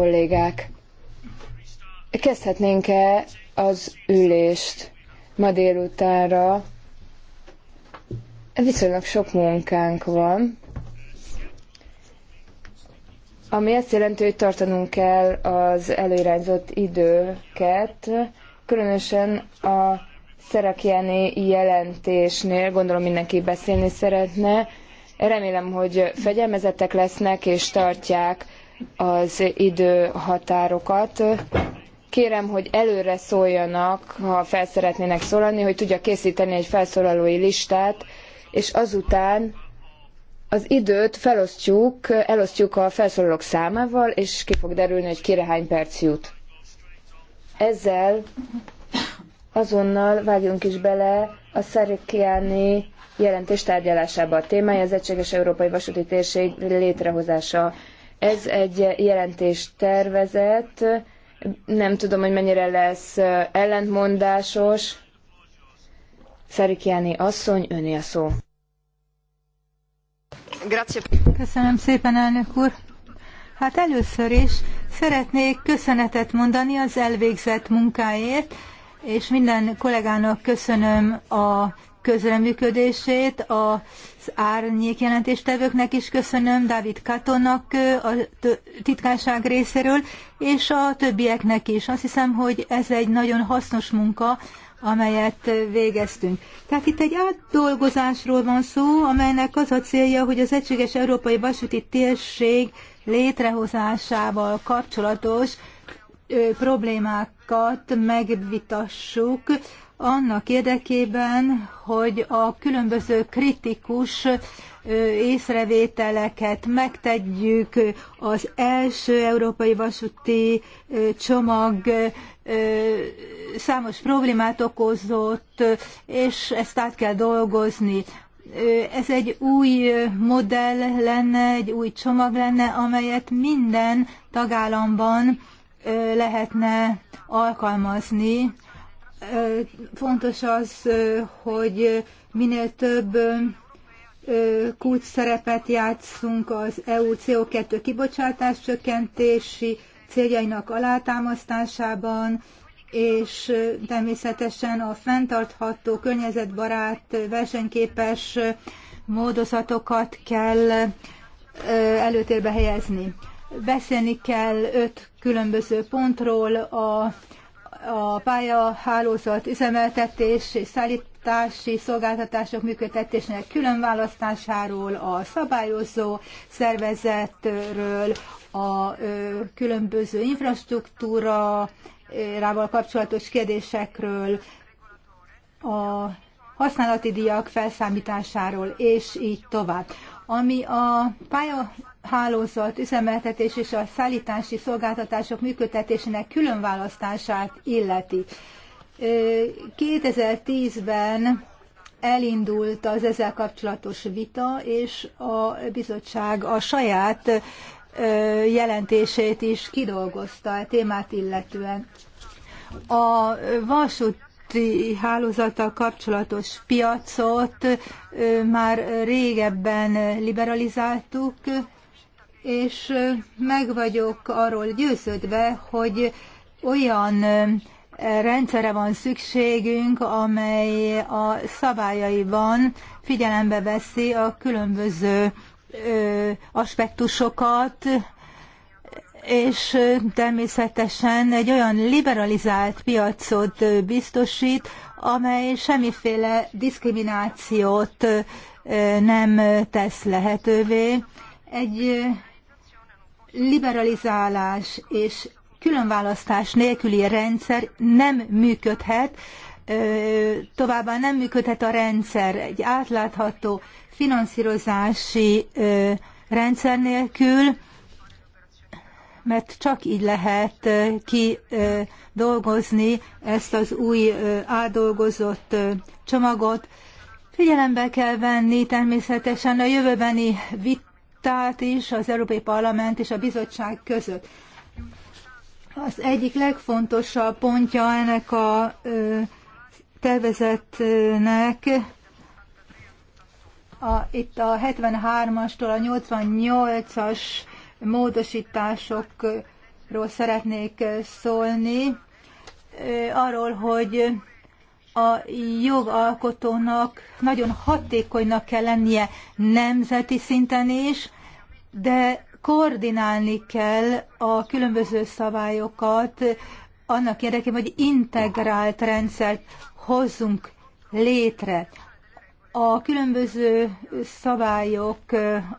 kollégák! Kezdhetnénk-e az ülést ma délutánra? Viszonylag sok munkánk van, ami azt jelenti, hogy tartanunk kell az előirányzott időket, különösen a Szerakjáné jelentésnél, gondolom mindenki beszélni szeretne, Remélem, hogy fegyelmezettek lesznek és tartják az időhatárokat. Kérem, hogy előre szóljanak, ha fel szeretnének szólalni, hogy tudja készíteni egy felszólalói listát, és azután az időt felosztjuk, elosztjuk a felszólalók számával, és ki fog derülni, hogy kire hány perc jut. Ezzel azonnal vágjunk is bele a Szerikiáni jelentés tárgyalásába. A témája az Egységes Európai Vasúti Térség létrehozása ez egy jelentés tervezet, nem tudom, hogy mennyire lesz ellentmondásos. Szerikiáni asszony, öné a szó. Köszönöm szépen, elnök úr. Hát először is szeretnék köszönetet mondani az elvégzett munkáért, és minden kollégának köszönöm a közreműködését, a árnyék jelentéstevőknek is köszönöm, Dávid Katonak a titkárság részéről, és a többieknek is. Azt hiszem, hogy ez egy nagyon hasznos munka, amelyet végeztünk. Tehát itt egy átdolgozásról van szó, amelynek az a célja, hogy az Egységes Európai Vasúti Térség létrehozásával kapcsolatos problémákat megvitassuk annak érdekében, hogy a különböző kritikus észrevételeket megtegyük az első európai vasúti csomag számos problémát okozott, és ezt át kell dolgozni. Ez egy új modell lenne, egy új csomag lenne, amelyet minden tagállamban lehetne alkalmazni fontos az, hogy minél több kulcs szerepet játszunk az EU CO2 kibocsátás csökkentési céljainak alátámasztásában, és természetesen a fenntartható, környezetbarát, versenyképes módozatokat kell előtérbe helyezni. Beszélni kell öt különböző pontról, a a pályahálózat üzemeltetés és szállítási szolgáltatások működtetésének külön választásáról, a szabályozó szervezetről, a különböző infrastruktúra, rával kapcsolatos kérdésekről, a használati díjak felszámításáról, és így tovább. Ami a pálya hálózat üzemeltetés és a szállítási szolgáltatások működtetésének különválasztását illeti. 2010-ben elindult az ezzel kapcsolatos vita, és a bizottság a saját jelentését is kidolgozta a témát illetően. A vasút vasúti hálózattal kapcsolatos piacot már régebben liberalizáltuk, és meg vagyok arról győződve, hogy olyan rendszere van szükségünk, amely a szabályaiban figyelembe veszi a különböző aspektusokat, és természetesen egy olyan liberalizált piacot biztosít, amely semmiféle diszkriminációt nem tesz lehetővé. Egy liberalizálás és különválasztás nélküli rendszer nem működhet, továbbá nem működhet a rendszer egy átlátható finanszírozási rendszer nélkül, mert csak így lehet ki dolgozni ezt az új átdolgozott csomagot. Figyelembe kell venni természetesen a jövőbeni vit vitát is az Európai Parlament és a bizottság között. Az egyik legfontosabb pontja ennek a tervezetnek a, itt a 73-astól a 88-as módosításokról szeretnék szólni, arról, hogy a jogalkotónak nagyon hatékonynak kell lennie nemzeti szinten is, de koordinálni kell a különböző szabályokat annak érdekében, hogy integrált rendszert hozzunk létre. A különböző szabályok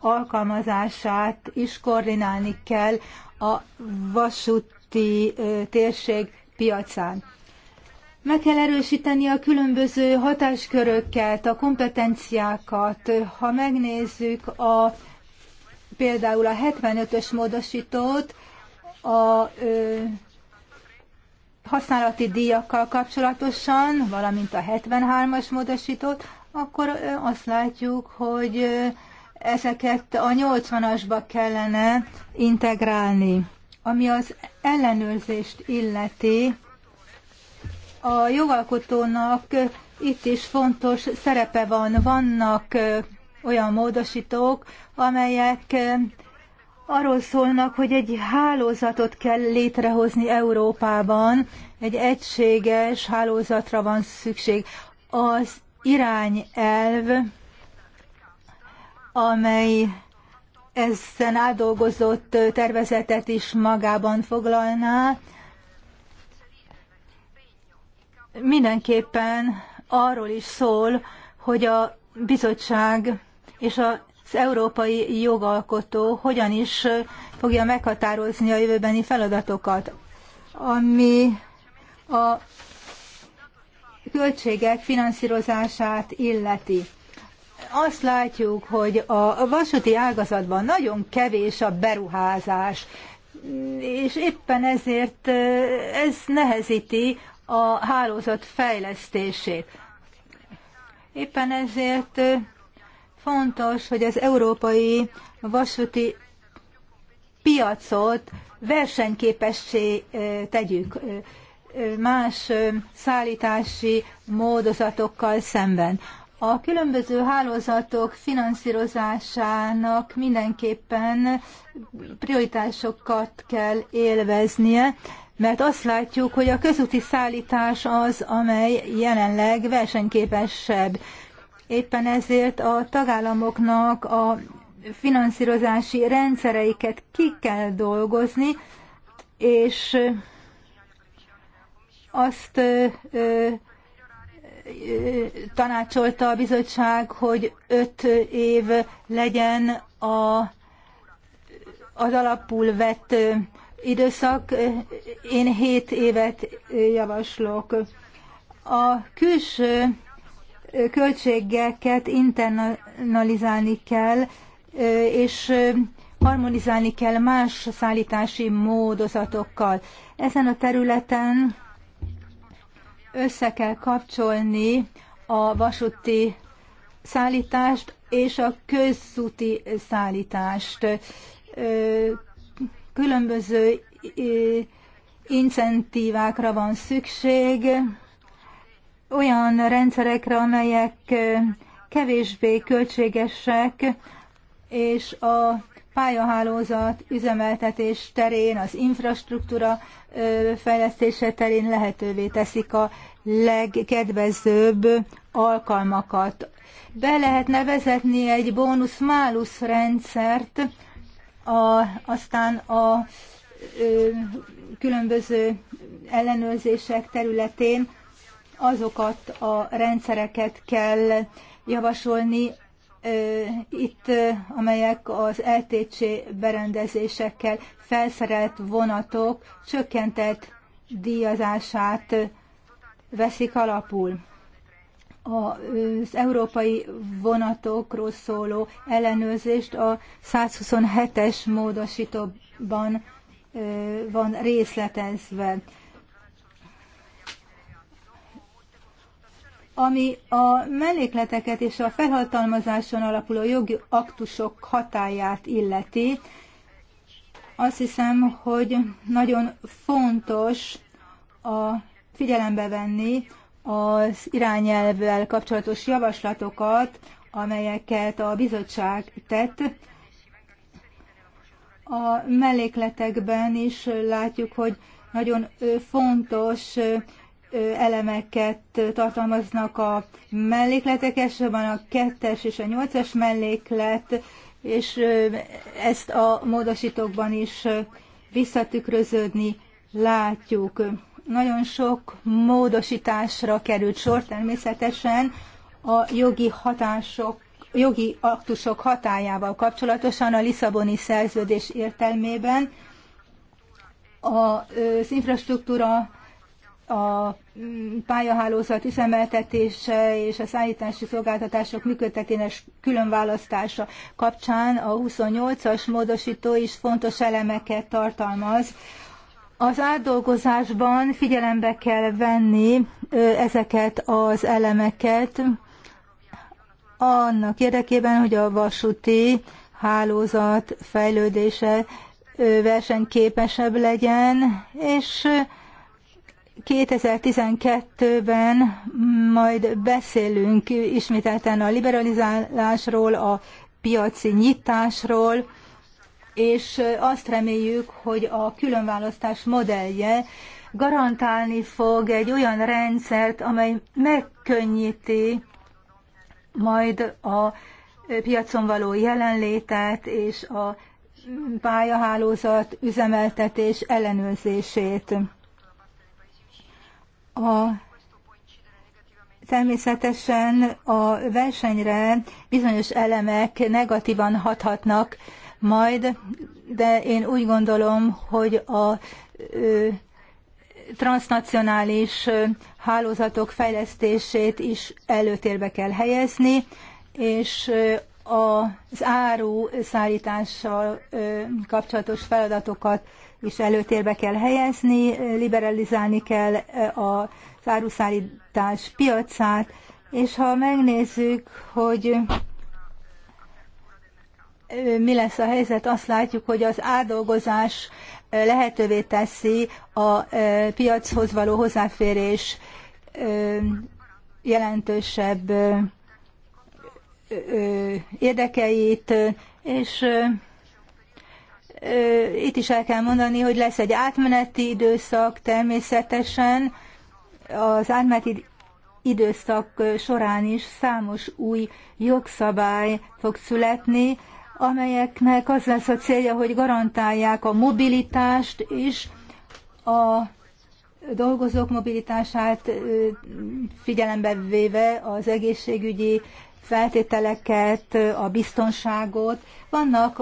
alkalmazását is koordinálni kell a vasúti térség piacán. Meg kell erősíteni a különböző hatásköröket, a kompetenciákat. Ha megnézzük a, például a 75-ös módosítót, a ö, használati díjakkal kapcsolatosan, valamint a 73-as módosítót, akkor azt látjuk, hogy ezeket a 80-asba kellene integrálni. Ami az ellenőrzést illeti, a jogalkotónak itt is fontos szerepe van. Vannak olyan módosítók, amelyek arról szólnak, hogy egy hálózatot kell létrehozni Európában, egy egységes hálózatra van szükség. Az irányelv, amely ezen átdolgozott tervezetet is magában foglalná, mindenképpen arról is szól, hogy a bizottság és az európai jogalkotó hogyan is fogja meghatározni a jövőbeni feladatokat, ami a költségek finanszírozását illeti. Azt látjuk, hogy a vasúti ágazatban nagyon kevés a beruházás, és éppen ezért eh, ez nehezíti a hálózat fejlesztését. Éppen ezért fontos, hogy az európai vasúti piacot versenyképessé tegyük más szállítási módozatokkal szemben. A különböző hálózatok finanszírozásának mindenképpen prioritásokat kell élveznie, mert azt látjuk, hogy a közúti szállítás az, amely jelenleg versenyképesebb. Éppen ezért a tagállamoknak a finanszírozási rendszereiket ki kell dolgozni, és azt tanácsolta a bizottság, hogy öt év legyen a, az alapul vett időszak, én hét évet javaslok. A külső költségeket internalizálni kell, és harmonizálni kell más szállítási módozatokkal. Ezen a területen össze kell kapcsolni a vasúti szállítást és a közúti szállítást. Különböző incentívákra van szükség, olyan rendszerekre, amelyek kevésbé költségesek, és a pályahálózat üzemeltetés terén, az infrastruktúra fejlesztése terén lehetővé teszik a legkedvezőbb alkalmakat. Be lehetne vezetni egy bónusz-málusz rendszert a, aztán a ö, különböző ellenőrzések területén azokat a rendszereket kell javasolni, ö, itt, ö, amelyek az LTC berendezésekkel felszerelt vonatok csökkentett díjazását veszik alapul az európai vonatokról szóló ellenőrzést a 127-es módosítóban van részletezve. Ami a mellékleteket és a felhatalmazáson alapuló jogi aktusok hatáját illeti, azt hiszem, hogy nagyon fontos a figyelembe venni az irányelvvel kapcsolatos javaslatokat, amelyeket a bizottság tett. A mellékletekben is látjuk, hogy nagyon fontos elemeket tartalmaznak a mellékletek, elsősorban a kettes és a nyolcas melléklet, és ezt a módosítókban is visszatükröződni látjuk. Nagyon sok módosításra került sor természetesen a jogi hatások jogi aktusok hatájával kapcsolatosan a Lisszaboni szerződés értelmében az infrastruktúra, a pályahálózat üzemeltetése és a szállítási szolgáltatások működtetének különválasztása kapcsán a 28-as módosító is fontos elemeket tartalmaz az átdolgozásban figyelembe kell venni ezeket az elemeket annak érdekében, hogy a vasúti hálózat fejlődése versenyképesebb legyen, és 2012-ben majd beszélünk ismételten a liberalizálásról, a piaci nyitásról, és azt reméljük, hogy a különválasztás modellje garantálni fog egy olyan rendszert, amely megkönnyíti majd a piacon való jelenlétet és a pályahálózat üzemeltetés ellenőrzését. A Természetesen a versenyre bizonyos elemek negatívan hathatnak majd, de én úgy gondolom, hogy a transnacionális hálózatok fejlesztését is előtérbe kell helyezni, és az áru szállítással kapcsolatos feladatokat is előtérbe kell helyezni, liberalizálni kell az áruszállítás piacát, és ha megnézzük, hogy mi lesz a helyzet, azt látjuk, hogy az áldolgozás lehetővé teszi a piachoz való hozzáférés jelentősebb érdekeit, és itt is el kell mondani, hogy lesz egy átmeneti időszak természetesen. Az átmeneti időszak során is számos új jogszabály fog születni, amelyeknek az lesz a célja, hogy garantálják a mobilitást és a dolgozók mobilitását figyelembe véve az egészségügyi feltételeket, a biztonságot. Vannak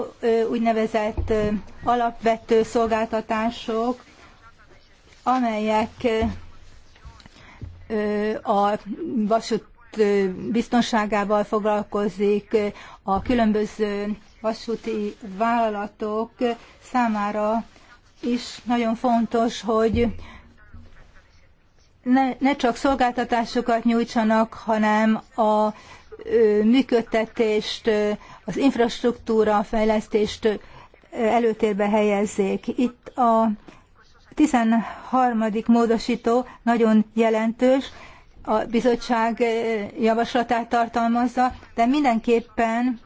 úgynevezett alapvető szolgáltatások, amelyek a vasút biztonságával foglalkozik, a különböző vasúti vállalatok számára is nagyon fontos, hogy ne, ne csak szolgáltatásokat nyújtsanak, hanem a működtetést, az infrastruktúra fejlesztést előtérbe helyezzék. Itt a 13. módosító nagyon jelentős, a bizottság javaslatát tartalmazza, de mindenképpen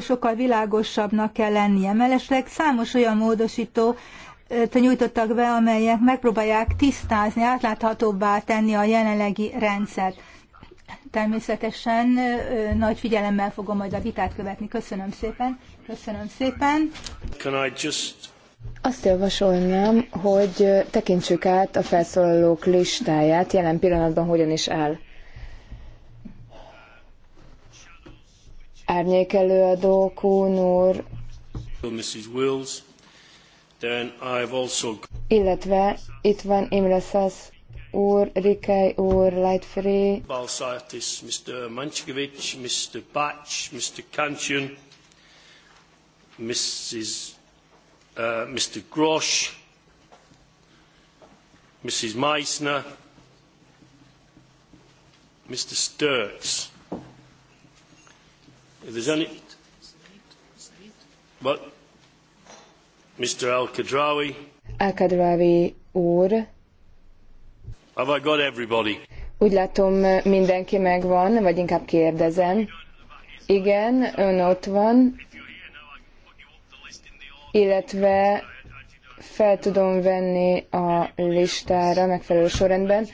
sokkal világosabbnak kell lennie. Mellesleg számos olyan módosító nyújtottak be, amelyek megpróbálják tisztázni, átláthatóbbá tenni a jelenlegi rendszert. Természetesen nagy figyelemmel fogom majd a vitát követni. Köszönöm szépen. Köszönöm szépen. Can I just azt javasolnám, hogy tekintsük át a felszólalók listáját, jelen pillanatban hogyan is áll. Árnyék előadó, Kuhn illetve itt van Imre Sass úr, Rikai úr, Lightfree, Balsaitis, Mr. Manchkovic, Mr. Batch, Mr. Kanchan, Mrs. Uh, Mr Grosch, Mrs Meissner, Mr Sturts. If there's any... But Mr Al-Kadrawi. Al-Kadrawi úr. Have I got everybody? Úgy látom, mindenki megvan, vagy inkább kérdezem. Igen, ön ott van illetve fel tudom venni a listára megfelelő sorrendben.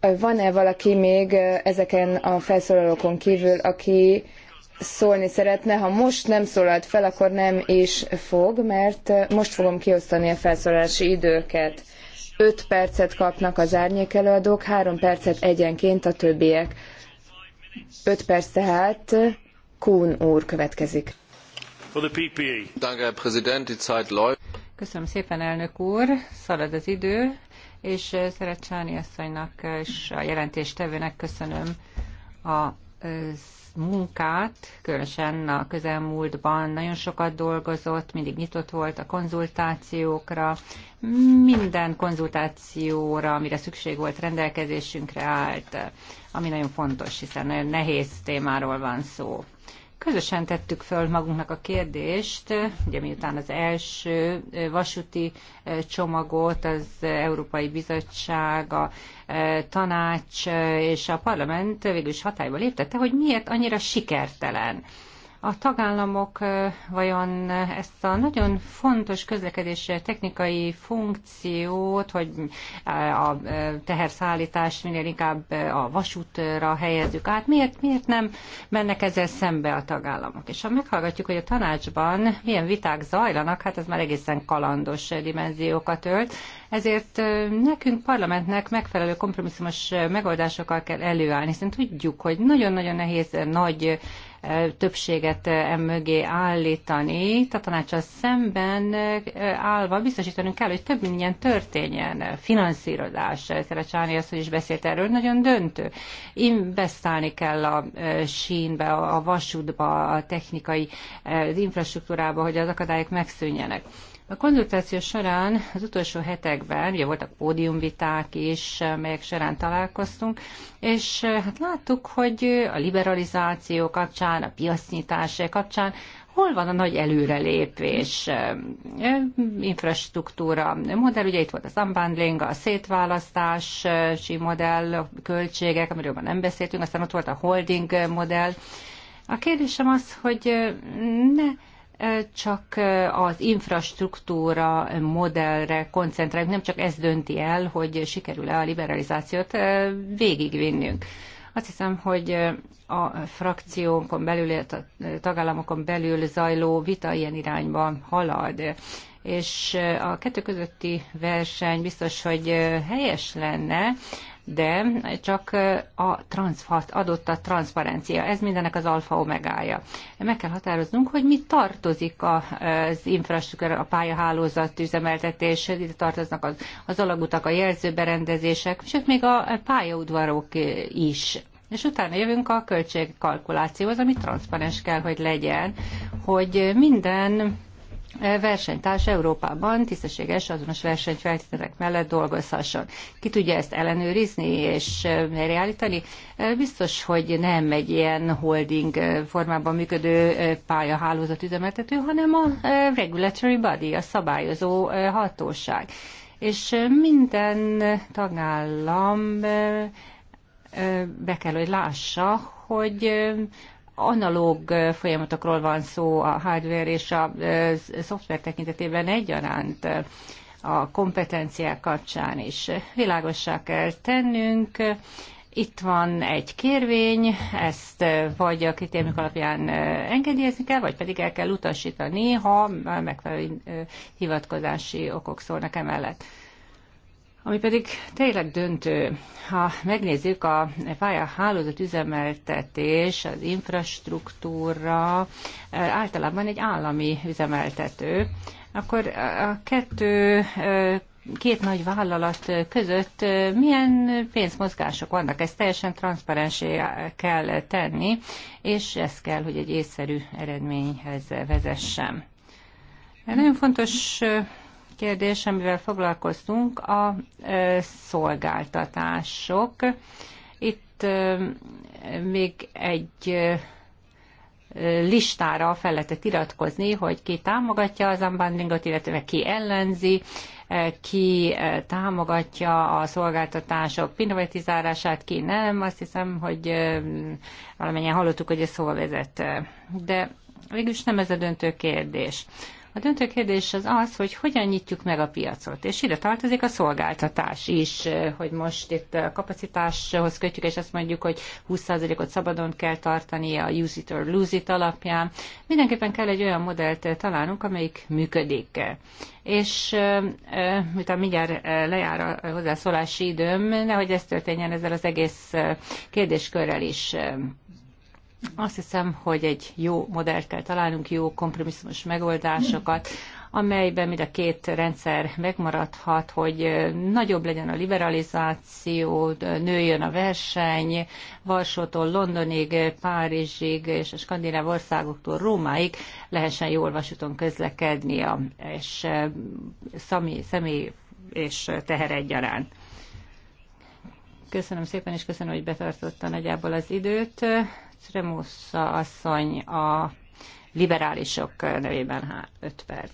Van-e valaki még ezeken a felszólalókon kívül, aki szólni szeretne? Ha most nem szólalt fel, akkor nem is fog, mert most fogom kiosztani a felszólalási időket. 5 percet kapnak az árnyék előadók, 3 percet egyenként a többiek. 5 perc tehát kún úr következik. E. Köszönöm szépen, elnök úr, szalad az idő, és eh, Szerecsáni asszonynak és a jelentéstevőnek köszönöm a eh, munkát, különösen a közelmúltban nagyon sokat dolgozott, mindig nyitott volt a konzultációkra, minden konzultációra, amire szükség volt, rendelkezésünkre állt, ami nagyon fontos, hiszen nagyon nehéz témáról van szó. Közösen tettük föl magunknak a kérdést, ugye miután az első vasúti csomagot az Európai Bizottság, a tanács és a parlament végül is hatályba léptette, hogy miért annyira sikertelen a tagállamok vajon ezt a nagyon fontos közlekedés technikai funkciót, hogy a teherszállítást minél inkább a vasútra helyezzük át, miért, miért nem mennek ezzel szembe a tagállamok? És ha meghallgatjuk, hogy a tanácsban milyen viták zajlanak, hát ez már egészen kalandos dimenziókat ölt, ezért nekünk parlamentnek megfelelő kompromisszumos megoldásokkal kell előállni, hiszen tudjuk, hogy nagyon-nagyon nehéz nagy többséget eh, mögé állítani, a tanácsal szemben eh, állva biztosítanunk kell, hogy több minden történjen. Finanszírozás, Szerecsáni azt, hogy is beszélt erről, nagyon döntő. Investálni kell a eh, sínbe, a vasútba, a technikai infrastruktúrába, hogy az akadályok megszűnjenek. A konzultáció során az utolsó hetekben, ugye voltak pódiumviták is, melyek során találkoztunk, és hát láttuk, hogy a liberalizáció kapcsán, a piacnyitás kapcsán hol van a nagy előrelépés, infrastruktúra modell, ugye itt volt az unbundling, a szétválasztási modell, a költségek, amiről már nem beszéltünk, aztán ott volt a holding modell. A kérdésem az, hogy ne csak az infrastruktúra modellre koncentrálunk, nem csak ez dönti el, hogy sikerül-e a liberalizációt végigvinnünk. Azt hiszem, hogy a frakciónkon belül, a tagállamokon belül zajló vita ilyen irányba halad és a kettő közötti verseny biztos, hogy helyes lenne, de csak a transz, adott a transzparencia. Ez mindennek az alfa omegája. Meg kell határoznunk, hogy mi tartozik az infrastruktúra, a pályahálózat üzemeltetés, itt tartoznak az, az alagutak, a jelzőberendezések, sőt még a pályaudvarok is és utána jövünk a költségkalkulációhoz, ami transzparens kell, hogy legyen, hogy minden versenytárs Európában tisztességes, azonos versenyfeltételek mellett dolgozhasson. Ki tudja ezt ellenőrizni és helyreállítani? Biztos, hogy nem egy ilyen holding formában működő pályahálózat üzemeltető, hanem a regulatory body, a szabályozó hatóság. És minden tagállam be kell, hogy lássa, hogy analóg folyamatokról van szó a hardware és a szoftver tekintetében egyaránt a kompetenciák kapcsán is. Világossá kell tennünk, itt van egy kérvény, ezt vagy a kritériumok alapján engedélyezni kell, vagy pedig el kell utasítani, ha megfelelő hivatkozási okok szólnak emellett. Ami pedig tényleg döntő, ha megnézzük a pályahálózat üzemeltetés, az infrastruktúra eh, általában egy állami üzemeltető, akkor a kettő eh, két nagy vállalat között eh, milyen pénzmozgások vannak. Ezt teljesen transzparensé kell tenni, és ez kell, hogy egy észszerű eredményhez vezessen. Nagyon fontos kérdés, amivel foglalkoztunk, a szolgáltatások. Itt még egy listára fel lehetett iratkozni, hogy ki támogatja az unbundlingot, illetve ki ellenzi, ki támogatja a szolgáltatások privatizálását, ki nem. Azt hiszem, hogy valamennyien hallottuk, hogy ez hova vezet. De végülis nem ez a döntő kérdés. A döntő kérdés az az, hogy hogyan nyitjuk meg a piacot, és ide tartozik a szolgáltatás is, hogy most itt a kapacitáshoz kötjük, és azt mondjuk, hogy 20%-ot szabadon kell tartani a use it or lose it alapján. Mindenképpen kell egy olyan modellt találnunk, amelyik működik. És miután mindjárt lejár a hozzászólási időm, nehogy ez történjen ezzel az egész kérdéskörrel is. Azt hiszem, hogy egy jó modellt kell találnunk, jó kompromisszumos megoldásokat, amelyben mind a két rendszer megmaradhat, hogy nagyobb legyen a liberalizáció, nőjön a verseny, Varsótól Londonig, Párizsig és a skandináv országoktól Rómáig lehessen jól vasúton közlekedni a és e, személy, személy és teher egyaránt. Köszönöm szépen, és köszönöm, hogy betartotta nagyjából az időt. Tremusza asszony a liberálisok nevében 5 hát, perc.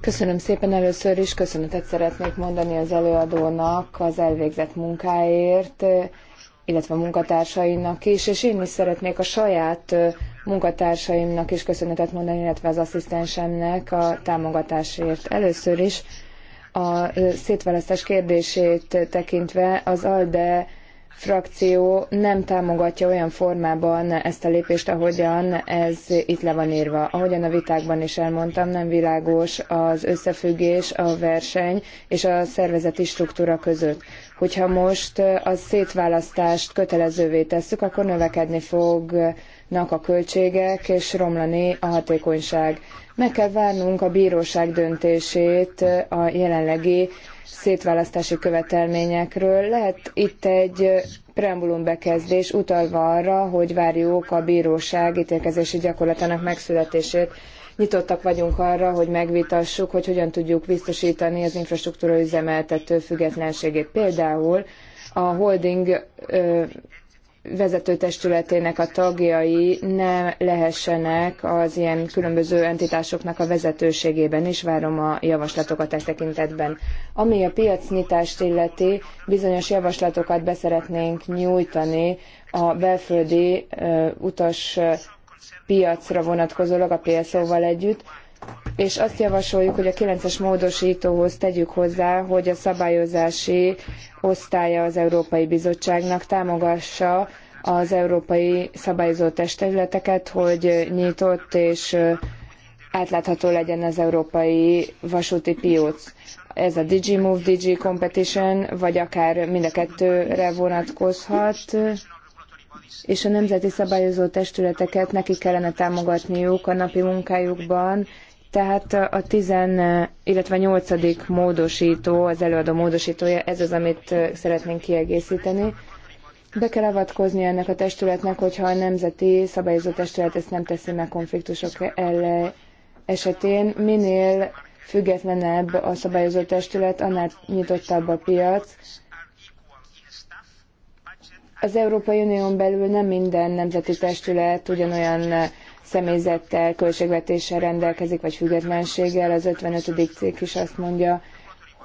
Köszönöm szépen először is, köszönetet szeretnék mondani az előadónak az elvégzett munkáért, illetve a munkatársainak is, és én is szeretnék a saját munkatársaimnak is köszönetet mondani, illetve az asszisztensemnek a támogatásért. Először is a szétválasztás kérdését tekintve az ALDE frakció nem támogatja olyan formában ezt a lépést, ahogyan ez itt le van írva. Ahogyan a vitákban is elmondtam, nem világos az összefüggés, a verseny és a szervezeti struktúra között. Hogyha most a szétválasztást kötelezővé tesszük, akkor növekedni fognak a költségek és romlani a hatékonyság. Meg kell várnunk a bíróság döntését a jelenlegi szétválasztási követelményekről. Lehet itt egy preambulum bekezdés utalva arra, hogy várjuk a bíróság ítélkezési gyakorlatának megszületését. Nyitottak vagyunk arra, hogy megvitassuk, hogy hogyan tudjuk biztosítani az infrastruktúra üzemeltető függetlenségét. Például a holding vezetőtestületének a tagjai ne lehessenek az ilyen különböző entitásoknak a vezetőségében is. Várom a javaslatokat e tekintetben. Ami a piacnyitást illeti, bizonyos javaslatokat beszeretnénk nyújtani a belföldi utas piacra vonatkozólag a PSO-val együtt és azt javasoljuk, hogy a 9-es módosítóhoz tegyük hozzá, hogy a szabályozási osztálya az Európai Bizottságnak támogassa az európai szabályozó testületeket, hogy nyitott és átlátható legyen az európai vasúti piac. Ez a DigiMove, Digi Competition, vagy akár mind a kettőre vonatkozhat, és a nemzeti szabályozó testületeket neki kellene támogatniuk a napi munkájukban, tehát a 10, illetve 8. módosító, az előadó módosítója, ez az, amit szeretnénk kiegészíteni. Be kell avatkozni ennek a testületnek, hogyha a nemzeti szabályozó testület ezt nem teszi meg konfliktusok ellen esetén. Minél függetlenebb a szabályozó testület, annál nyitottabb a piac. Az Európai Unión belül nem minden nemzeti testület ugyanolyan személyzettel, költségvetéssel rendelkezik, vagy függetlenséggel. Az 55. cikk is azt mondja,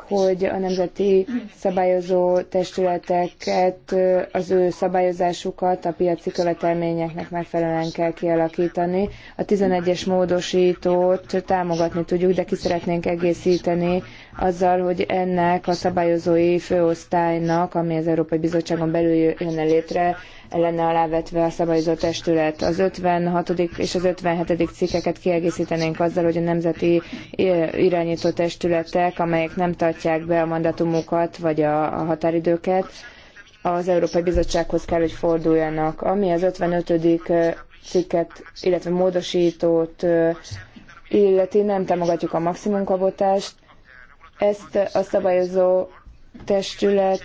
hogy a nemzeti szabályozó testületeket, az ő szabályozásukat a piaci követelményeknek megfelelően kell kialakítani. A 11-es módosítót támogatni tudjuk, de ki szeretnénk egészíteni azzal, hogy ennek a szabályozói főosztálynak, ami az Európai Bizottságon belül jönne létre, lenne alávetve a szabályozó testület. Az 56. és az 57. cikkeket kiegészítenénk azzal, hogy a nemzeti irányító testületek, amelyek nem tartják be a mandatumokat vagy a határidőket, az Európai Bizottsághoz kell, hogy forduljanak. Ami az 55. cikket, illetve módosítót illeti, nem támogatjuk a maximum kabotást. Ezt a szabályozó testület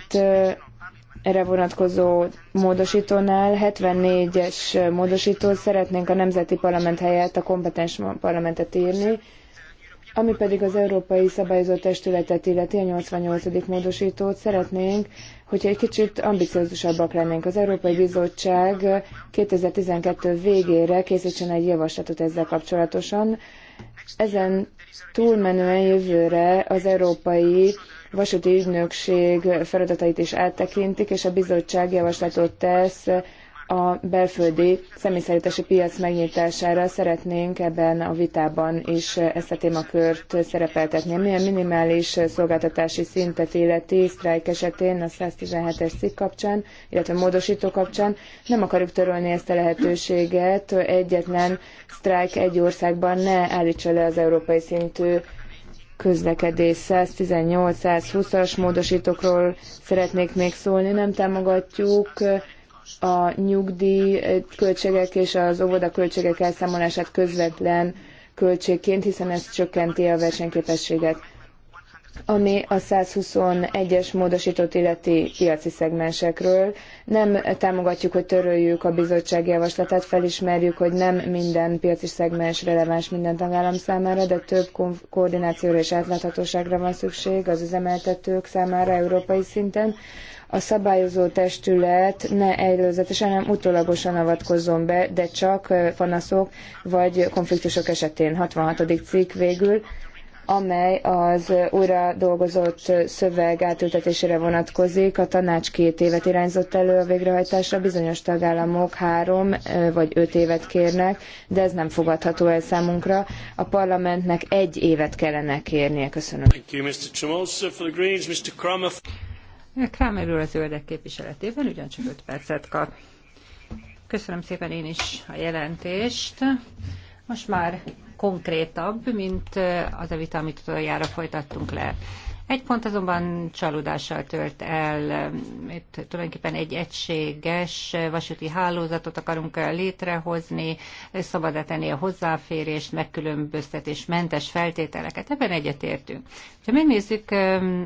erre vonatkozó módosítónál 74-es módosító szeretnénk a Nemzeti Parlament helyett a kompetens parlamentet írni, ami pedig az Európai Szabályozó Testületet illeti a 88. módosítót szeretnénk, hogyha egy kicsit ambiciózusabbak lennénk. Az Európai Bizottság 2012 végére készítsen egy javaslatot ezzel kapcsolatosan. Ezen túlmenően jövőre az Európai vasúti ügynökség feladatait is áttekintik, és a bizottság javaslatot tesz a belföldi személyszállítási piac megnyitására. Szeretnénk ebben a vitában is ezt a témakört szerepeltetni. Milyen minimális szolgáltatási szintet illeti sztrájk esetén a 117-es cikk kapcsán, illetve módosító kapcsán nem akarjuk törölni ezt a lehetőséget. Egyetlen sztrájk egy országban ne állítsa le az európai szintű közlekedés 118-120-as módosítókról szeretnék még szólni. Nem támogatjuk a nyugdíj költségek és az óvoda költségek elszámolását közvetlen költségként, hiszen ez csökkenti a versenyképességet ami a 121-es módosított illeti piaci szegmensekről. Nem támogatjuk, hogy töröljük a bizottság javaslatát, felismerjük, hogy nem minden piaci szegmens releváns minden tagállam számára, de több koordinációra és átláthatóságra van szükség az üzemeltetők számára európai szinten. A szabályozó testület ne előzetesen, hanem utólagosan avatkozzon be, de csak eh, panaszok vagy konfliktusok esetén. 66. cikk végül amely az újra dolgozott szöveg átültetésére vonatkozik. A tanács két évet irányzott elő a végrehajtásra, bizonyos tagállamok három vagy öt évet kérnek, de ez nem fogadható el számunkra. A parlamentnek egy évet kellene kérnie. Köszönöm. Thank you, Mr. Chimolsa, for the Greens, Mr. Kramer. Kramer úr az öldek képviseletében ugyancsak 5 percet kap. Köszönöm szépen én is a jelentést. Most már konkrétabb, mint eh, az a vita, amit utoljára folytattunk le. Egy pont azonban csalódással tölt el. Itt tulajdonképpen egy egységes vasúti hálózatot akarunk létrehozni, szabad-e tenni a hozzáférést, megkülönböztetés, mentes feltételeket. Ebben egyetértünk. Ha megnézzük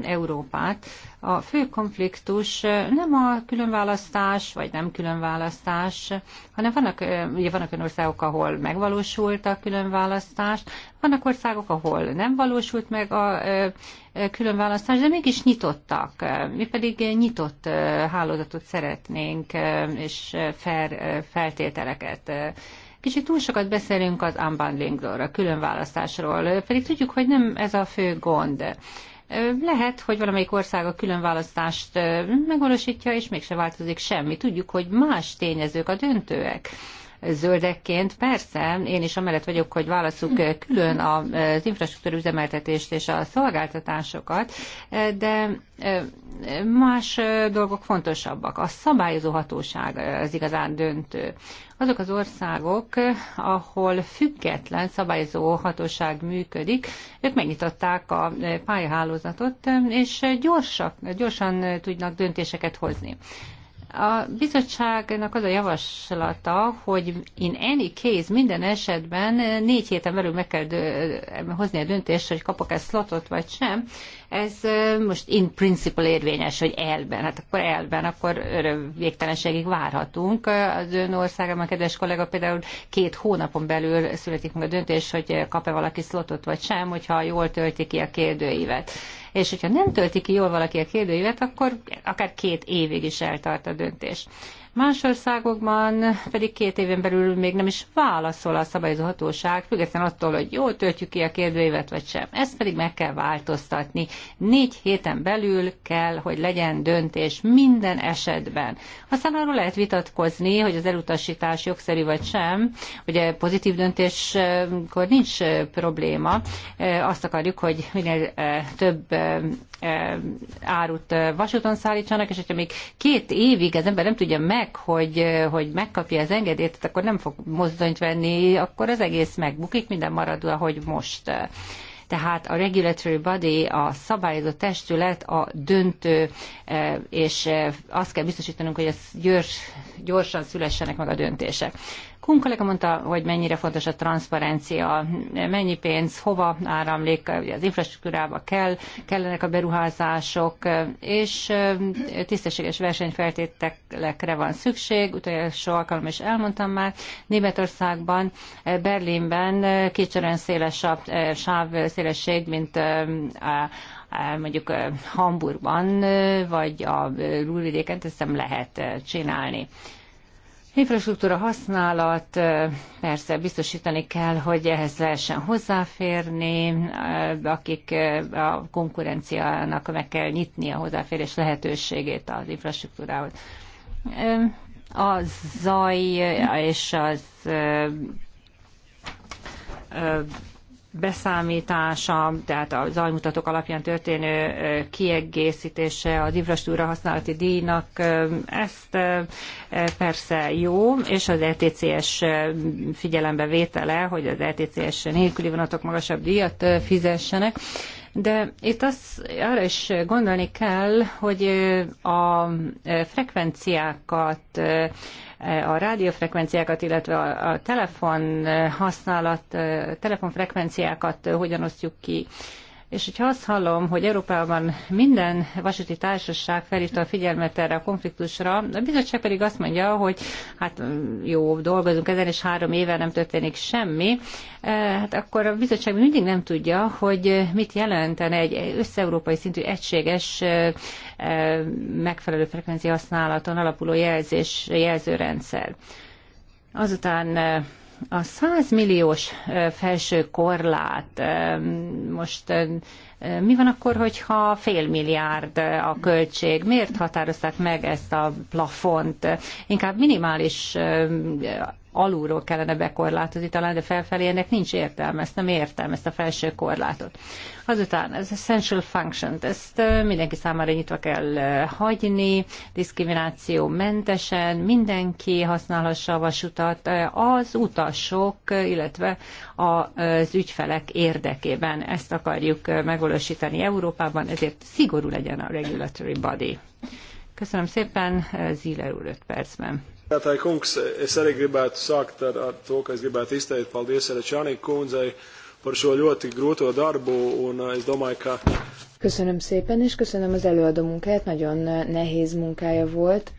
Európát, a fő konfliktus nem a különválasztás, vagy nem különválasztás, hanem vannak, ugye vannak olyan országok, ahol megvalósult a különválasztás, vannak országok, ahol nem valósult meg a különválasztás, de mégis nyitottak. Mi pedig nyitott hálózatot szeretnénk, és fair feltételeket Kicsit túl sokat beszélünk az unbundlingról, a különválasztásról, pedig tudjuk, hogy nem ez a fő gond. Lehet, hogy valamelyik ország a különválasztást megvalósítja, és mégse változik semmi. Tudjuk, hogy más tényezők a döntőek. Zöldekként persze, én is amellett vagyok, hogy válaszuk eh, külön eh, az infrastruktúra üzemeltetést és a szolgáltatásokat, eh, de más dolgok fontosabbak. A szabályozó hatóság az igazán döntő. Azok az országok, ahol független szabályozó hatóság működik, ők megnyitották a pályahálózatot, és gyorsak, gyorsan tudnak döntéseket hozni. A bizottságnak az a javaslata, hogy in any case, minden esetben négy héten belül meg kell hozni a döntést, hogy kapok-e slotot vagy sem. Ez most in principle érvényes, hogy elben, hát akkor elben, akkor öröm végtelenségig várhatunk. Az ön országában, kedves kollega, például két hónapon belül születik meg a döntés, hogy kap-e valaki slotot vagy sem, hogyha jól tölti ki a kérdőívet és hogyha nem tölti ki jól valaki a kérdőívet, akkor akár két évig is eltart a döntés. Más országokban pedig két éven belül még nem is válaszol a szabályozó hatóság, függetlenül attól, hogy jól töltjük ki a kérdőévet vagy sem. Ezt pedig meg kell változtatni. Négy héten belül kell, hogy legyen döntés minden esetben. Aztán arról lehet vitatkozni, hogy az elutasítás jogszerű vagy sem. Ugye pozitív döntéskor nincs probléma. Azt akarjuk, hogy minél több árut vasúton szállítsanak, és hogyha még két évig az ember nem tudja meg, hogy, hogy megkapja az engedélyt, akkor nem fog mozdonyt venni, akkor az egész megbukik, minden marad, ahogy most. Tehát a regulatory body, a szabályozó testület a döntő, és azt kell biztosítanunk, hogy ez gyors, gyorsan szülessenek meg a döntések. Kun kollega mondta, hogy mennyire fontos a transzparencia, mennyi pénz, hova áramlik, az infrastruktúrába kell, kellenek a beruházások, és tisztességes versenyfeltételekre van szükség. Utolsó alkalom is elmondtam már, Németországban, Berlinben kicsorán széles a sáv szélesség, mint a mondjuk Hamburgban, vagy a Rúrvidéken, ezt lehet csinálni. Infrastruktúra használat, persze biztosítani kell, hogy ehhez lehessen hozzáférni, akik a konkurenciának meg kell nyitni a hozzáférés lehetőségét az infrastruktúrához. A zaj és az beszámítása, tehát a zajmutatók alapján történő kiegészítése az infrastruktúra használati díjnak, ezt e, persze jó, és az LTCS e figyelembe vétele, hogy az LTCS e nélküli vonatok magasabb díjat fizessenek, de itt az, arra is gondolni kell, hogy a frekvenciákat a rádiófrekvenciákat, illetve a telefon eh, használat, eh, telefonfrekvenciákat eh, hogyan osztjuk ki. És hogyha azt hallom, hogy Európában minden vasúti társaság felhívta a figyelmet erre a konfliktusra, a bizottság pedig azt mondja, hogy hát mm, jó, dolgozunk ezen, és három éve nem történik semmi, e, hát akkor a bizottság mindig nem tudja, hogy mit jelentene egy összeurópai szintű egységes e, e, megfelelő frekvencia használaton alapuló jelzés, jelzőrendszer. Azután a 100 milliós felső korlát most mi van akkor, hogyha fél milliárd a költség? Miért határozták meg ezt a plafont? Inkább minimális alulról kellene bekorlátozni talán, de felfelé ennek nincs értelme, ezt nem értem, ezt a felső korlátot. Azután ez essential function, ezt mindenki számára nyitva kell hagyni, diszkrimináció mentesen, mindenki használhassa a vasutat az utasok, illetve az ügyfelek érdekében. Ezt akarjuk megvalósítani Európában, ezért szigorú legyen a regulatory body. Köszönöm szépen, Ziller úr 5 percben. Tātāji kungs, es arī gribētu sākt ar, ar to, ka es gribētu izteikt paldies arī Čānī kundzei par šo ļoti grūto darbu, un uh, es domāju, ka... Köszönöm szépen, és köszönöm az előadó munkáját, nagyon uh, nehéz munkája volt.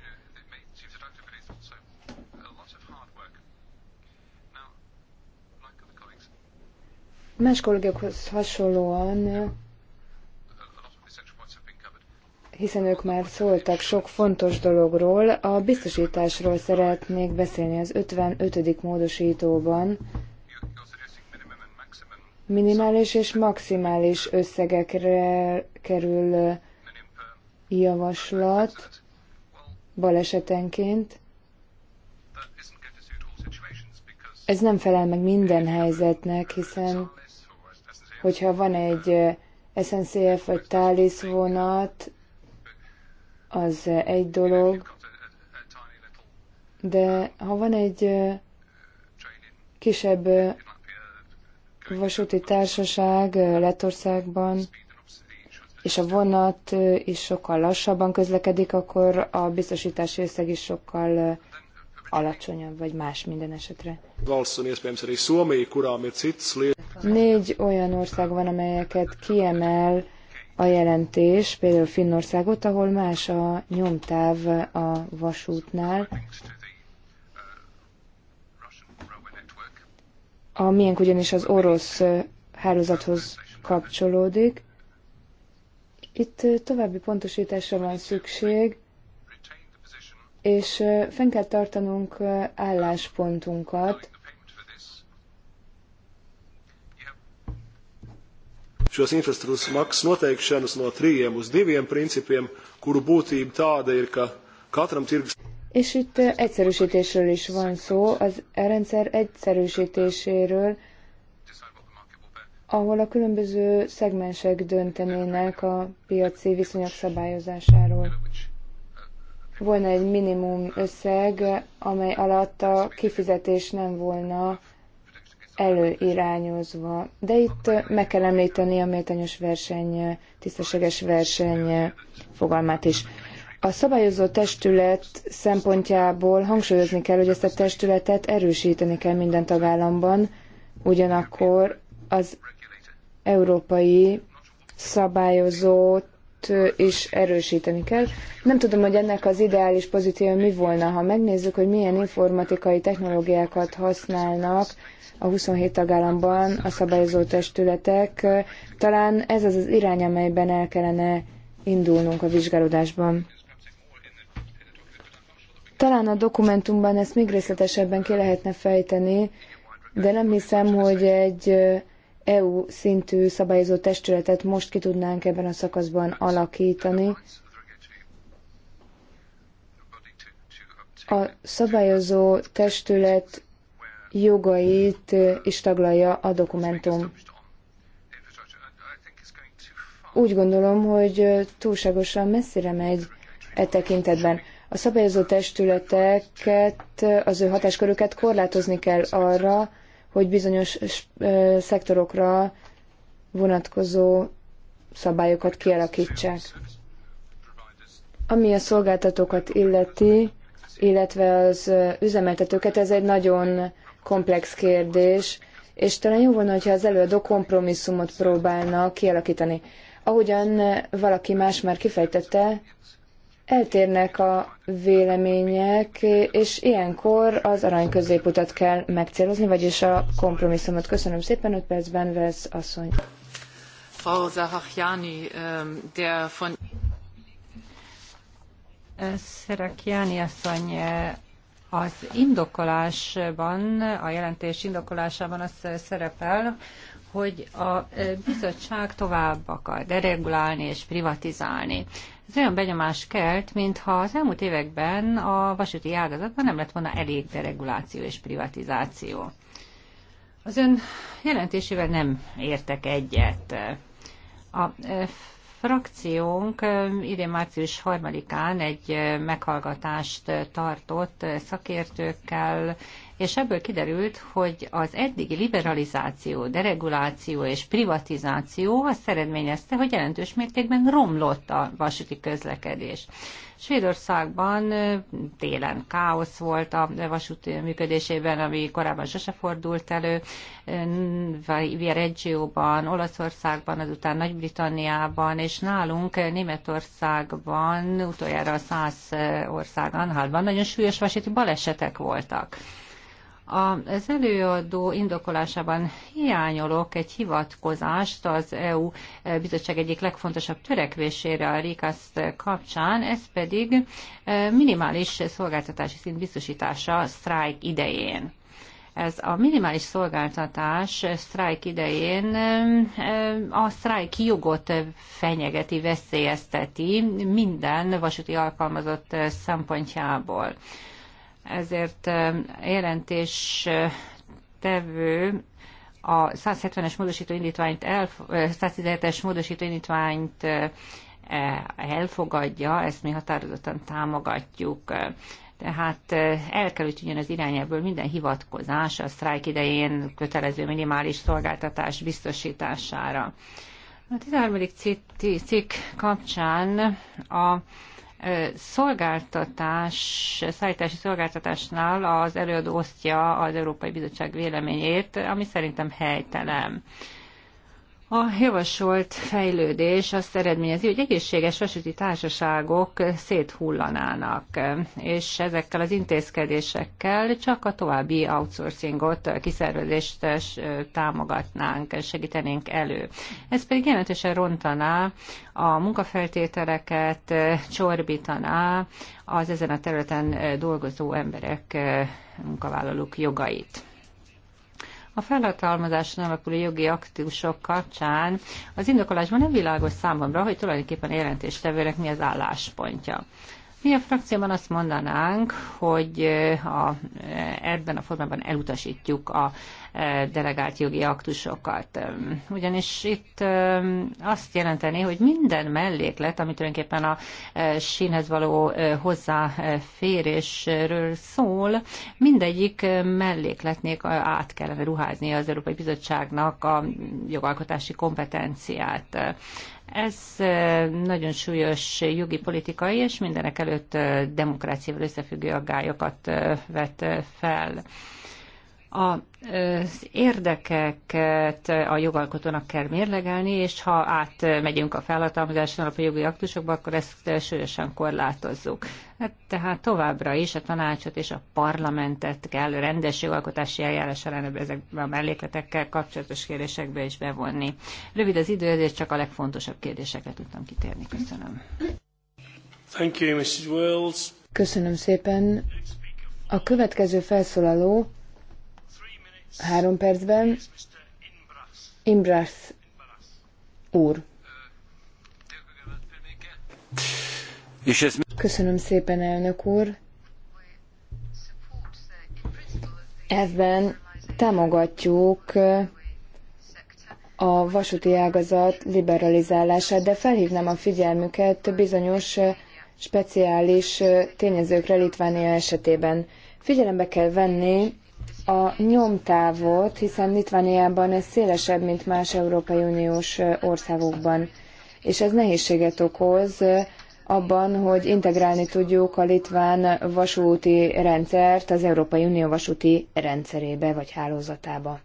Más kollégokhoz hasonlóan hiszen ők már szóltak sok fontos dologról. A biztosításról szeretnék beszélni az 55. módosítóban. Minimális és maximális összegekre kerül javaslat balesetenként. Ez nem felel meg minden helyzetnek, hiszen hogyha van egy SNCF vagy TALIS vonat, az egy dolog, de ha van egy kisebb vasúti társaság Lettországban, és a vonat is sokkal lassabban közlekedik, akkor a biztosítási összeg is sokkal alacsonyabb, vagy más minden esetre. Négy olyan ország van, amelyeket kiemel a jelentés, például Finnországot, ahol más a nyomtáv a vasútnál. A miénk ugyanis az orosz hálózathoz kapcsolódik. Itt további pontosításra van szükség, és fenn kell tartanunk álláspontunkat šos infrastruktūras maksas noteikšanas no trījiem uz diviem principiem, kuru būtība tāda ir, ka katram tirgus. És itt eh, egyszerűsítésről is van szó, az rendszer egyszerűsítéséről, ahol a különböző szegmensek döntenének a piaci viszonyok szabályozásáról. Volna egy minimum összeg, amely alatt a kifizetés nem volna előirányozva. De itt meg kell említeni a méltányos verseny, tisztességes verseny fogalmát is. A szabályozó testület szempontjából hangsúlyozni kell, hogy ezt a testületet erősíteni kell minden tagállamban, ugyanakkor az európai szabályozó is erősíteni kell. Nem tudom, hogy ennek az ideális pozíciója mi volna, ha megnézzük, hogy milyen informatikai technológiákat használnak a 27 tagállamban a szabályozó testületek. Talán ez az az irány, amelyben el kellene indulnunk a vizsgálódásban. Talán a dokumentumban ezt még részletesebben ki lehetne fejteni, de nem hiszem, hogy egy EU szintű szabályozó testületet most ki tudnánk ebben a szakaszban alakítani. A szabályozó testület jogait is taglalja a dokumentum. Úgy gondolom, hogy túlságosan messzire megy e tekintetben. A szabályozó testületeket, az ő hatásköröket korlátozni kell arra, hogy bizonyos szektorokra vonatkozó szabályokat kialakítsák. Ami a szolgáltatókat illeti, illetve az üzemeltetőket, ez egy nagyon komplex kérdés, és talán jó volna, hogyha az előadó kompromisszumot próbálna kialakítani. Ahogyan valaki más már kifejtette, eltérnek a vélemények, és ilyenkor az arany középutat kell megcélozni, vagyis a kompromisszumot. Köszönöm szépen, 5 percben vesz asszony. Frau Zahachjani, ähm, der von... Szerakiáni asszony, az indokolásban, a jelentés indokolásában az szerepel, hogy a bizottság tovább akar deregulálni és privatizálni ez olyan benyomás kelt, mintha az elmúlt években a vasúti ágazatban nem lett volna elég dereguláció és privatizáció. Az ön jelentésével nem értek egyet. A e, frakciónk e, idén március 3-án egy e, meghallgatást tartott szakértőkkel, és ebből kiderült, hogy az eddigi liberalizáció, dereguláció és privatizáció azt eredményezte, hogy jelentős mértékben romlott a vasúti közlekedés. Svédországban télen káosz volt a vasút működésében, ami korábban sose fordult elő. Via Reggio-ban, Olaszországban, azután Nagy-Britanniában, és nálunk Németországban, utoljára a száz ország nagyon súlyos vasúti balesetek voltak. Az előadó indokolásában hiányolok egy hivatkozást az EU bizottság egyik legfontosabb törekvésére a RICASZ kapcsán, ez pedig e, minimális szolgáltatási szint biztosítása sztrájk idején. Ez a minimális szolgáltatás sztrájk idején e, e, a sztrájk jogot fenyegeti, veszélyezteti minden vasúti alkalmazott szempontjából ezért jelentés tevő a 170-es módosító indítványt, el 117-es módosító indítványt e, elfogadja, ezt mi határozottan támogatjuk. Tehát el kell, hogy tűnjön az irányából minden hivatkozás a sztrájk idején kötelező minimális szolgáltatás biztosítására. A 13. cikk kapcsán a szolgáltatás, szállítási szolgáltatásnál az előadó osztja az Európai Bizottság véleményét, ami szerintem helytelen. A javasolt fejlődés azt eredményezi, hogy egészséges vasúti társaságok széthullanának, és ezekkel az intézkedésekkel csak a további outsourcingot, kiszervezést támogatnánk, segítenénk elő. Ez pedig jelentősen rontaná a munkafeltételeket, csorbítaná az ezen a területen dolgozó emberek, munkavállalók jogait. A felhatalmazáson alapuló jogi aktusok kapcsán az indokolásban nem világos számomra, hogy tulajdonképpen jelentéstevőnek mi az álláspontja. Mi a frakcióban azt mondanánk, hogy eh, a, eh, ebben a formában elutasítjuk a eh, delegált jogi aktusokat. Ugyanis itt azt jelenteni, hogy minden melléklet, amit tulajdonképpen a sínhez való hozzáférésről szól, mindegyik mellékletnék át kellene ruházni az Európai Bizottságnak a mm, jogalkotási kompetenciát. Ez nagyon súlyos jogi politikai és mindenek előtt demokráciával összefüggő aggályokat vet fel az érdekeket a jogalkotónak kell mérlegelni, és ha átmegyünk a felhatalmazáson alapú jogi aktusokba, akkor ezt súlyosan korlátozzuk. Hát, tehát továbbra is a tanácsot és a parlamentet kell rendes jogalkotási eljárás alá ezekben a mellékletekkel kapcsolatos kérdésekbe is bevonni. Rövid az idő, ezért csak a legfontosabb kérdésekre tudtam kitérni. Köszönöm. Thank you, Mrs. Wills. Köszönöm szépen. A következő felszólaló Három percben. Imbrász úr. Köszönöm szépen, elnök úr. Ebben támogatjuk a vasúti ágazat liberalizálását, de felhívnám a figyelmüket bizonyos speciális tényezőkre Litvánia esetében. Figyelembe kell venni a nyomtávot, hiszen Litvániában ez szélesebb, mint más Európai Uniós országokban. És ez nehézséget okoz abban, hogy integrálni tudjuk a litván vasúti rendszert az Európai Unió vasúti rendszerébe vagy hálózatába.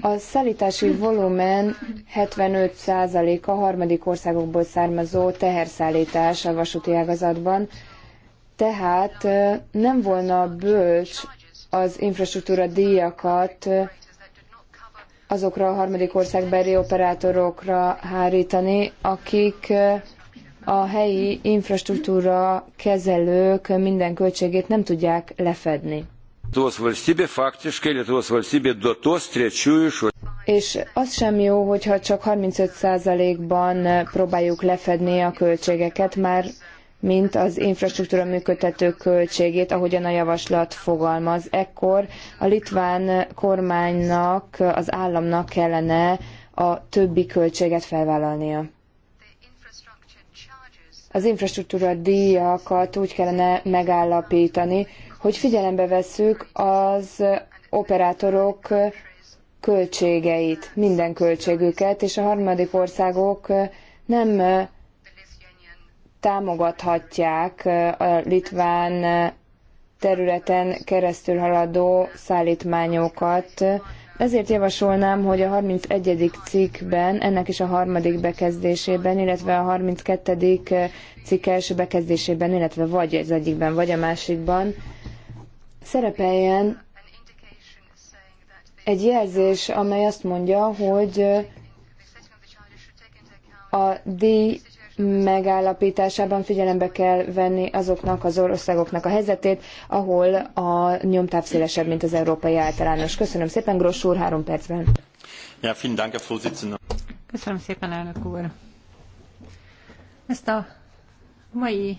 A szállítási volumen 75% a harmadik országokból származó teherszállítás a vasúti ágazatban, tehát nem volna bölcs az infrastruktúra díjakat azokra a harmadik országbeli operátorokra hárítani, akik a helyi infrastruktúra kezelők minden költségét nem tudják lefedni. És az sem jó, hogyha csak 35%-ban próbáljuk lefedni a költségeket, már mint az infrastruktúra működtető költségét, ahogyan a javaslat fogalmaz. Ekkor a litván kormánynak, az államnak kellene a többi költséget felvállalnia. Az infrastruktúra díjakat úgy kellene megállapítani, hogy figyelembe vesszük az operátorok költségeit, minden költségüket, és a harmadik országok nem támogathatják a litván területen keresztül haladó szállítmányokat, ezért javasolnám, hogy a 31. cikkben, ennek is a harmadik bekezdésében, illetve a 32. cikk első bekezdésében, illetve vagy az egyikben, vagy a másikban szerepeljen egy jelzés, amely azt mondja, hogy a díj megállapításában figyelembe kell venni azoknak az országoknak a helyzetét, ahol a nyomtáv szélesebb, mint az európai általános. Köszönöm szépen, Gross úr, három percben. Ja, vielen Dank, Herr Vorsitzender. Köszönöm szépen, elnök úr. Ezt a mai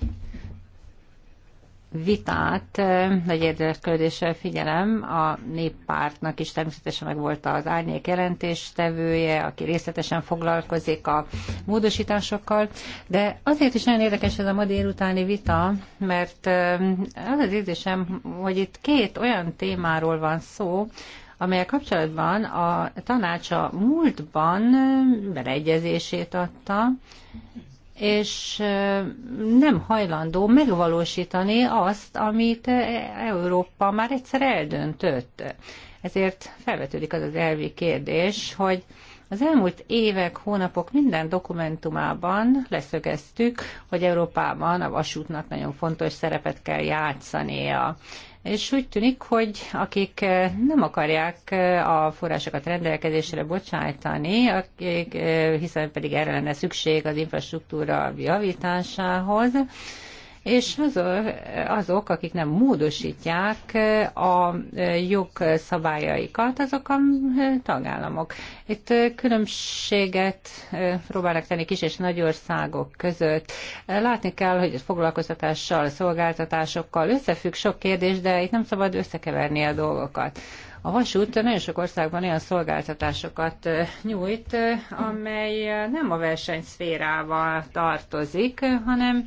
vitát nagy érdeklődéssel figyelem. A néppártnak is természetesen meg volt az árnyék jelentéstevője, aki részletesen foglalkozik a módosításokkal, de azért is nagyon érdekes ez a ma délutáni vita, mert az az érzésem, hogy itt két olyan témáról van szó, amelyek kapcsolatban a tanácsa múltban beleegyezését adta, és nem hajlandó megvalósítani azt, amit Európa már egyszer eldöntött. Ezért felvetődik az az elvi kérdés, hogy az elmúlt évek, hónapok minden dokumentumában leszögeztük, hogy Európában a vasútnak nagyon fontos szerepet kell játszania és úgy tűnik, hogy akik eh, nem akarják eh, a forrásokat rendelkezésre bocsájtani, akik, eh, hiszen pedig erre lenne szükség az infrastruktúra javításához, és az, azok, akik nem módosítják a jogszabályaikat, azok a tagállamok. Itt különbséget próbálnak tenni kis és nagy országok között. Látni kell, hogy foglalkoztatással, szolgáltatásokkal összefügg sok kérdés, de itt nem szabad összekeverni a dolgokat. A vasút nagyon sok országban olyan szolgáltatásokat nyújt, amely nem a versenyszférával tartozik, hanem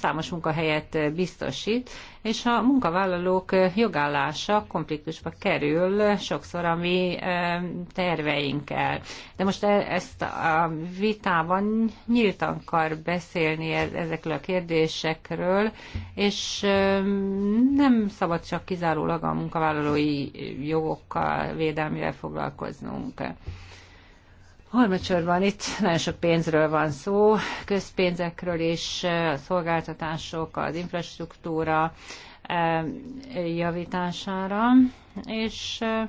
számos munkahelyet biztosít, és a munkavállalók jogállása konfliktusba kerül sokszor a mi e, terveinkkel. De most e, ezt a vitában nyíltan kar beszélni e, ezekről a kérdésekről, és nem szabad csak kizárólag a munkavállalói jogokkal, védelmével foglalkoznunk. Harmadsorban itt nagyon sok pénzről van szó, közpénzekről is, a szolgáltatások, az infrastruktúra eh, javítására, és eh,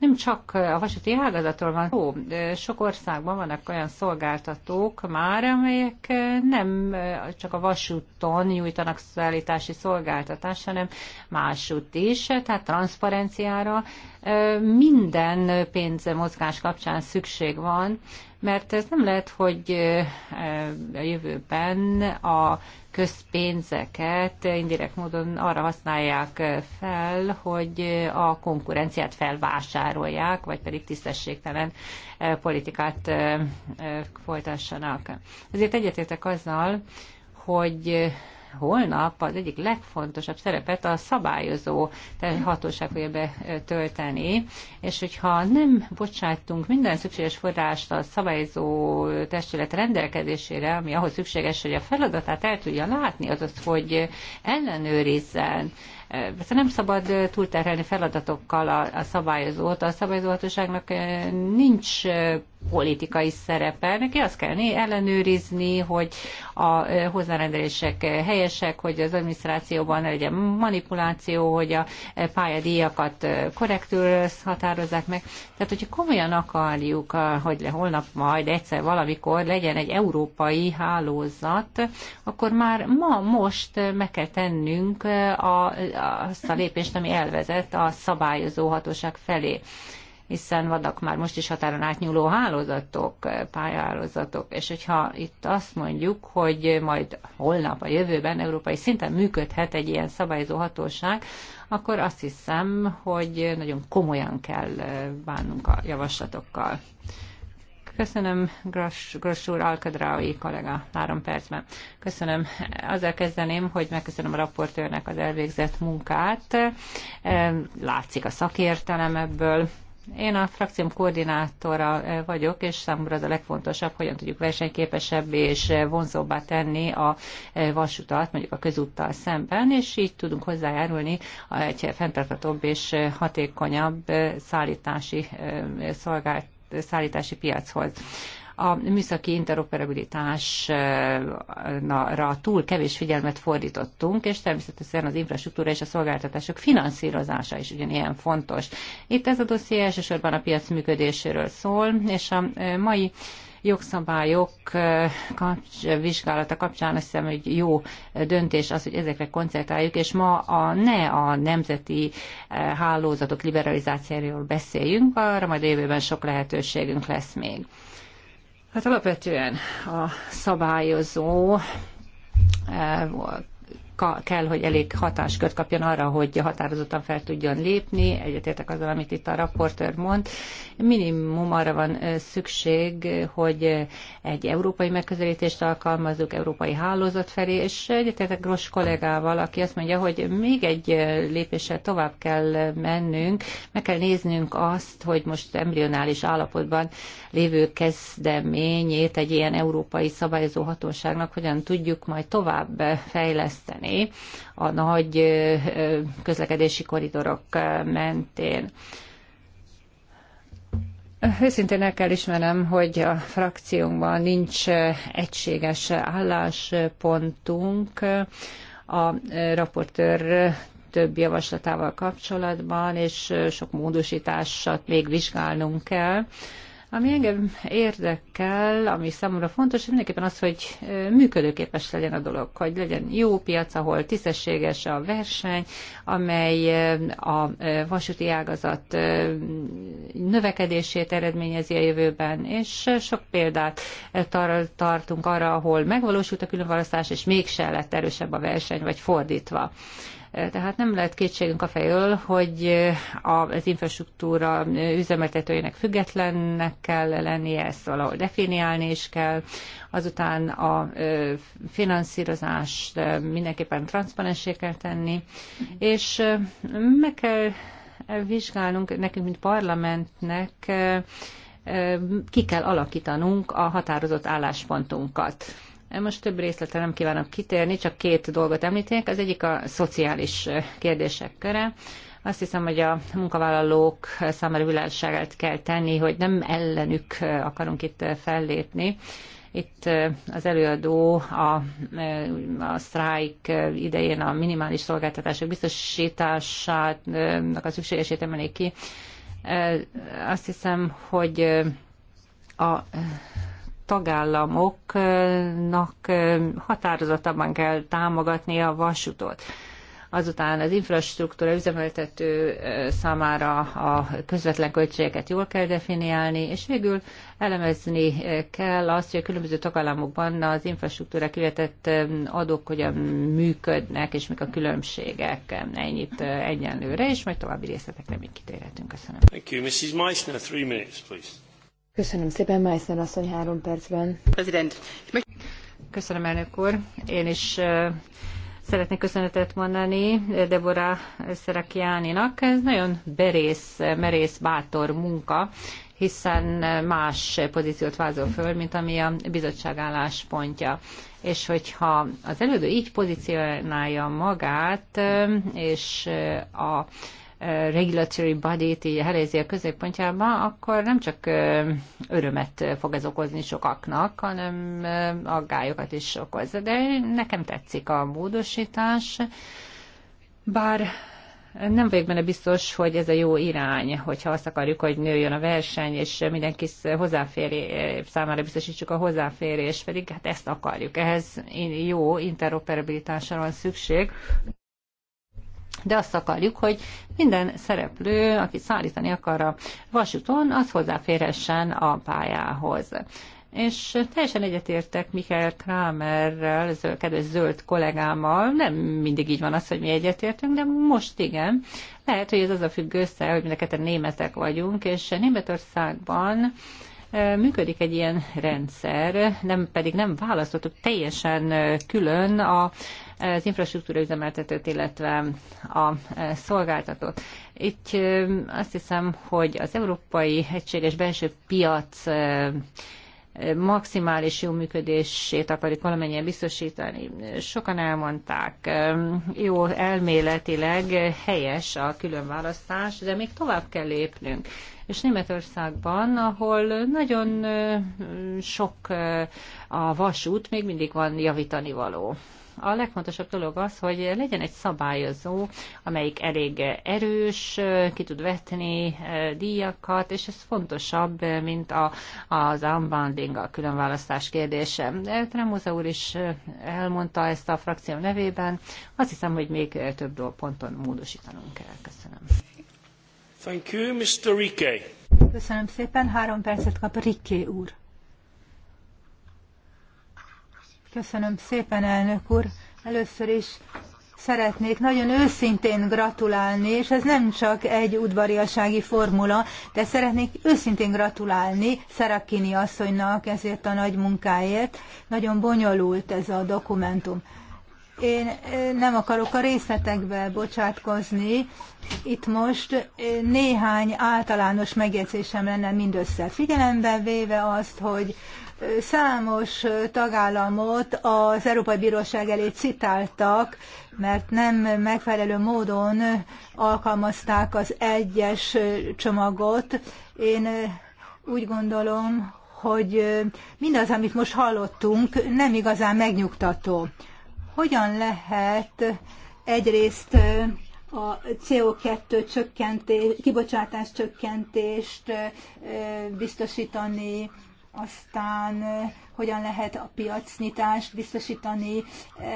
nem csak a vasúti ágazatról van szó, sok országban vannak olyan szolgáltatók már, amelyek nem csak a vasúton nyújtanak szállítási szolgáltatást, hanem másút is, tehát transzparenciára minden pénzmozgás kapcsán szükség van, mert ez nem lehet, hogy a jövőben a közpénzeket indirekt módon arra használják fel, hogy a konkurenciát felvásárolják, vagy pedig tisztességtelen e, politikát e, e, folytassanak. Ezért egyetértek azzal, hogy holnap az egyik legfontosabb szerepet a szabályozó hatóság fogja betölteni, és hogyha nem bocsátunk minden szükséges forrást a szabályozó testület rendelkezésére, ami ahhoz szükséges, hogy a feladatát el tudja látni, azaz, hogy ellenőrizzen, Persze nem szabad túlterhelni feladatokkal a, a szabályozót. A szabályozóhatóságnak eh, nincs eh, politikai szerepe. Neki azt kell ellenőrizni, hogy a hozzárendelések helyesek, hogy az adminisztrációban legyen manipuláció, hogy a pályadíjakat korrektül határozzák meg. Tehát, hogyha komolyan akarjuk, hogy holnap majd egyszer valamikor legyen egy európai hálózat, akkor már ma, most meg kell tennünk a, azt a lépést, ami elvezet a szabályozó hatóság felé hiszen vannak már most is határon átnyúló hálózatok, pályahálózatok, és hogyha itt azt mondjuk, hogy majd holnap a jövőben európai szinten működhet egy ilyen szabályozó hatóság, akkor azt hiszem, hogy nagyon komolyan kell bánnunk a javaslatokkal. Köszönöm, Gross, Gross úr, Alkadraui kollega, három percben. Köszönöm. Azzal kezdeném, hogy megköszönöm a raportőrnek az elvégzett munkát. Látszik a szakértelem ebből. Én a frakcióm koordinátora eh, vagyok, és számomra az a legfontosabb, hogyan tudjuk versenyképesebbé és eh, vonzóbbá tenni a eh, vasutat, mondjuk a közúttal szemben, és így tudunk hozzájárulni egy fenntartatóbb és hatékonyabb szállítási szolgált szállítási piachoz a műszaki interoperabilitásra túl kevés figyelmet fordítottunk, és természetesen az infrastruktúra és a szolgáltatások finanszírozása is ugyanilyen fontos. Itt ez a dosszié elsősorban a piac működéséről szól, és a mai jogszabályok kapcs, vizsgálata kapcsán azt hiszem, hogy jó döntés az, hogy ezekre koncertáljuk, és ma a, ne a nemzeti hálózatok liberalizációról beszéljünk, arra majd a jövőben sok lehetőségünk lesz még. Hát alapvetően a szabályozó eh, kell, hogy elég hatáskört kapjon arra, hogy határozottan fel tudjon lépni. Egyetértek azzal, amit itt a raportőr mond. Minimum arra van szükség, hogy egy európai megközelítést alkalmazzuk, európai hálózat felé, és egyetértek Gross kollégával, aki azt mondja, hogy még egy lépéssel tovább kell mennünk, meg kell néznünk azt, hogy most embrionális állapotban lévő kezdeményét egy ilyen európai szabályozó hatóságnak hogyan tudjuk majd tovább fejleszteni menni a nagy közlekedési koridorok mentén. Őszintén el kell ismernem, hogy a frakciónkban nincs egységes álláspontunk a raportőr több javaslatával kapcsolatban, és sok módosításat még vizsgálnunk kell. Ami engem érdekel, ami számomra fontos, hogy mindenképpen az, hogy működőképes legyen a dolog, hogy legyen jó piac, ahol tisztességes a verseny, amely a vasúti ágazat növekedését eredményezi a jövőben, és sok példát tar- tartunk arra, ahol megvalósult a különválasztás, és mégse lett erősebb a verseny, vagy fordítva. Tehát nem lehet kétségünk a fejől, hogy az infrastruktúra üzemeltetőjének függetlennek kell lennie, ezt valahol definiálni is kell. Azután a finanszírozást mindenképpen transzparensé kell tenni, és meg kell vizsgálnunk nekünk, mint parlamentnek, ki kell alakítanunk a határozott álláspontunkat. Most több részletre nem kívánok kitérni, csak két dolgot említenék Az egyik a szociális kérdések köre. Azt hiszem, hogy a munkavállalók számára világságát kell tenni, hogy nem ellenük akarunk itt fellépni, itt az előadó a, a sztrájk idején a minimális szolgáltatások biztosításának a szükségesét emelik ki. Azt hiszem, hogy a tagállamoknak határozottabban kell támogatni a vasutot. Azután az infrastruktúra üzemeltető számára a közvetlen költségeket jól kell definiálni, és végül elemezni kell azt, hogy a különböző tagállamokban az infrastruktúra kivetett adók hogyan működnek, és mik a különbségek. Ennyit egyenlőre, és majd további részletekre még kitérhetünk. Köszönöm. Thank you. Mrs. Meissner, three minutes, please. Köszönöm szépen, Meissner asszony három percben. President. Köszönöm, elnök úr. Én is szeretnék köszönetet mondani Deborah Szerakiáninak. Ez nagyon berész, merész, bátor munka, hiszen más pozíciót vázol föl, mint ami a bizottság álláspontja. És hogyha az elődő így pozícionálja magát, és a regulatory body-t így helyezi a középpontjába, akkor nem csak örömet fog ez okozni sokaknak, hanem aggályokat is okoz. De nekem tetszik a módosítás, bár nem vagyok benne biztos, hogy ez a jó irány, hogyha azt akarjuk, hogy nőjön a verseny, és mindenki hozzáférj, számára biztosítsuk a hozzáférés, pedig hát ezt akarjuk. Ehhez jó interoperabilitásra van szükség de azt akarjuk, hogy minden szereplő, aki szállítani akar a vasúton, az hozzáférhessen a pályához. És teljesen egyetértek Michael Kramerrel, az kedves zöld kollégámmal. Nem mindig így van az, hogy mi egyetértünk, de most igen. Lehet, hogy ez az a függ össze, hogy mind a németek vagyunk, és Németországban működik egy ilyen rendszer, nem pedig nem választottuk teljesen külön a az infrastruktúra üzemeltetőt, illetve a e, szolgáltatót. Itt e, azt hiszem, hogy az európai egységes belső piac e, maximális jó működését akarjuk valamennyien biztosítani. Sokan elmondták, jó elméletileg helyes a választás, de még tovább kell lépnünk. És Németországban, ahol nagyon sok a vasút, még mindig van javítani való a legfontosabb dolog az, hogy legyen egy szabályozó, amelyik elég erős, ki tud vetni eh, díjakat, és ez fontosabb, mint a, az unbounding, a különválasztás kérdése. Tremóza úr is eh, elmondta ezt a frakció nevében. Azt hiszem, hogy még több ponton módosítanunk kell. Köszönöm. Thank you, Mr. Rike. Köszönöm szépen. Három percet kap Riké úr. Köszönöm szépen, elnök úr. Először is szeretnék nagyon őszintén gratulálni, és ez nem csak egy udvariasági formula, de szeretnék őszintén gratulálni Szerakini asszonynak ezért a nagy munkáért. Nagyon bonyolult ez a dokumentum. Én nem akarok a részletekbe bocsátkozni, itt most néhány általános megjegyzésem lenne mindössze figyelembe véve azt, hogy Számos tagállamot az Európai Bíróság elé citáltak, mert nem megfelelő módon alkalmazták az egyes csomagot. Én úgy gondolom, hogy mindaz, amit most hallottunk, nem igazán megnyugtató. Hogyan lehet egyrészt a CO2 csökkentés, kibocsátás csökkentést biztosítani, aztán hogyan lehet a piacnyitást biztosítani.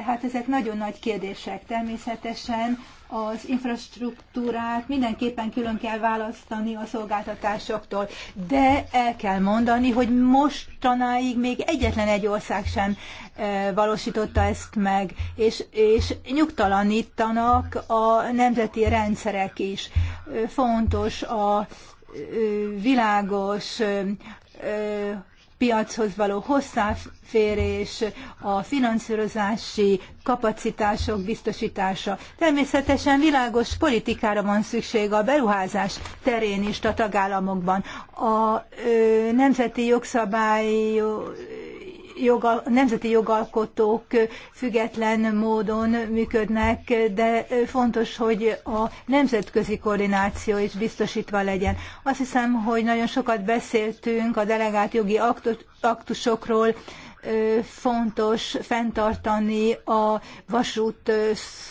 Hát ezek nagyon nagy kérdések. Természetesen az infrastruktúrát mindenképpen külön kell választani a szolgáltatásoktól, de el kell mondani, hogy mostanáig még egyetlen egy ország sem valósította ezt meg, és, és nyugtalanítanak a nemzeti rendszerek is. Fontos a világos piachoz való hozzáférés, a finanszírozási kapacitások biztosítása. Természetesen világos politikára van szükség a beruházás terén is a tagállamokban. A ö, nemzeti jogszabály joga, nemzeti jogalkotók független módon működnek, de fontos, hogy a nemzetközi koordináció is biztosítva legyen. Azt hiszem, hogy nagyon sokat beszéltünk a delegált jogi aktusokról, fontos fenntartani a vasút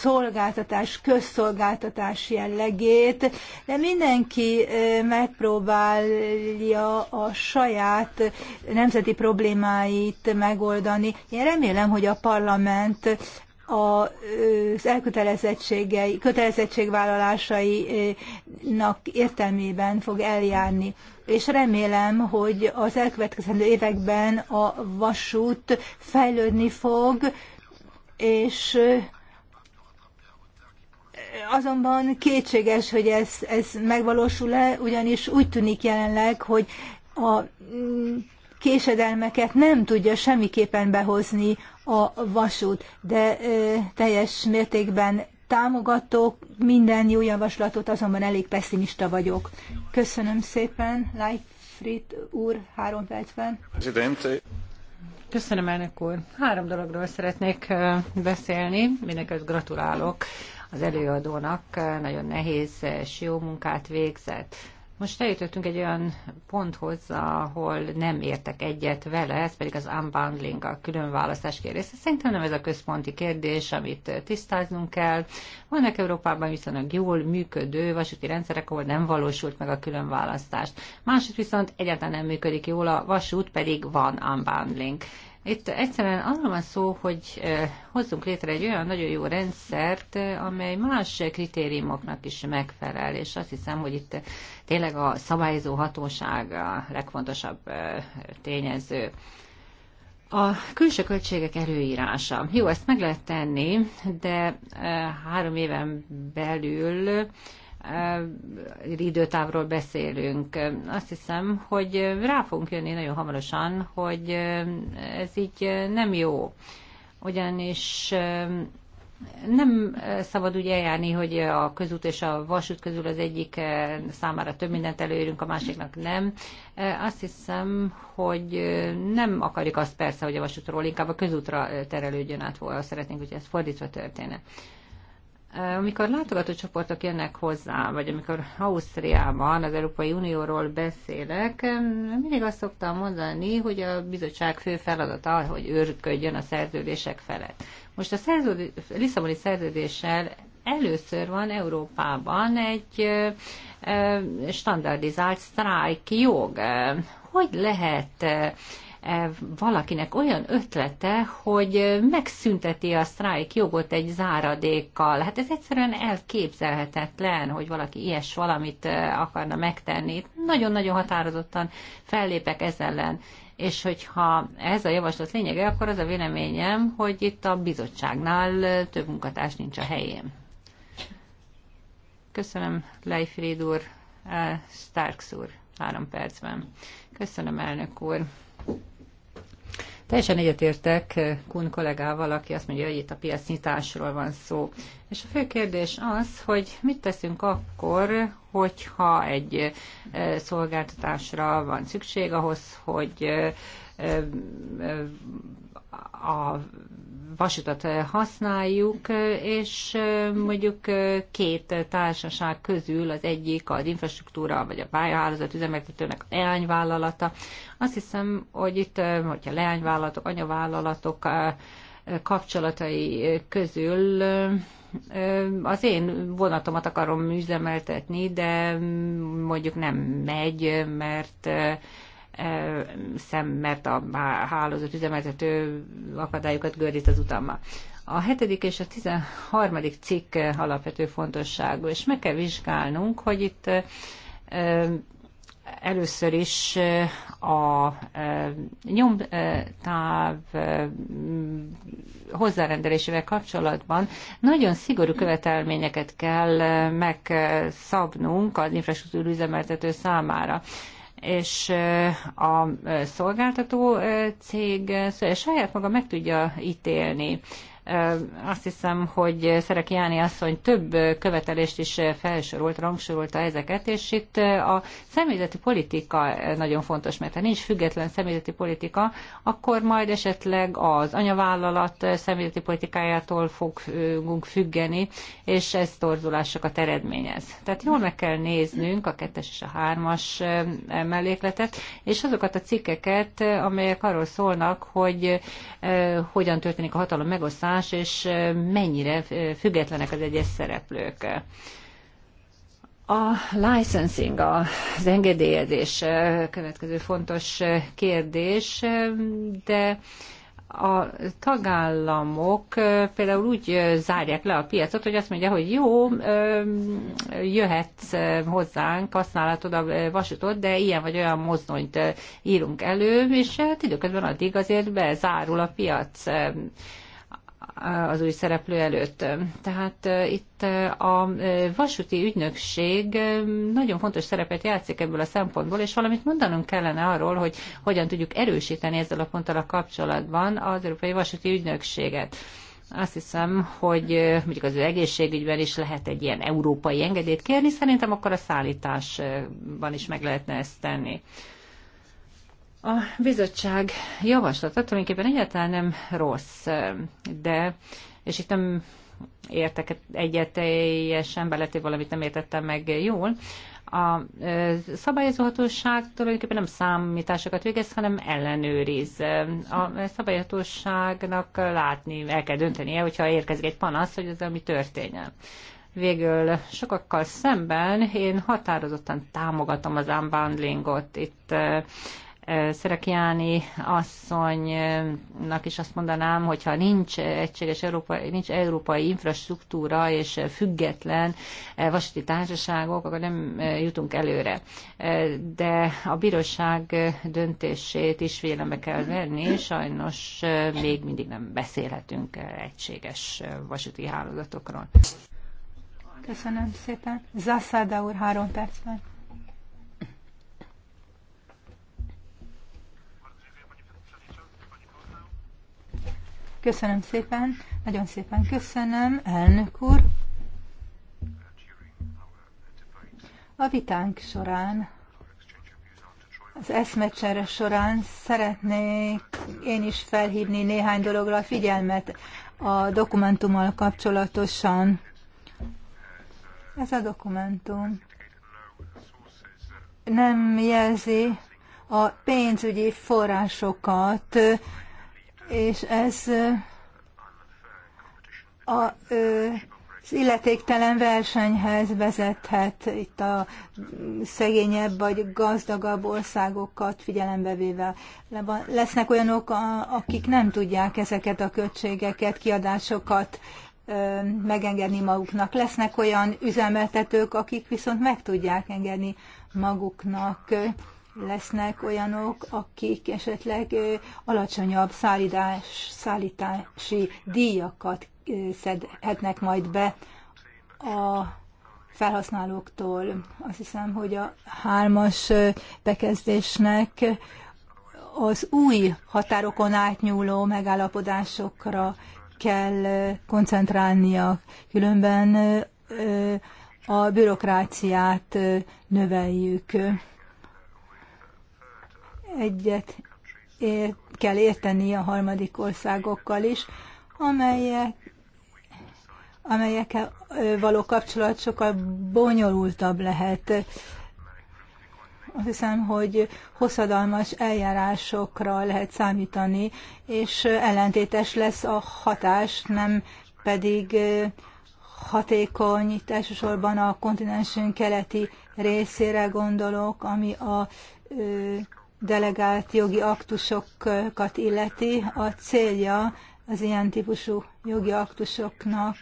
szolgáltatás, közszolgáltatás jellegét, de mindenki megpróbálja a saját nemzeti problémáit megoldani. Én remélem, hogy a parlament az elkötelezettségei, kötelezettségvállalásainak értelmében fog eljárni. És remélem, hogy az elkövetkezendő években a vasút fejlődni fog, és eh, azonban kétséges, hogy ez, ez megvalósul-e, ugyanis úgy tűnik jelenleg, hogy a mm, késedelmeket nem tudja semmiképpen behozni a vasút, de teljes mértékben támogatok minden jó javaslatot, azonban elég pessimista vagyok. Köszönöm szépen, Leifrit úr, három percben. Köszönöm, elnök úr. Három dologról szeretnék beszélni. Mindenkit gratulálok az előadónak. Nagyon nehéz és jó munkát végzett. Most eljutottunk egy olyan ponthoz, ahol nem értek egyet vele, ez pedig az unbundling, a különválasztás kérdése. Szerintem nem ez a központi kérdés, amit tisztáznunk kell. Vannak Európában viszonylag jól működő vasúti rendszerek, ahol nem valósult meg a különválasztást. Másod viszont egyáltalán nem működik jól, a vasút pedig van unbundling. Itt egyszerűen arról van szó, hogy hozzunk létre egy olyan nagyon jó rendszert, amely más kritériumoknak is megfelel, és azt hiszem, hogy itt tényleg a szabályozó hatóság a legfontosabb tényező. A külső költségek előírása. Jó, ezt meg lehet tenni, de három éven belül időtávról beszélünk. Azt hiszem, hogy rá fogunk jönni nagyon hamarosan, hogy ez így nem jó. Ugyanis nem szabad úgy eljárni, hogy a közút és a vasút közül az egyik számára több mindent előírunk, a másiknak nem. Azt hiszem, hogy nem akarjuk azt persze, hogy a vasútról inkább a közútra terelődjön át, ha szeretnénk, hogy ez fordítva történne. Amikor csoportok jönnek hozzá, vagy amikor Ausztriában az Európai Unióról beszélek, mindig azt szoktam mondani, hogy a bizottság fő feladata, hogy őrködjön a szerződések felett. Most a szerződés, Lisszaboni szerződéssel először van Európában egy standardizált sztrájk jog. Hogy lehet E, valakinek olyan ötlete, hogy megszünteti a sztrájk jogot egy záradékkal. Hát ez egyszerűen elképzelhetetlen, hogy valaki ilyes valamit e, akarna megtenni. Nagyon-nagyon határozottan fellépek ez ellen. És hogyha ez a javaslat lényege, akkor az a véleményem, hogy itt a bizottságnál több munkatárs nincs a helyén. Köszönöm, Leifrid úr, e, Starks úr, három percben. Köszönöm, elnök úr. Teljesen egyetértek eh, Kun kollégával, aki azt mondja, hogy itt a nyitásról van szó. És a fő kérdés az, hogy mit teszünk akkor, hogyha egy eh, szolgáltatásra van szükség ahhoz, hogy eh, a vasutat használjuk, és mondjuk két társaság közül az egyik az infrastruktúra vagy a pályahálózat üzemeltetőnek leányvállalata. Azt hiszem, hogy itt, hogyha leányvállalatok, anyavállalatok kapcsolatai közül az én vonatomat akarom üzemeltetni, de mondjuk nem megy, mert szem, mert a hálózat üzemeltető akadályokat gördít az utammal. A hetedik és a tizenharmadik cikk alapvető fontosságú, és meg kell vizsgálnunk, hogy itt először is a nyomtáv hozzárendelésével kapcsolatban nagyon szigorú követelményeket kell megszabnunk az infrastruktúra üzemeltető számára és a szolgáltató cég saját maga meg tudja ítélni, azt hiszem, hogy Szerek Jáni asszony több követelést is felsorolt, rangsorolta ezeket, és itt a személyzeti politika nagyon fontos, mert ha nincs független személyzeti politika, akkor majd esetleg az anyavállalat személyzeti politikájától fogunk függeni, és ez torzulásokat eredményez. Tehát jól meg kell néznünk a kettes és a hármas mellékletet, és azokat a cikkeket, amelyek arról szólnak, hogy hogyan történik a hatalom megosztása, más, és mennyire függetlenek az egyes szereplők. A licensing, az engedélyezés következő fontos kérdés, de a tagállamok például úgy zárják le a piacot, hogy azt mondja, hogy jó, jöhetsz hozzánk, használhatod a vasutot, de ilyen vagy olyan mozdonyt írunk elő, és hát időközben addig azért bezárul a piac az új szereplő előtt. Tehát itt a vasúti ügynökség nagyon fontos szerepet játszik ebből a szempontból, és valamit mondanunk kellene arról, hogy hogyan tudjuk erősíteni ezzel a ponttal a kapcsolatban az Európai Vasúti Ügynökséget. Azt hiszem, hogy mondjuk az egészségügyben is lehet egy ilyen európai engedélyt kérni, szerintem akkor a szállításban is meg lehetne ezt tenni. A bizottság javaslata tulajdonképpen egyáltalán nem rossz, de, és itt nem értek egyet teljesen, beletéve valamit nem értettem meg jól, a szabályozóhatóság tulajdonképpen nem számításokat végez, hanem ellenőriz. A szabályozóhatóságnak látni, el kell döntenie, hogyha érkezik egy panasz, hogy ez ami történjen. Végül sokakkal szemben én határozottan támogatom az unbundlingot. Itt Szerekiáni asszonynak is azt mondanám, hogyha nincs egységes európai, nincs európai infrastruktúra és független vasúti társaságok, akkor nem jutunk előre. De a bíróság döntését is vélembe kell venni, sajnos még mindig nem beszélhetünk egységes vasúti hálózatokról. Köszönöm szépen. Zasszáda úr, három percben. Köszönöm szépen, nagyon szépen köszönöm, elnök úr. A vitánk során, az eszmecsere során szeretnék én is felhívni néhány dologra a figyelmet a dokumentummal kapcsolatosan. Ez a dokumentum nem jelzi a pénzügyi forrásokat, és ez a, az illetéktelen versenyhez vezethet itt a szegényebb vagy gazdagabb országokat figyelembe véve. Lesznek olyanok, akik nem tudják ezeket a költségeket, kiadásokat megengedni maguknak. Lesznek olyan üzemeltetők, akik viszont meg tudják engedni maguknak lesznek olyanok, akik esetleg alacsonyabb szállítás, szállítási díjakat szedhetnek majd be a felhasználóktól. Azt hiszem, hogy a hármas bekezdésnek az új határokon átnyúló megállapodásokra kell koncentrálnia, különben a bürokráciát növeljük egyet ér, kell érteni a harmadik országokkal is, amelyek, amelyekkel való kapcsolat sokkal bonyolultabb lehet. Azt hiszem, hogy hosszadalmas eljárásokra lehet számítani, és ellentétes lesz a hatás, nem pedig hatékony, itt elsősorban a kontinensünk keleti részére gondolok, ami a delegált jogi aktusokat illeti, a célja az ilyen típusú jogi aktusoknak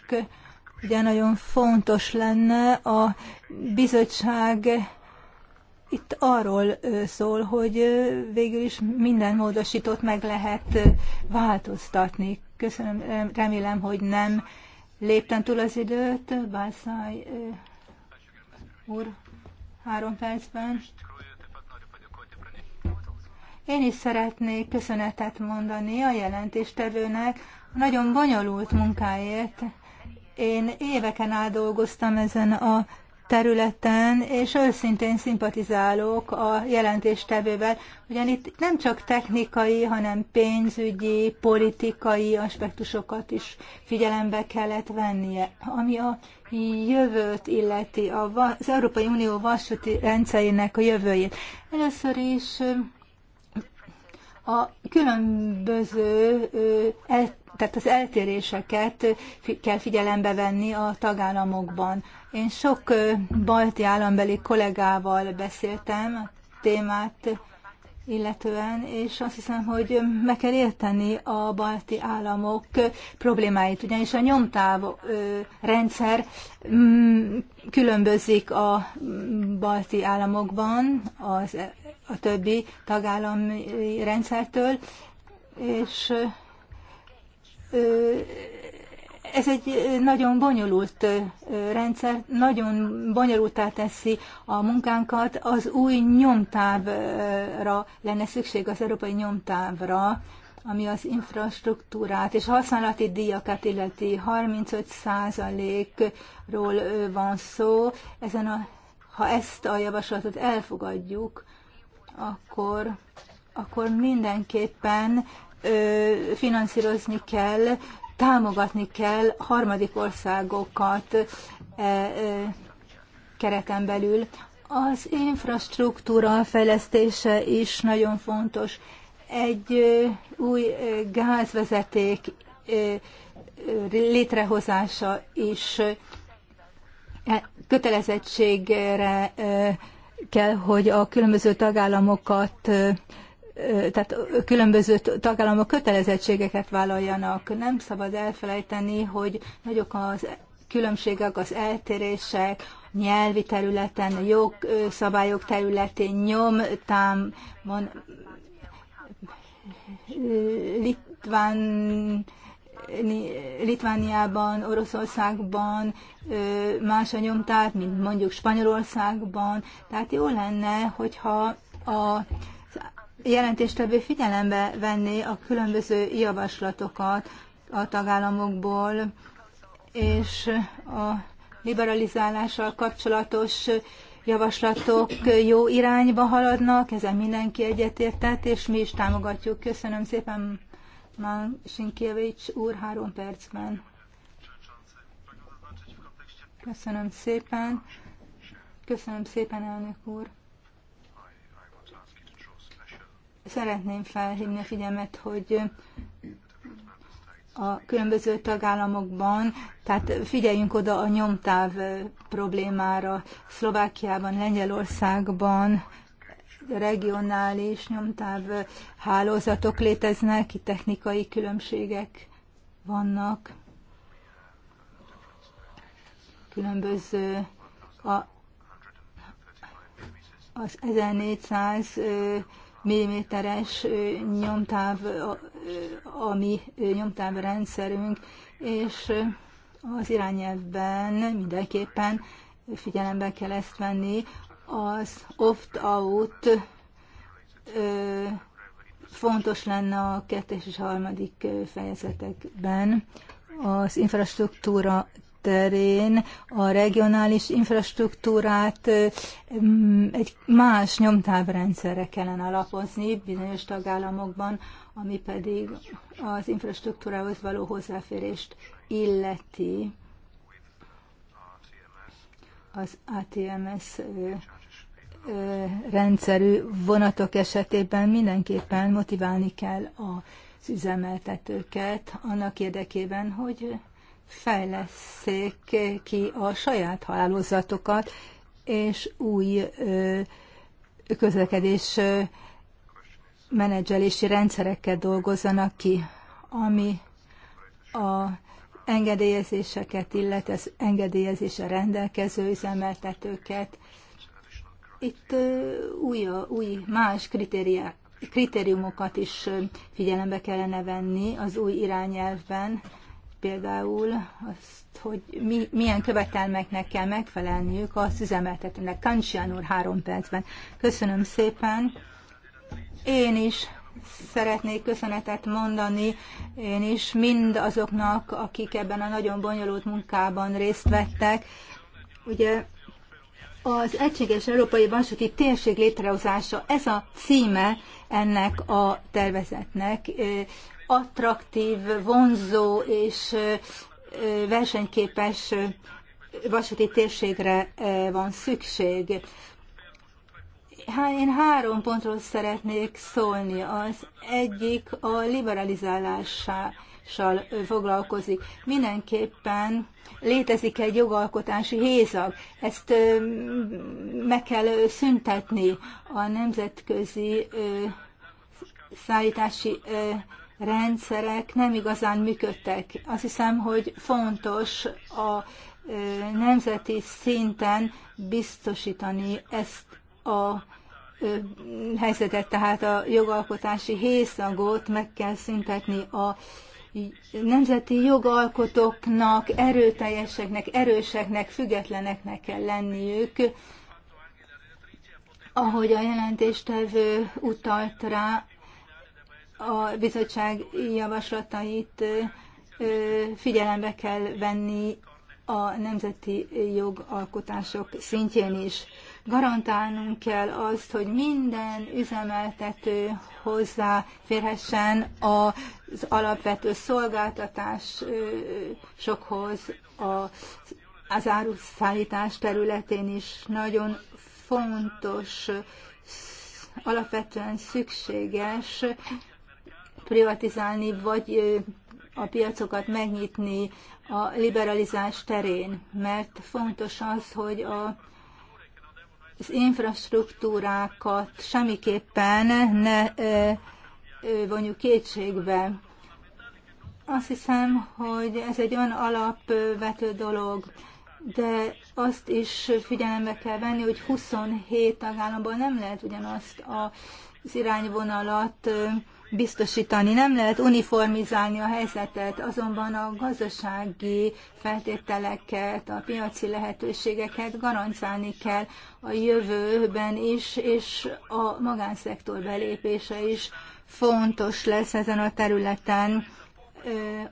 ugye nagyon fontos lenne a bizottság itt arról szól, hogy végül is minden módosított meg lehet változtatni. Köszönöm, remélem, hogy nem léptem túl az időt. Bászáj úr, három percben. Én is szeretnék köszönetet mondani a jelentéstevőnek a nagyon bonyolult munkáért. Én éveken át dolgoztam ezen a területen, és őszintén szimpatizálok a jelentéstevővel, ugyan itt nem csak technikai, hanem pénzügyi, politikai aspektusokat is figyelembe kellett vennie. Ami a jövőt illeti, az Európai Unió vasúti rendszerének a jövőjét. Először is a különböző, e, tehát az eltéréseket kell figyelembe venni a tagállamokban. Én sok balti állambeli kollégával beszéltem a témát illetően, és azt hiszem, hogy meg kell érteni a balti államok problémáit, ugyanis a nyomtáv rendszer mm, különbözik a mm, balti államokban az a többi tagállami rendszertől, és ez egy nagyon bonyolult rendszer, nagyon bonyolultá teszi a munkánkat. Az új nyomtávra lenne szükség, az európai nyomtávra, ami az infrastruktúrát és a használati díjakat illeti 35%-ról van szó. Ezen a, ha ezt a javaslatot elfogadjuk, akkor, akkor mindenképpen ö, finanszírozni kell, támogatni kell harmadik országokat e, e, kereten belül. Az infrastruktúra fejlesztése is nagyon fontos. Egy ö, új ö, gázvezeték ö, létrehozása is kötelezettségre kell, hogy a különböző tagállamokat, tehát különböző tagállamok kötelezettségeket vállaljanak. Nem szabad elfelejteni, hogy nagyok az különbségek, az eltérések, nyelvi területen, jogszabályok területén, mon, litván Litvániában, Oroszországban más a nyomtát, mint mondjuk Spanyolországban. Tehát jó lenne, hogyha a jelentéstevő figyelembe venné a különböző javaslatokat a tagállamokból, és a liberalizálással kapcsolatos javaslatok jó irányba haladnak, ezen mindenki egyetértett, és mi is támogatjuk. Köszönöm szépen, Hetman Sinkievics úr három percben. Köszönöm szépen. Köszönöm szépen, elnök úr. Szeretném felhívni a figyelmet, hogy a különböző tagállamokban, tehát figyeljünk oda a nyomtáv problémára, Szlovákiában, Lengyelországban, regionális nyomtáv hálózatok léteznek, itt technikai különbségek vannak, különböző a, az 1400 milliméteres nyomtáv, a mi nyomtávrendszerünk, és az irányelvben mindenképpen figyelembe kell ezt venni az opt-out fontos lenne a kettes és harmadik fejezetekben az infrastruktúra terén a regionális infrastruktúrát egy más nyomtávrendszerre kellene alapozni bizonyos tagállamokban, ami pedig az infrastruktúrához való hozzáférést illeti az ATMS rendszerű vonatok esetében mindenképpen motiválni kell az üzemeltetőket annak érdekében, hogy fejleszék ki a saját hálózatokat, és új közlekedés menedzselési rendszerekkel dolgozzanak ki, ami a engedélyezéseket, illetve az engedélyezésre rendelkező üzemeltetőket itt új, új más kritériák, kritériumokat is figyelembe kellene venni az új irányelvben, például azt, hogy mi, milyen követelmeknek kell megfelelniük az üzemeltetőnek. Kancsian úr három percben. Köszönöm szépen. Én is szeretnék köszönetet mondani, én is mind azoknak, akik ebben a nagyon bonyolult munkában részt vettek. Ugye az Egységes Európai Vasúti Térség létrehozása, ez a címe ennek a tervezetnek. Attraktív, vonzó és versenyképes vasúti térségre van szükség. Én három pontról szeretnék szólni. Az egyik a liberalizálásá foglalkozik. Mindenképpen létezik egy jogalkotási hézag. Ezt meg kell szüntetni a nemzetközi szállítási rendszerek nem igazán működtek. Azt hiszem, hogy fontos a nemzeti szinten biztosítani ezt a helyzetet, tehát a jogalkotási hészagot meg kell szüntetni a nemzeti jogalkotóknak erőteljeseknek, erőseknek, függetleneknek kell lenniük, ahogy a jelentéstevő utalt rá, a bizottság javaslatait figyelembe kell venni a nemzeti jogalkotások szintjén is. Garantálnunk kell azt, hogy minden üzemeltető hozzáférhessen az alapvető szolgáltatásokhoz, az áruszállítás területén is nagyon fontos, alapvetően szükséges privatizálni, vagy a piacokat megnyitni a liberalizás terén, mert fontos az, hogy a az infrastruktúrákat semmiképpen ne vonjuk kétségbe. Azt hiszem, hogy ez egy olyan alapvető dolog, de azt is figyelembe kell venni, hogy 27 tagállamban nem lehet ugyanazt az irányvonalat biztosítani. Nem lehet uniformizálni a helyzetet, azonban a gazdasági feltételeket, a piaci lehetőségeket garantálni kell a jövőben is, és a magánszektor belépése is fontos lesz ezen a területen.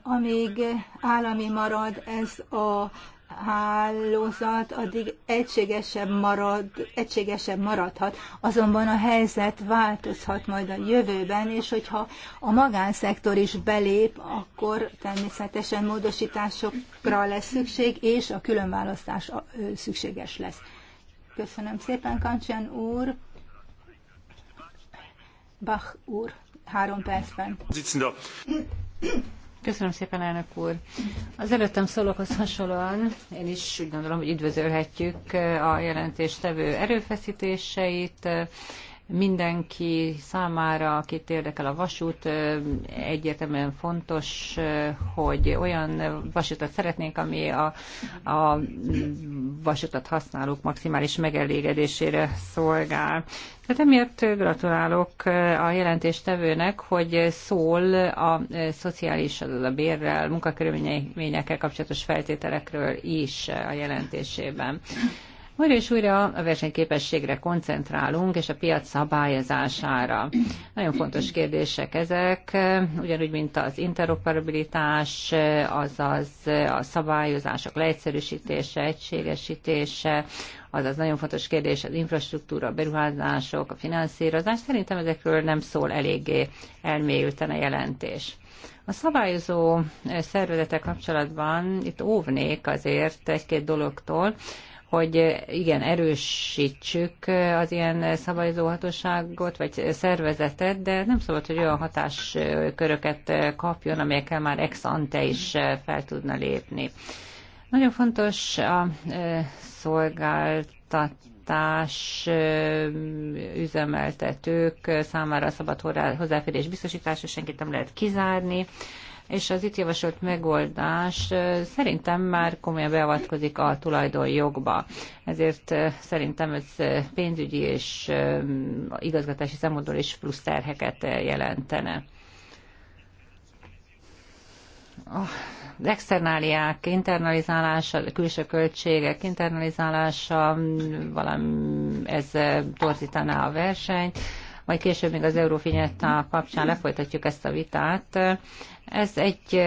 Amíg állami marad ez a hálózat addig egységesebb, marad, egységesebb maradhat, azonban a helyzet változhat majd a jövőben, és hogyha a magánszektor is belép, akkor természetesen módosításokra lesz szükség, és a különválasztás szükséges lesz. Köszönöm szépen, Kancsian úr. Bach úr, három percben. Köszönöm szépen, elnök úr. Az előttem szólókhoz hasonlóan én is úgy gondolom, hogy üdvözölhetjük a jelentéstevő erőfeszítéseit, mindenki számára, akit érdekel a vasút, egyértelműen fontos, hogy olyan vasutat szeretnénk, ami a, a vasutat használók maximális megelégedésére szolgál. Tehát emiatt gratulálok a jelentéstevőnek, hogy szól a szociális, a bérrel, munkakörülményekkel kapcsolatos feltételekről is a jelentésében. Újra és újra a versenyképességre koncentrálunk, és a piac szabályozására. Nagyon fontos kérdések ezek, ugyanúgy, mint az interoperabilitás, azaz a szabályozások leegyszerűsítése, egységesítése, azaz nagyon fontos kérdés az infrastruktúra, a beruházások, a finanszírozás. Szerintem ezekről nem szól eléggé elmélyülten a jelentés. A szabályozó szervezetek kapcsolatban itt óvnék azért egy-két dologtól, hogy igen, erősítsük az ilyen szabályozóhatóságot, vagy szervezetet, de nem szabad, hogy olyan hatásköröket kapjon, amelyekkel már ex ante is fel tudna lépni. Nagyon fontos a e, szolgáltat e, üzemeltetők számára szabad hozzáférés biztosítása, senkit nem lehet kizárni és az itt javasolt megoldás szerintem már komolyan beavatkozik a tulajdonjogba. Ezért szerintem ez pénzügyi és igazgatási szempontból is plusz terheket jelentene. Oh externáliák internalizálása, külső költségek internalizálása, valami ez torzítaná a versenyt, majd később még az Eurofinyetta kapcsán lefolytatjuk ezt a vitát. Ez egy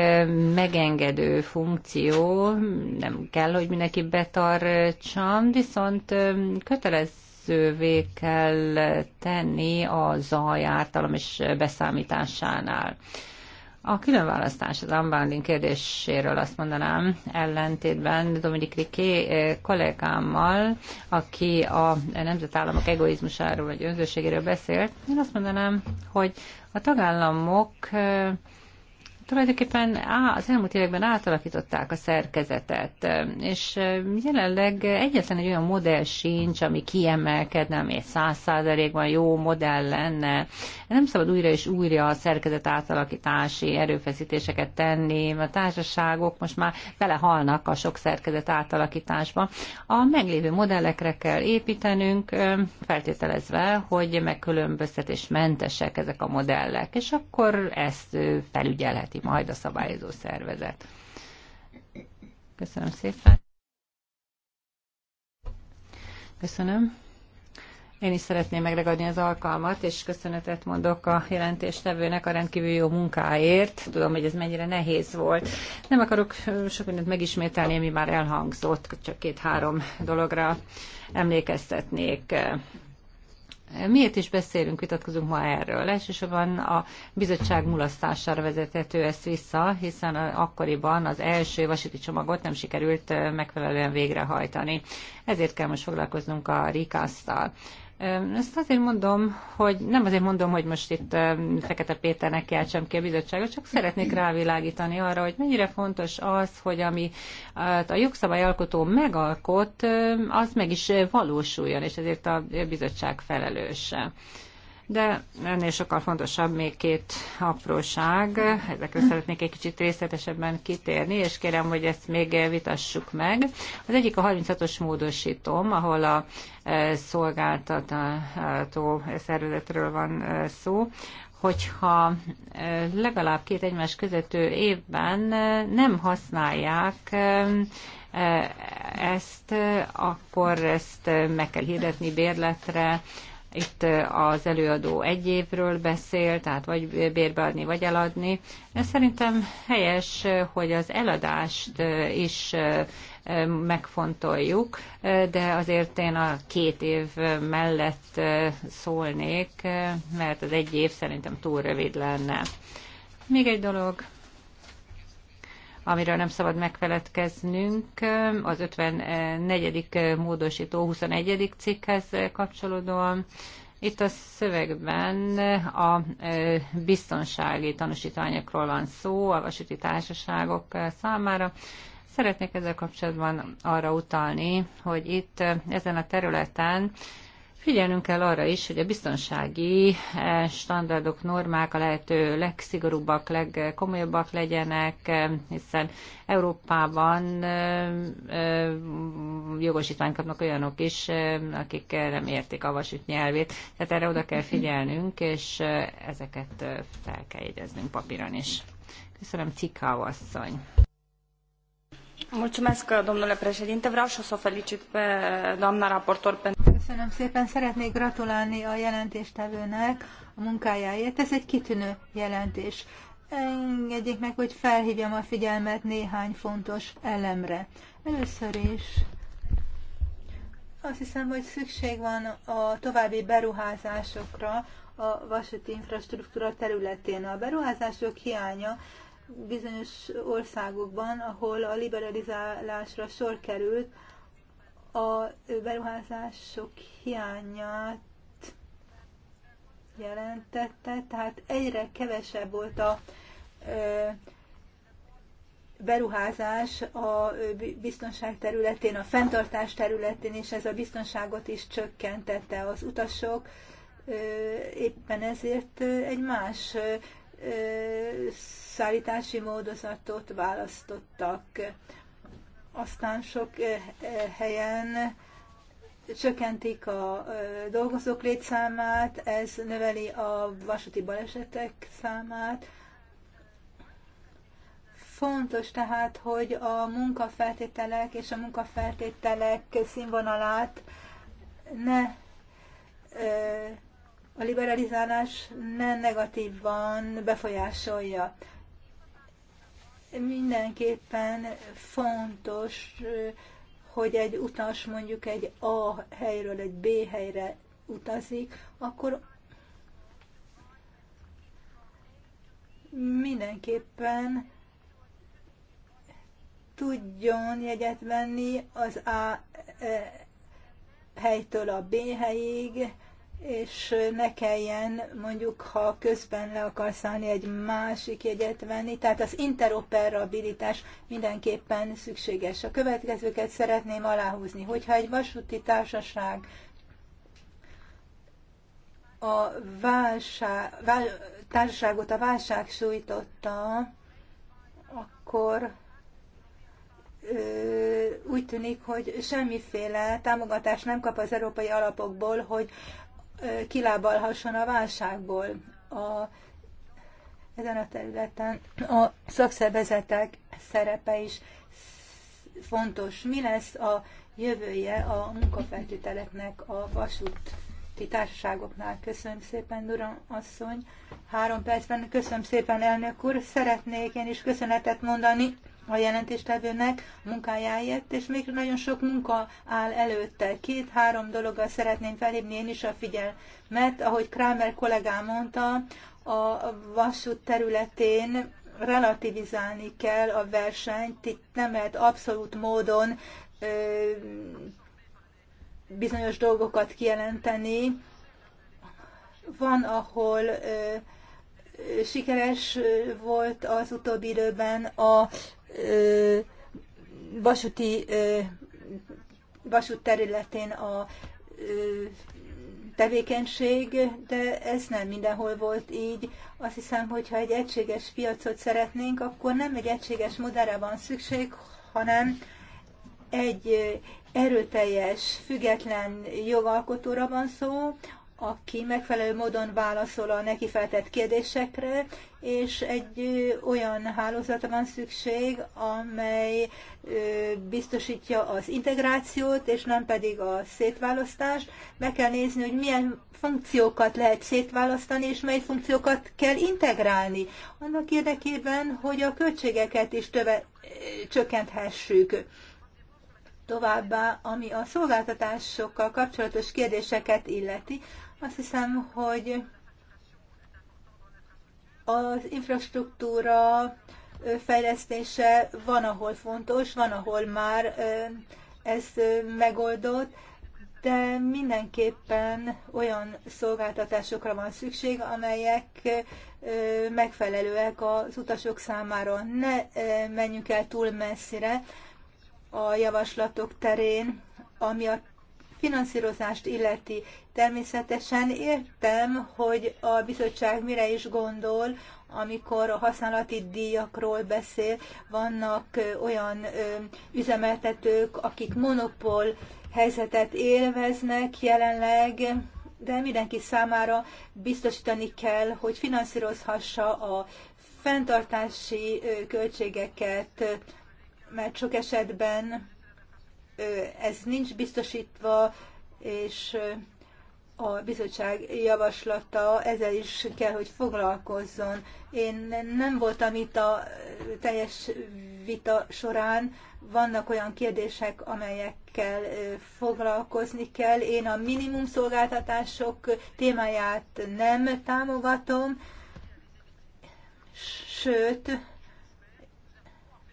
megengedő funkció, nem kell, hogy mindenki betartsam, viszont kötelezővé kell tenni a zaj ártalom és beszámításánál. A különválasztás az unbounding kérdéséről azt mondanám, ellentétben Dominik Riké eh, kollégámmal, aki a nemzetállamok egoizmusáról vagy önzőségéről beszélt, én azt mondanám, hogy a tagállamok eh, tulajdonképpen á, az elmúlt években átalakították a szerkezetet, és jelenleg egyetlen egy olyan modell sincs, ami kiemelkedne, ami egy száz százalékban jó modell lenne. Nem szabad újra és újra a szerkezet átalakítási erőfeszítéseket tenni, a társaságok most már belehalnak a sok szerkezet átalakításba. A meglévő modellekre kell építenünk, feltételezve, hogy megkülönböztetésmentesek ezek a modellek, és akkor ezt felügyelhet vezeti majd a szabályozó szervezet. Köszönöm szépen. Köszönöm. Én is szeretném megragadni az alkalmat, és köszönetet mondok a jelentéstevőnek a rendkívül jó munkáért. Tudom, hogy ez mennyire nehéz volt. Nem akarok sok mindent megismételni, ami már elhangzott, csak két-három dologra emlékeztetnék. Miért is beszélünk, vitatkozunk ma erről? Elsősorban a bizottság mulasztására vezethető ezt vissza, hiszen akkoriban az első vasúti csomagot nem sikerült megfelelően végrehajtani. Ezért kell most foglalkoznunk a rikasztal. Ezt azért mondom, hogy nem azért mondom, hogy most itt Fekete Péternek keltsem ki a bizottságot, csak szeretnék rávilágítani arra, hogy mennyire fontos az, hogy ami hát a jogszabályalkotó megalkot, az meg is valósuljon, és ezért a bizottság felelőse de ennél sokkal fontosabb még két apróság, ezekre szeretnék egy kicsit részletesebben kitérni, és kérem, hogy ezt még vitassuk meg. Az egyik a 36-os módosítom, ahol a e, szolgáltató szervezetről van e, szó, hogyha e, legalább két egymás közöttő évben nem használják ezt, akkor ezt meg kell hirdetni bérletre, itt az előadó egy évről beszél, tehát vagy bérbeadni, vagy eladni. Ez szerintem helyes, hogy az eladást is megfontoljuk, de azért én a két év mellett szólnék, mert az egy év szerintem túl rövid lenne. Még egy dolog, amiről nem szabad megfeledkeznünk, az 54. módosító 21. cikkhez kapcsolódóan. Itt a szövegben a biztonsági tanúsítványokról van szó a vasúti társaságok számára. Szeretnék ezzel kapcsolatban arra utalni, hogy itt ezen a területen Figyelnünk kell arra is, hogy a biztonsági eh, standardok, normák a lehető legszigorúbbak, legkomolyabbak legyenek, eh, hiszen Európában eh, jogosítványt kapnak olyanok is, akik nem értik a vasút nyelvét. Tehát erre oda kell figyelnünk, és ezeket fel kell jegyeznünk papíron is. Köszönöm, Cikáó asszony! Vreau și să o felicit pe doamna raportor pentru... Köszönöm szépen, szeretnék gratulálni a jelentéstevőnek a munkájáért. Ez egy kitűnő jelentés. Engedjék meg, hogy felhívjam a figyelmet néhány fontos elemre. Először is azt hiszem, hogy szükség van a további beruházásokra a vasúti infrastruktúra területén. A beruházások hiánya bizonyos országokban, ahol a liberalizálásra sor került, a beruházások hiányát jelentette, tehát egyre kevesebb volt a beruházás a biztonság területén, a fenntartás területén, és ez a biztonságot is csökkentette az utasok, éppen ezért egy más szállítási módozatot választottak. Aztán sok helyen csökkentik a dolgozók létszámát, ez növeli a vasúti balesetek számát. Fontos tehát, hogy a munkafeltételek és a munkafeltételek színvonalát ne a liberalizálás ne negatívan befolyásolja. Mindenképpen fontos, hogy egy utas mondjuk egy A helyről egy B helyre utazik, akkor mindenképpen tudjon jegyet venni az A eh, helytől a B helyig, és ne kelljen mondjuk, ha közben le akarsz állni, egy másik jegyet venni, tehát az interoperabilitás mindenképpen szükséges. A következőket szeretném aláhúzni, hogyha egy vasúti társaság a válság, vál, társaságot a válság sújtotta, akkor úgy tűnik, hogy semmiféle támogatást nem kap az európai alapokból, hogy kilábalhasson a válságból a, ezen a területen. A szakszervezetek szerepe is fontos. Mi lesz a jövője a munkafeltételeknek a vasút társaságoknál? Köszönöm szépen, Duran asszony. Három percben köszönöm szépen, elnök úr. Szeretnék én is köszönetet mondani a jelentéstevőnek munkájáért, és még nagyon sok munka áll előtte. Két-három dologgal szeretném felhívni én is a figyelmet. Ahogy Kramer kollégám mondta, a vasút területén relativizálni kell a versenyt, itt nem lehet abszolút módon ö, bizonyos dolgokat kijelenteni. Van, ahol ö, sikeres volt az utóbbi időben a vasúti vasút területén a tevékenység, de ez nem mindenhol volt így. Azt hiszem, hogy ha egy egységes piacot szeretnénk, akkor nem egy egységes modára van szükség, hanem egy erőteljes, független jogalkotóra van szó, aki megfelelő módon válaszol a neki feltett kérdésekre, és egy olyan hálózata van szükség, amely biztosítja az integrációt, és nem pedig a szétválasztást. Meg kell nézni, hogy milyen funkciókat lehet szétválasztani, és mely funkciókat kell integrálni. Annak érdekében, hogy a költségeket is töve, csökkenthessük Továbbá, ami a szolgáltatásokkal kapcsolatos kérdéseket illeti, azt hiszem, hogy az infrastruktúra fejlesztése van, ahol fontos, van, ahol már ez megoldott, de mindenképpen olyan szolgáltatásokra van szükség, amelyek megfelelőek az utasok számára. Ne menjünk el túl messzire, a javaslatok terén, ami a finanszírozást illeti. Természetesen értem, hogy a bizottság mire is gondol, amikor a használati díjakról beszél. Vannak olyan üzemeltetők, akik monopól helyzetet élveznek jelenleg, de mindenki számára biztosítani kell, hogy finanszírozhassa a fenntartási költségeket, mert sok esetben ez nincs biztosítva, és a bizottság javaslata ezzel is kell, hogy foglalkozzon. Én nem voltam itt a teljes vita során, vannak olyan kérdések, amelyekkel foglalkozni kell. Én a minimum szolgáltatások témáját nem támogatom, sőt,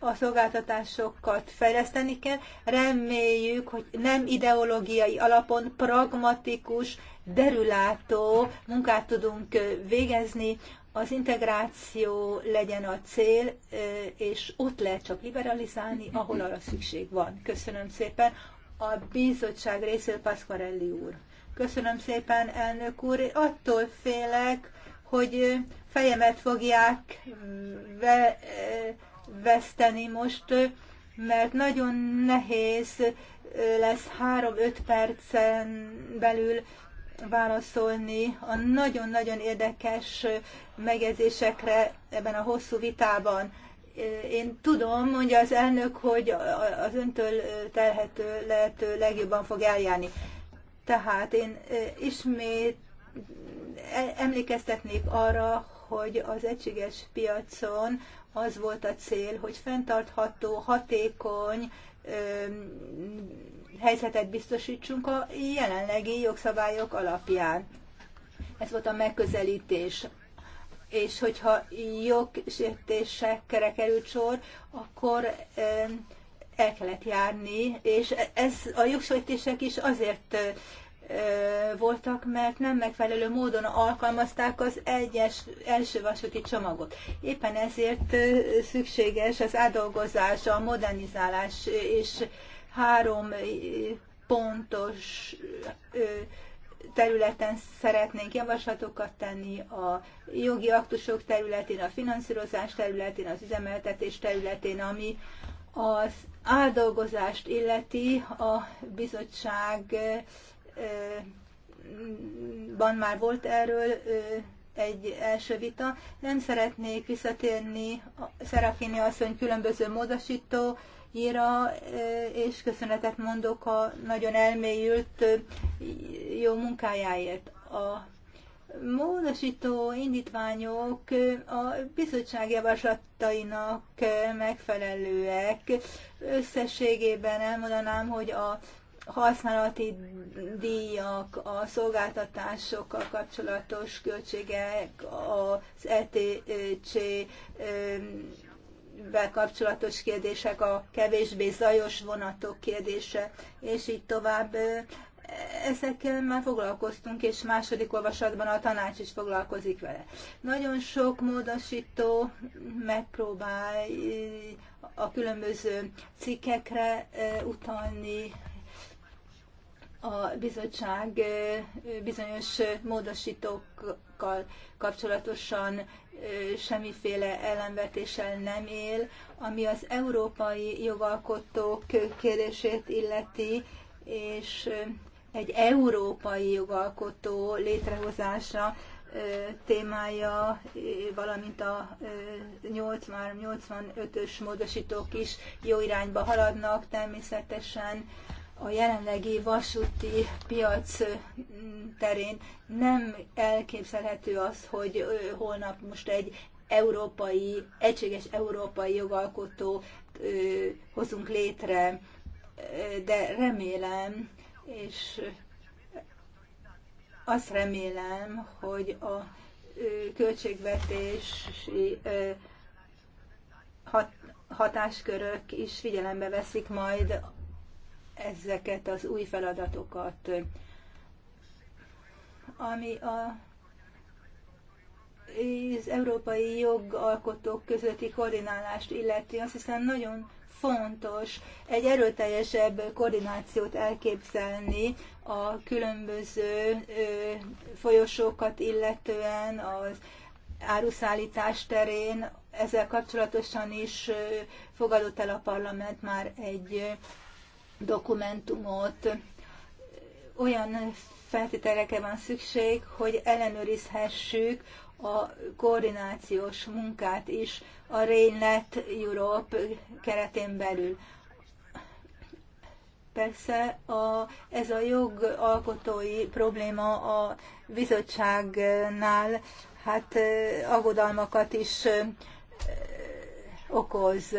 a szolgáltatásokat fejleszteni kell. Reméljük, hogy nem ideológiai alapon pragmatikus, derülátó munkát tudunk végezni. Az integráció legyen a cél, és ott lehet csak liberalizálni, ahol arra szükség van. Köszönöm szépen. A bizottság részéről Pasquarelli úr. Köszönöm szépen, elnök úr. Attól félek, hogy fejemet fogják ve, veszteni most, mert nagyon nehéz lesz három-öt percen belül válaszolni a nagyon-nagyon érdekes megjegyzésekre ebben a hosszú vitában. Én tudom, mondja az elnök, hogy az öntől telhető lehető legjobban fog eljárni. Tehát én ismét e-, emlékeztetnék arra, hogy az egységes piacon az volt a cél, hogy fenntartható, hatékony helyzetet biztosítsunk a jelenlegi jogszabályok alapján. Ez volt a megközelítés. És hogyha jogsértésekre került sor, akkor el kellett járni, és ez a jogsértések is azért voltak, mert nem megfelelő módon alkalmazták az egyes, első vasúti csomagot. Éppen ezért szükséges az átdolgozás, a modernizálás és három pontos területen szeretnénk javaslatokat tenni, a jogi aktusok területén, a finanszírozás területén, az üzemeltetés területén, ami az áldolgozást illeti a bizottság ban már volt erről egy első vita. Nem szeretnék visszatérni Szerafini asszony különböző módosítóira, és köszönetet mondok a nagyon elmélyült jó munkájáért. A módosító indítványok a bizottság javaslatainak megfelelőek. Összességében elmondanám, hogy a használati díjak, a szolgáltatásokkal kapcsolatos költségek, az ETC kapcsolatos kérdések, a kevésbé zajos vonatok kérdése, és így tovább. Ezekkel már foglalkoztunk, és második olvasatban a tanács is foglalkozik vele. Nagyon sok módosító megpróbál eh, a különböző cikkekre eh, utalni, a bizottság bizonyos módosítókkal kapcsolatosan semmiféle ellenvetéssel nem él, ami az európai jogalkotók kérését illeti, és egy európai jogalkotó létrehozása témája, valamint a 83-85-ös módosítók is jó irányba haladnak természetesen a jelenlegi vasúti piac mm, terén nem elképzelhető az, hogy holnap most egy európai, egységes európai jogalkotó hozunk létre, de remélem, és azt remélem, hogy a költségvetési hatáskörök is figyelembe veszik majd ezeket az új feladatokat. Ami a az európai jogalkotók közötti koordinálást illeti, azt hiszem nagyon fontos egy erőteljesebb koordinációt elképzelni a különböző folyosókat illetően, az áruszállítás terén. Ezzel kapcsolatosan is fogadott el a parlament már egy dokumentumot. Olyan feltételekre van szükség, hogy ellenőrizhessük a koordinációs munkát is a Rénylet Europe keretén belül. Persze a, ez a jogalkotói probléma a bizottságnál hát eh, aggodalmakat is eh, okoz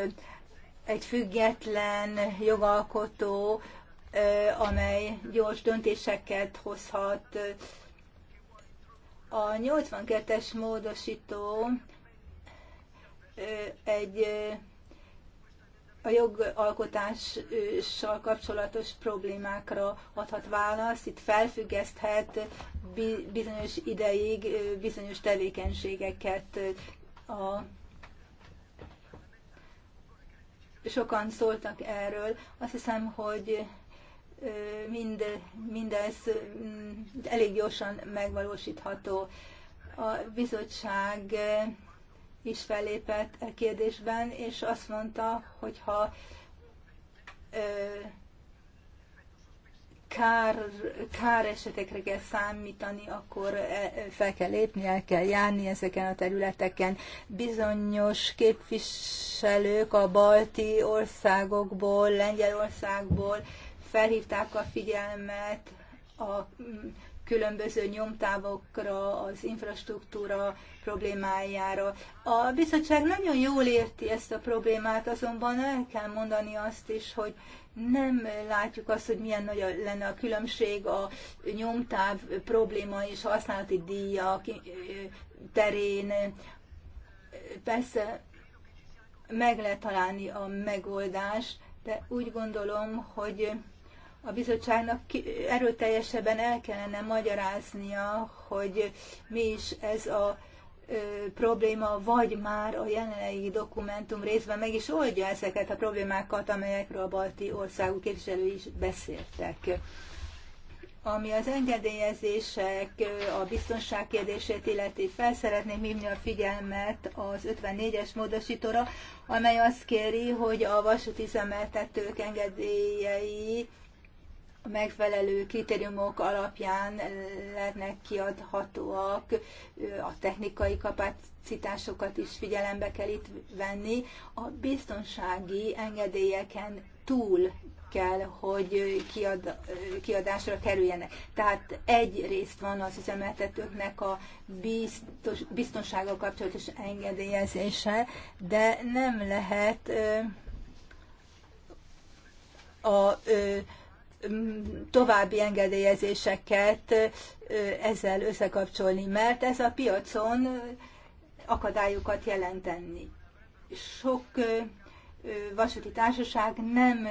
egy független jogalkotó, amely gyors döntéseket hozhat. A 82-es módosító egy a jogalkotással kapcsolatos problémákra adhat választ, itt felfüggeszthet bizonyos ideig bizonyos tevékenységeket a sokan szóltak erről. Azt hiszem, hogy mind, mindez mm, elég gyorsan megvalósítható. A bizottság is fellépett a e kérdésben, és azt mondta, hogy ha kár, kár esetekre kell számítani, akkor e, e, fel kell lépni, el kell járni ezeken a területeken. Bizonyos képviselők a balti országokból, Lengyelországból felhívták a figyelmet a különböző nyomtávokra, az infrastruktúra problémájára. A bizottság nagyon jól érti ezt a problémát, azonban el kell mondani azt is, hogy nem látjuk azt, hogy milyen nagy lenne a különbség a nyomtáv probléma és használati díjak terén. Persze meg lehet találni a megoldást, de úgy gondolom, hogy a bizottságnak erőteljesebben el kellene magyaráznia, hogy mi is ez a probléma, vagy már a jelenlegi dokumentum részben meg is oldja ezeket a problémákat, amelyekről a balti országú képviselői is beszéltek. Ami az engedélyezések, a biztonság kérdését illeti, fel szeretném hívni a figyelmet az 54-es módosítóra, amely azt kéri, hogy a vasúti üzemeltetők engedélyei megfelelő kritériumok alapján lennek kiadhatóak, a technikai kapacitásokat is figyelembe kell itt venni. A biztonsági engedélyeken túl kell, hogy kiad, kiadásra kerüljenek. Tehát egy részt van az üzemeltetőknek a biztos, biztonsága kapcsolatos engedélyezése, de nem lehet a, a további engedélyezéseket ezzel összekapcsolni, mert ez a piacon akadályokat jelenteni. Sok vasúti társaság nem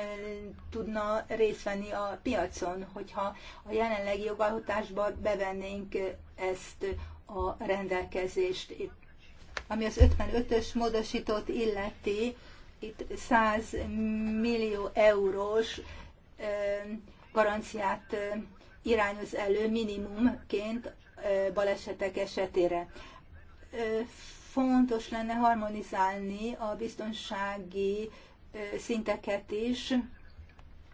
tudna részt venni a piacon, hogyha a jelenlegi jogalkotásba bevennénk ezt a rendelkezést. Itt, ami az 55-ös módosítót illeti, itt 100 millió eurós garanciát irányoz elő minimumként balesetek esetére. Fontos lenne harmonizálni a biztonsági szinteket is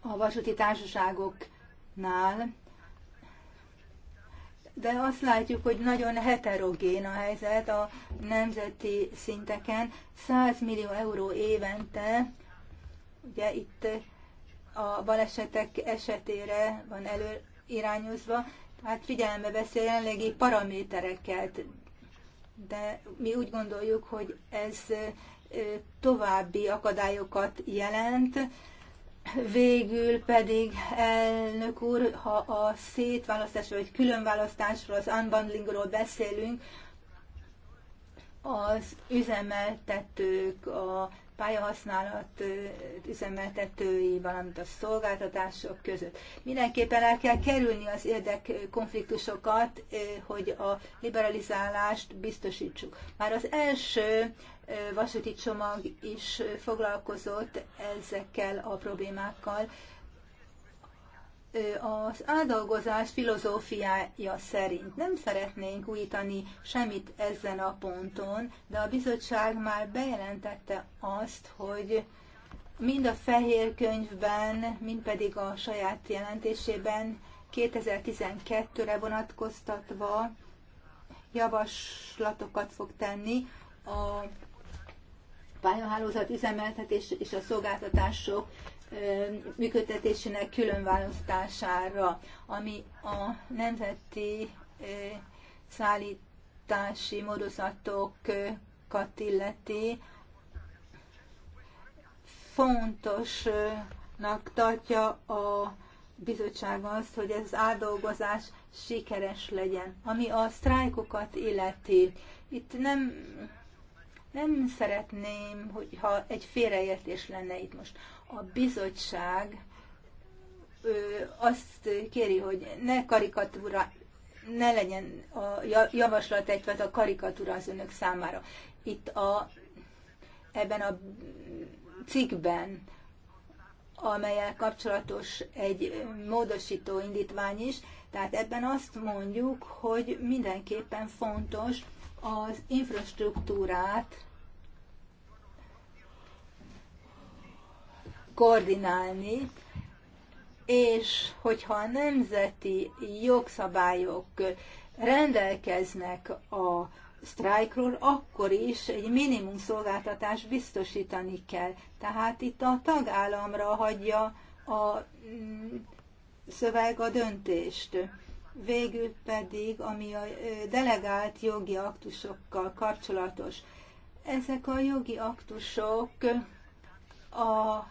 a vasúti társaságoknál, de azt látjuk, hogy nagyon heterogén a helyzet a nemzeti szinteken. 100 millió euró évente, ugye itt a balesetek esetére van előirányozva, tehát figyelembe veszi a jelenlegi paramétereket, de mi úgy gondoljuk, hogy ez további akadályokat jelent, Végül pedig, elnök úr, ha a szétválasztásról vagy különválasztásról, az unbundlingról beszélünk, az üzemeltetők, a pályahasználat üzemeltetői, valamint a szolgáltatások között. Mindenképpen el kell kerülni az érdekkonfliktusokat, hogy a liberalizálást biztosítsuk. Már az első vasúti csomag is foglalkozott ezekkel a problémákkal, az áldolgozás filozófiája szerint nem szeretnénk újítani semmit ezen a ponton, de a bizottság már bejelentette azt, hogy mind a fehér könyvben, mind pedig a saját jelentésében 2012-re vonatkoztatva javaslatokat fog tenni a pályahálózat üzemeltetés és a szolgáltatások működtetésének különválasztására, ami a nemzeti szállítási módozatokat illeti, fontosnak tartja a bizottság azt, hogy ez az átdolgozás sikeres legyen. Ami a sztrájkokat illeti, itt nem, nem szeretném, hogyha egy félreértés lenne itt most a bizottság azt kéri, hogy ne karikatúra, ne legyen a javaslat egyfajta karikatúra az önök számára. Itt a, ebben a cikkben, amelyel kapcsolatos egy módosító indítvány is, tehát ebben azt mondjuk, hogy mindenképpen fontos az infrastruktúrát koordinálni, és hogyha a nemzeti jogszabályok rendelkeznek a sztrájkról, akkor is egy minimum szolgáltatást biztosítani kell. Tehát itt a tagállamra hagyja a mm, szöveg a döntést. Végül pedig, ami a delegált jogi aktusokkal kapcsolatos. Ezek a jogi aktusok a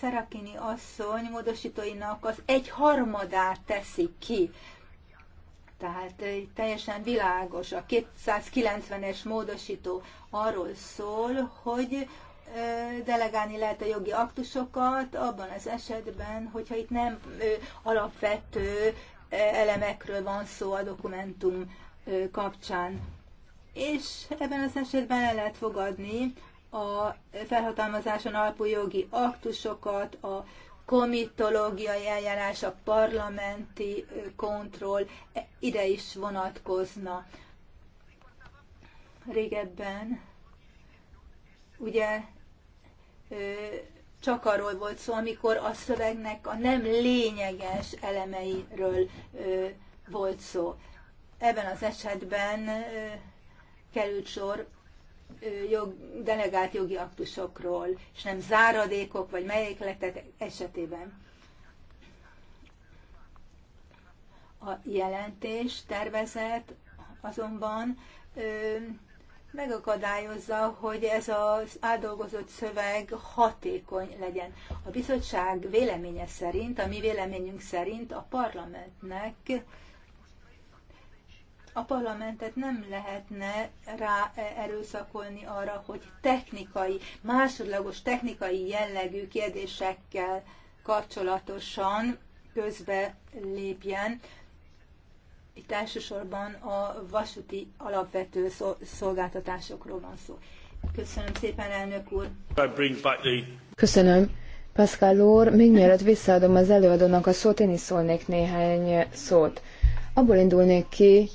Szerakini asszony módosítóinak az egy harmadát teszi ki. Tehát eh, teljesen világos. A 290-es módosító arról szól, hogy eh, delegálni lehet a jogi aktusokat abban az esetben, hogyha itt nem eh, alapvető elemekről van szó a dokumentum kapcsán. És ebben az esetben el lehet fogadni a felhatalmazáson alapú jogi aktusokat, a komitológiai eljárás, a parlamenti kontroll ide is vonatkozna. Régebben ugye csak arról volt szó, amikor a szövegnek a nem lényeges elemeiről volt szó. Ebben az esetben került sor jog, delegált jogi aktusokról, és nem záradékok vagy mellékletek esetében. A jelentés tervezet azonban ö, megakadályozza, hogy ez az átdolgozott szöveg hatékony legyen. A bizottság véleménye szerint, a mi véleményünk szerint a parlamentnek a parlamentet nem lehetne rá e, erőszakolni arra, hogy technikai, másodlagos technikai jellegű kérdésekkel kapcsolatosan közbe lépjen. Itt elsősorban a vasúti alapvető szolgáltatásokról van szó. Köszönöm szépen, elnök úr! Köszönöm. Pascal úr, még mielőtt visszaadom az előadónak a szót, én is szólnék néhány szót. Abból indulnék ki,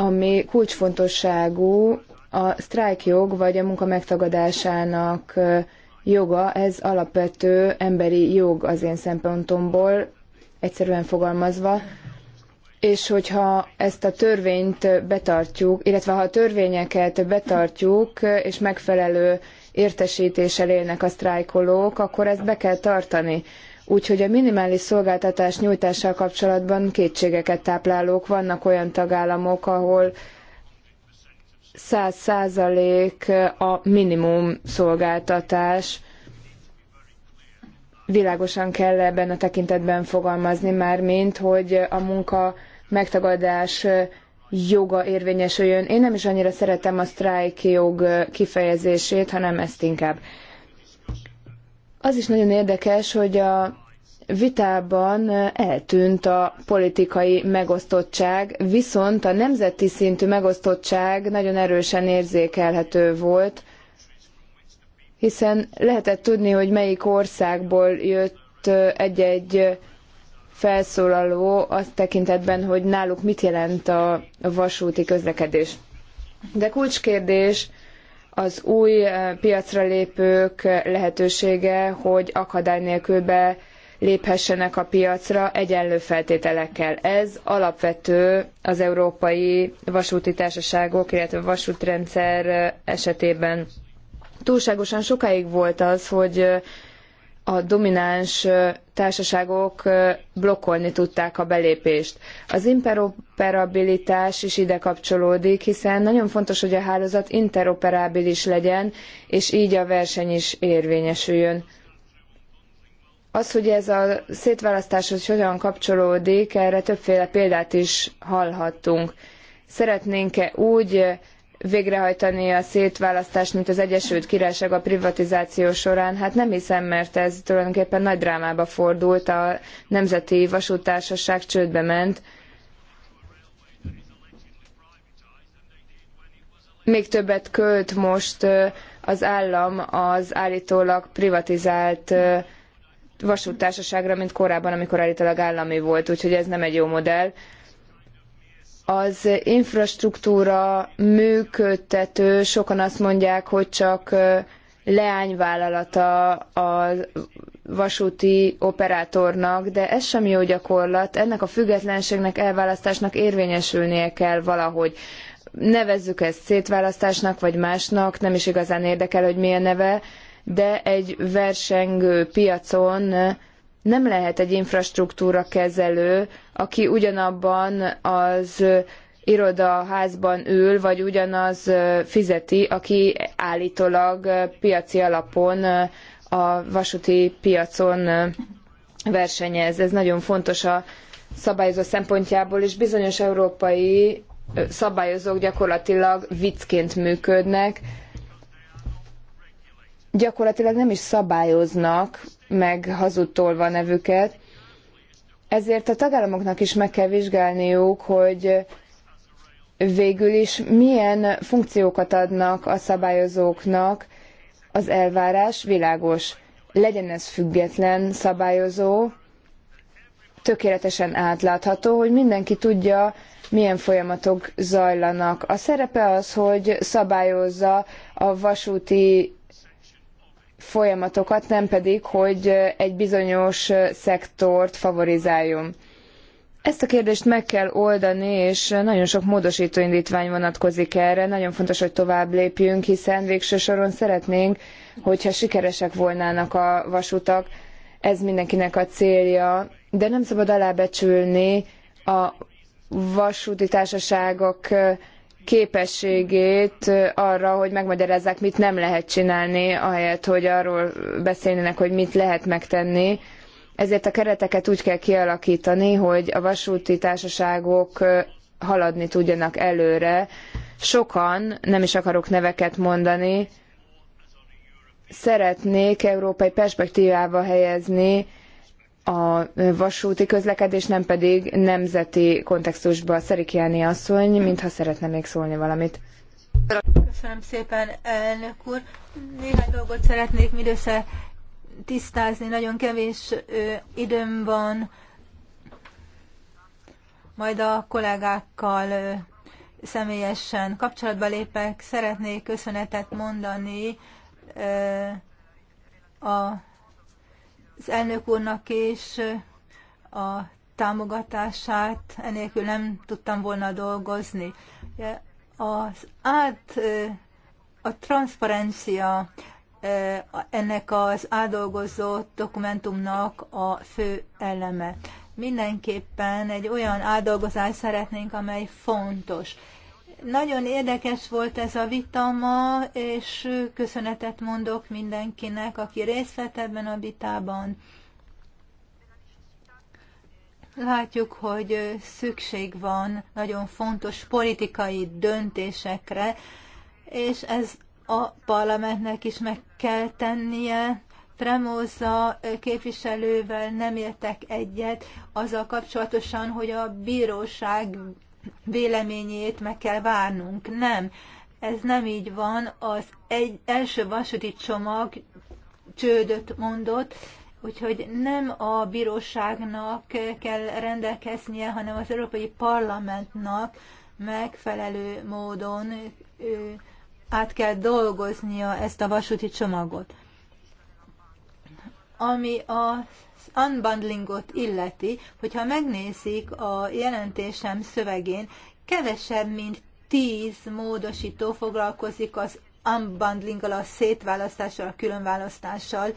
ami kulcsfontosságú a sztrájkjog vagy a munka megtagadásának joga, ez alapvető emberi jog az én szempontomból, egyszerűen fogalmazva, és hogyha ezt a törvényt betartjuk, illetve ha a törvényeket betartjuk, és megfelelő értesítéssel élnek a sztrájkolók, akkor ezt be kell tartani. Úgyhogy a minimális szolgáltatás nyújtással kapcsolatban kétségeket táplálók. Vannak olyan tagállamok, ahol száz százalék a minimum szolgáltatás. Világosan kell ebben a tekintetben fogalmazni már, mint hogy a munka megtagadás joga érvényesüljön. Én nem is annyira szeretem a sztrájk jog kifejezését, hanem ezt inkább. Az is nagyon érdekes, hogy a vitában eltűnt a politikai megosztottság, viszont a nemzeti szintű megosztottság nagyon erősen érzékelhető volt, hiszen lehetett tudni, hogy melyik országból jött egy-egy felszólaló azt tekintetben, hogy náluk mit jelent a vasúti közlekedés. De kulcskérdés az új eh, piacra lépők lehetősége, hogy akadály nélkül be léphessenek a piacra egyenlő feltételekkel. Ez alapvető az európai vasúti társaságok, illetve vasútrendszer eh, esetében. Túlságosan sokáig volt az, hogy eh, a domináns társaságok blokkolni tudták a belépést. Az interoperabilitás is ide kapcsolódik, hiszen nagyon fontos, hogy a hálózat interoperabilis legyen, és így a verseny is érvényesüljön. Az, hogy ez a szétválasztás hogy hogyan kapcsolódik, erre többféle példát is hallhattunk. Szeretnénk-e úgy végrehajtani a szétválasztást, mint az Egyesült Királyság a privatizáció során. Hát nem hiszem, mert ez tulajdonképpen nagy drámába fordult, a Nemzeti Vasútársaság csődbe ment. Még többet költ most az állam az állítólag privatizált vasúttársaságra, mint korábban, amikor állítólag állami volt, úgyhogy ez nem egy jó modell az infrastruktúra működtető, sokan azt mondják, hogy csak leányvállalata a vasúti operátornak, de ez sem jó gyakorlat. Ennek a függetlenségnek, elválasztásnak érvényesülnie kell valahogy. Nevezzük ezt szétválasztásnak vagy másnak, nem is igazán érdekel, hogy milyen neve, de egy versengő piacon nem lehet egy infrastruktúra kezelő, aki ugyanabban az irodaházban ül, vagy ugyanaz fizeti, aki állítólag piaci alapon a vasúti piacon versenyez. Ez nagyon fontos a szabályozó szempontjából, és bizonyos európai szabályozók gyakorlatilag viccként működnek, gyakorlatilag nem is szabályoznak meg hazudtolva nevüket, ezért a tagállamoknak is meg kell vizsgálniuk, hogy végül is milyen funkciókat adnak a szabályozóknak, az elvárás világos. Legyen ez független szabályozó, tökéletesen átlátható, hogy mindenki tudja, milyen folyamatok zajlanak. A szerepe az, hogy szabályozza a vasúti folyamatokat, nem pedig, hogy egy bizonyos szektort favorizáljon. Ezt a kérdést meg kell oldani, és nagyon sok módosító indítvány vonatkozik erre. Nagyon fontos, hogy tovább lépjünk, hiszen végső soron szeretnénk, hogyha sikeresek volnának a vasutak. Ez mindenkinek a célja, de nem szabad alábecsülni a vasúti társaságok képességét arra, hogy megmagyarázzák, mit nem lehet csinálni, ahelyett, hogy arról beszélnének, hogy mit lehet megtenni. Ezért a kereteket úgy kell kialakítani, hogy a vasúti társaságok haladni tudjanak előre. Sokan, nem is akarok neveket mondani, szeretnék európai perspektívába helyezni a vasúti közlekedés, nem pedig nemzeti kontextusba. Szerik Jáné asszony, mintha szeretne még szólni valamit. Köszönöm szépen, elnök úr. Néhány dolgot szeretnék mindössze tisztázni, nagyon kevés ö, időm van, majd a kollégákkal ö, személyesen kapcsolatba lépek. Szeretnék köszönetet mondani ö, a az elnök úrnak is a támogatását, enélkül nem tudtam volna dolgozni. Az át, a transzparencia ennek az áldolgozott dokumentumnak a fő eleme. Mindenképpen egy olyan áldolgozást szeretnénk, amely fontos. Nagyon érdekes volt ez a vita ma, és köszönetet mondok mindenkinek, aki részt vett ebben a vitában. Látjuk, hogy szükség van nagyon fontos politikai döntésekre, és ez a parlamentnek is meg kell tennie. Tremóza képviselővel nem értek egyet azzal kapcsolatosan, hogy a bíróság véleményét meg kell várnunk. Nem, ez nem így van. Az egy, első vasúti csomag csődöt mondott, úgyhogy nem a bíróságnak kell rendelkeznie, hanem az Európai Parlamentnak megfelelő módon át kell dolgoznia ezt a vasúti csomagot. Ami a unbundlingot illeti, hogyha megnézik a jelentésem szövegén, kevesebb, mint tíz módosító foglalkozik az unbundlinggal, a szétválasztással, a különválasztással.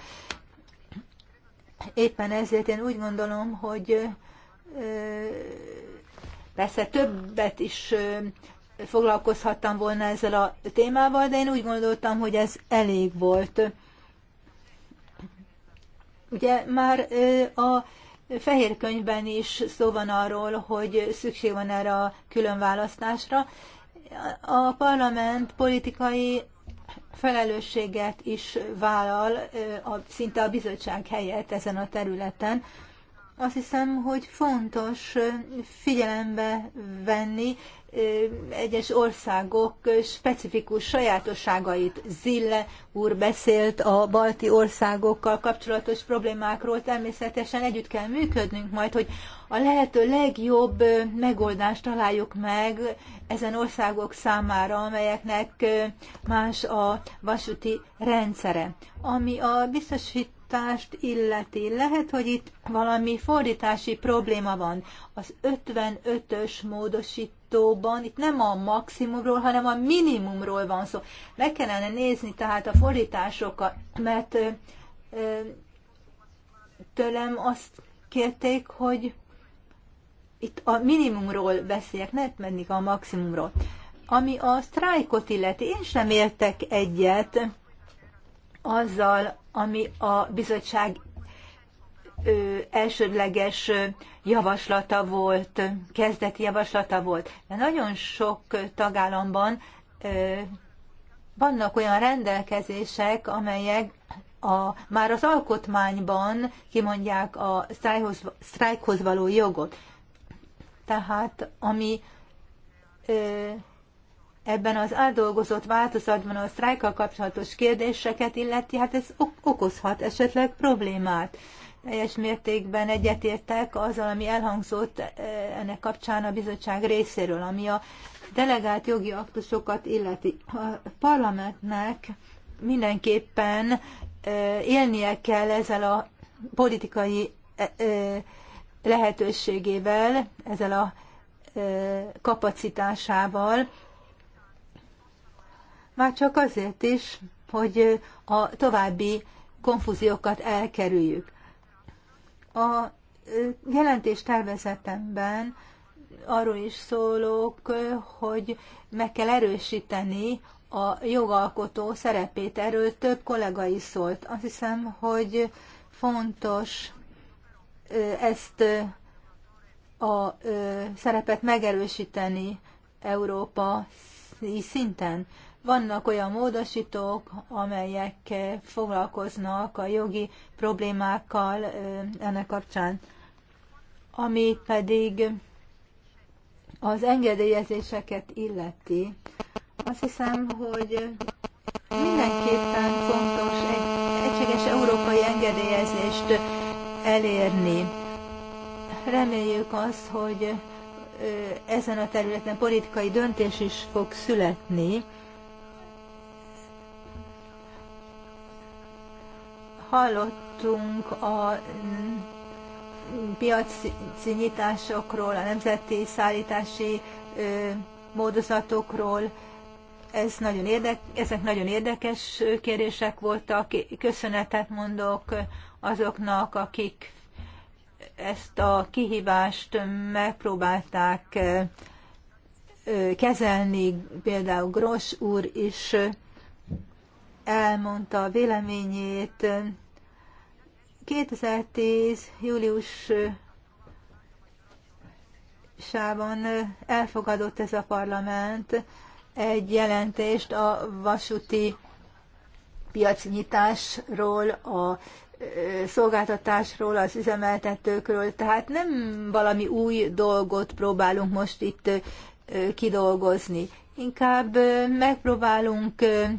Éppen ezért én úgy gondolom, hogy persze többet is foglalkozhattam volna ezzel a témával, de én úgy gondoltam, hogy ez elég volt. Ugye már a fehér könyvben is szó van arról, hogy szükség van erre a külön választásra. A parlament politikai felelősséget is vállal a, szinte a bizottság helyett ezen a területen. Azt hiszem, hogy fontos figyelembe venni egyes országok specifikus sajátosságait. Zille úr beszélt a balti országokkal kapcsolatos problémákról, természetesen együtt kell működnünk majd, hogy a lehető legjobb megoldást találjuk meg ezen országok számára, amelyeknek más a vasúti rendszere. Ami a biztosít illeti. Lehet, hogy itt valami fordítási probléma van. Az 55-ös módosít fordítóban itt nem a maximumról, hanem a minimumról van szó. Meg kellene nézni tehát a fordításokat, mert ö, ö, tőlem azt kérték, hogy itt a minimumról beszéljek, ne pedig a maximumról. Ami a sztrájkot illeti, én sem értek egyet azzal, ami a bizottság elsődleges javaslata volt, kezdeti javaslata volt. De nagyon sok tagállamban vannak olyan rendelkezések, amelyek a, már az alkotmányban kimondják a sztrájkhoz, sztrájkhoz való jogot. Tehát ami ö, ebben az átdolgozott változatban a sztrájkkal kapcsolatos kérdéseket illeti, hát ez okozhat esetleg problémát. Ö, teljes mértékben egyetértek azzal, ami elhangzott eh, ennek kapcsán a bizottság részéről, ami a delegált jogi aktusokat illeti. A parlamentnek mindenképpen eh, élnie kell ezzel a politikai eh, lehetőségével, ezzel a kapacitásával, már csak azért is, hogy a további konfúziókat elkerüljük. A jelentés tervezetemben arról is szólok, hogy meg kell erősíteni a jogalkotó szerepét. Erről több kollega is szólt. Azt hiszem, hogy fontos ezt a szerepet megerősíteni Európa szinten. Vannak olyan módosítók, amelyek eh, foglalkoznak a jogi problémákkal eh, ennek kapcsán, ami pedig az engedélyezéseket illeti. Azt hiszem, hogy mindenképpen fontos egy egységes európai engedélyezést elérni. Reméljük azt, hogy eh, ezen a területen politikai döntés is fog születni, Hallottunk a mm, piaci nyitásokról, a nemzeti szállítási módozatokról. Ez nagyon érdek, ezek nagyon érdekes kérések voltak. Köszönetet mondok azoknak, akik ezt a kihívást megpróbálták kezelni, például Gross úr is elmondta a véleményét, 2010. július sában elfogadott ez a parlament egy jelentést a vasúti piacnyitásról, a szolgáltatásról, az üzemeltetőkről, tehát nem valami új dolgot próbálunk most itt kidolgozni inkább megpróbálunk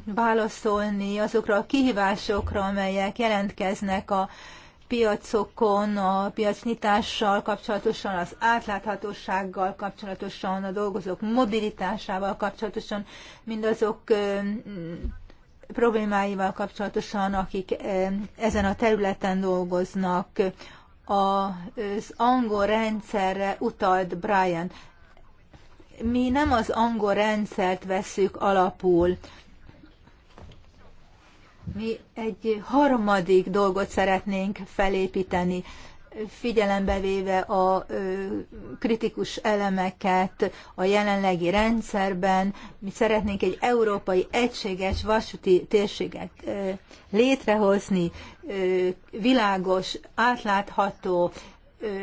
válaszolni azokra a kihívásokra, amelyek jelentkeznek a piacokon, a piacnyitással kapcsolatosan, az átláthatósággal kapcsolatosan, a dolgozók mobilitásával kapcsolatosan, mindazok problémáival kapcsolatosan, akik ezen a területen dolgoznak. Az angol rendszerre utalt Brian mi nem az angol rendszert veszük alapul. Mi egy harmadik dolgot szeretnénk felépíteni, figyelembe véve a kritikus elemeket a jelenlegi rendszerben. Mi szeretnénk egy európai egységes vasúti térséget létrehozni, világos, átlátható,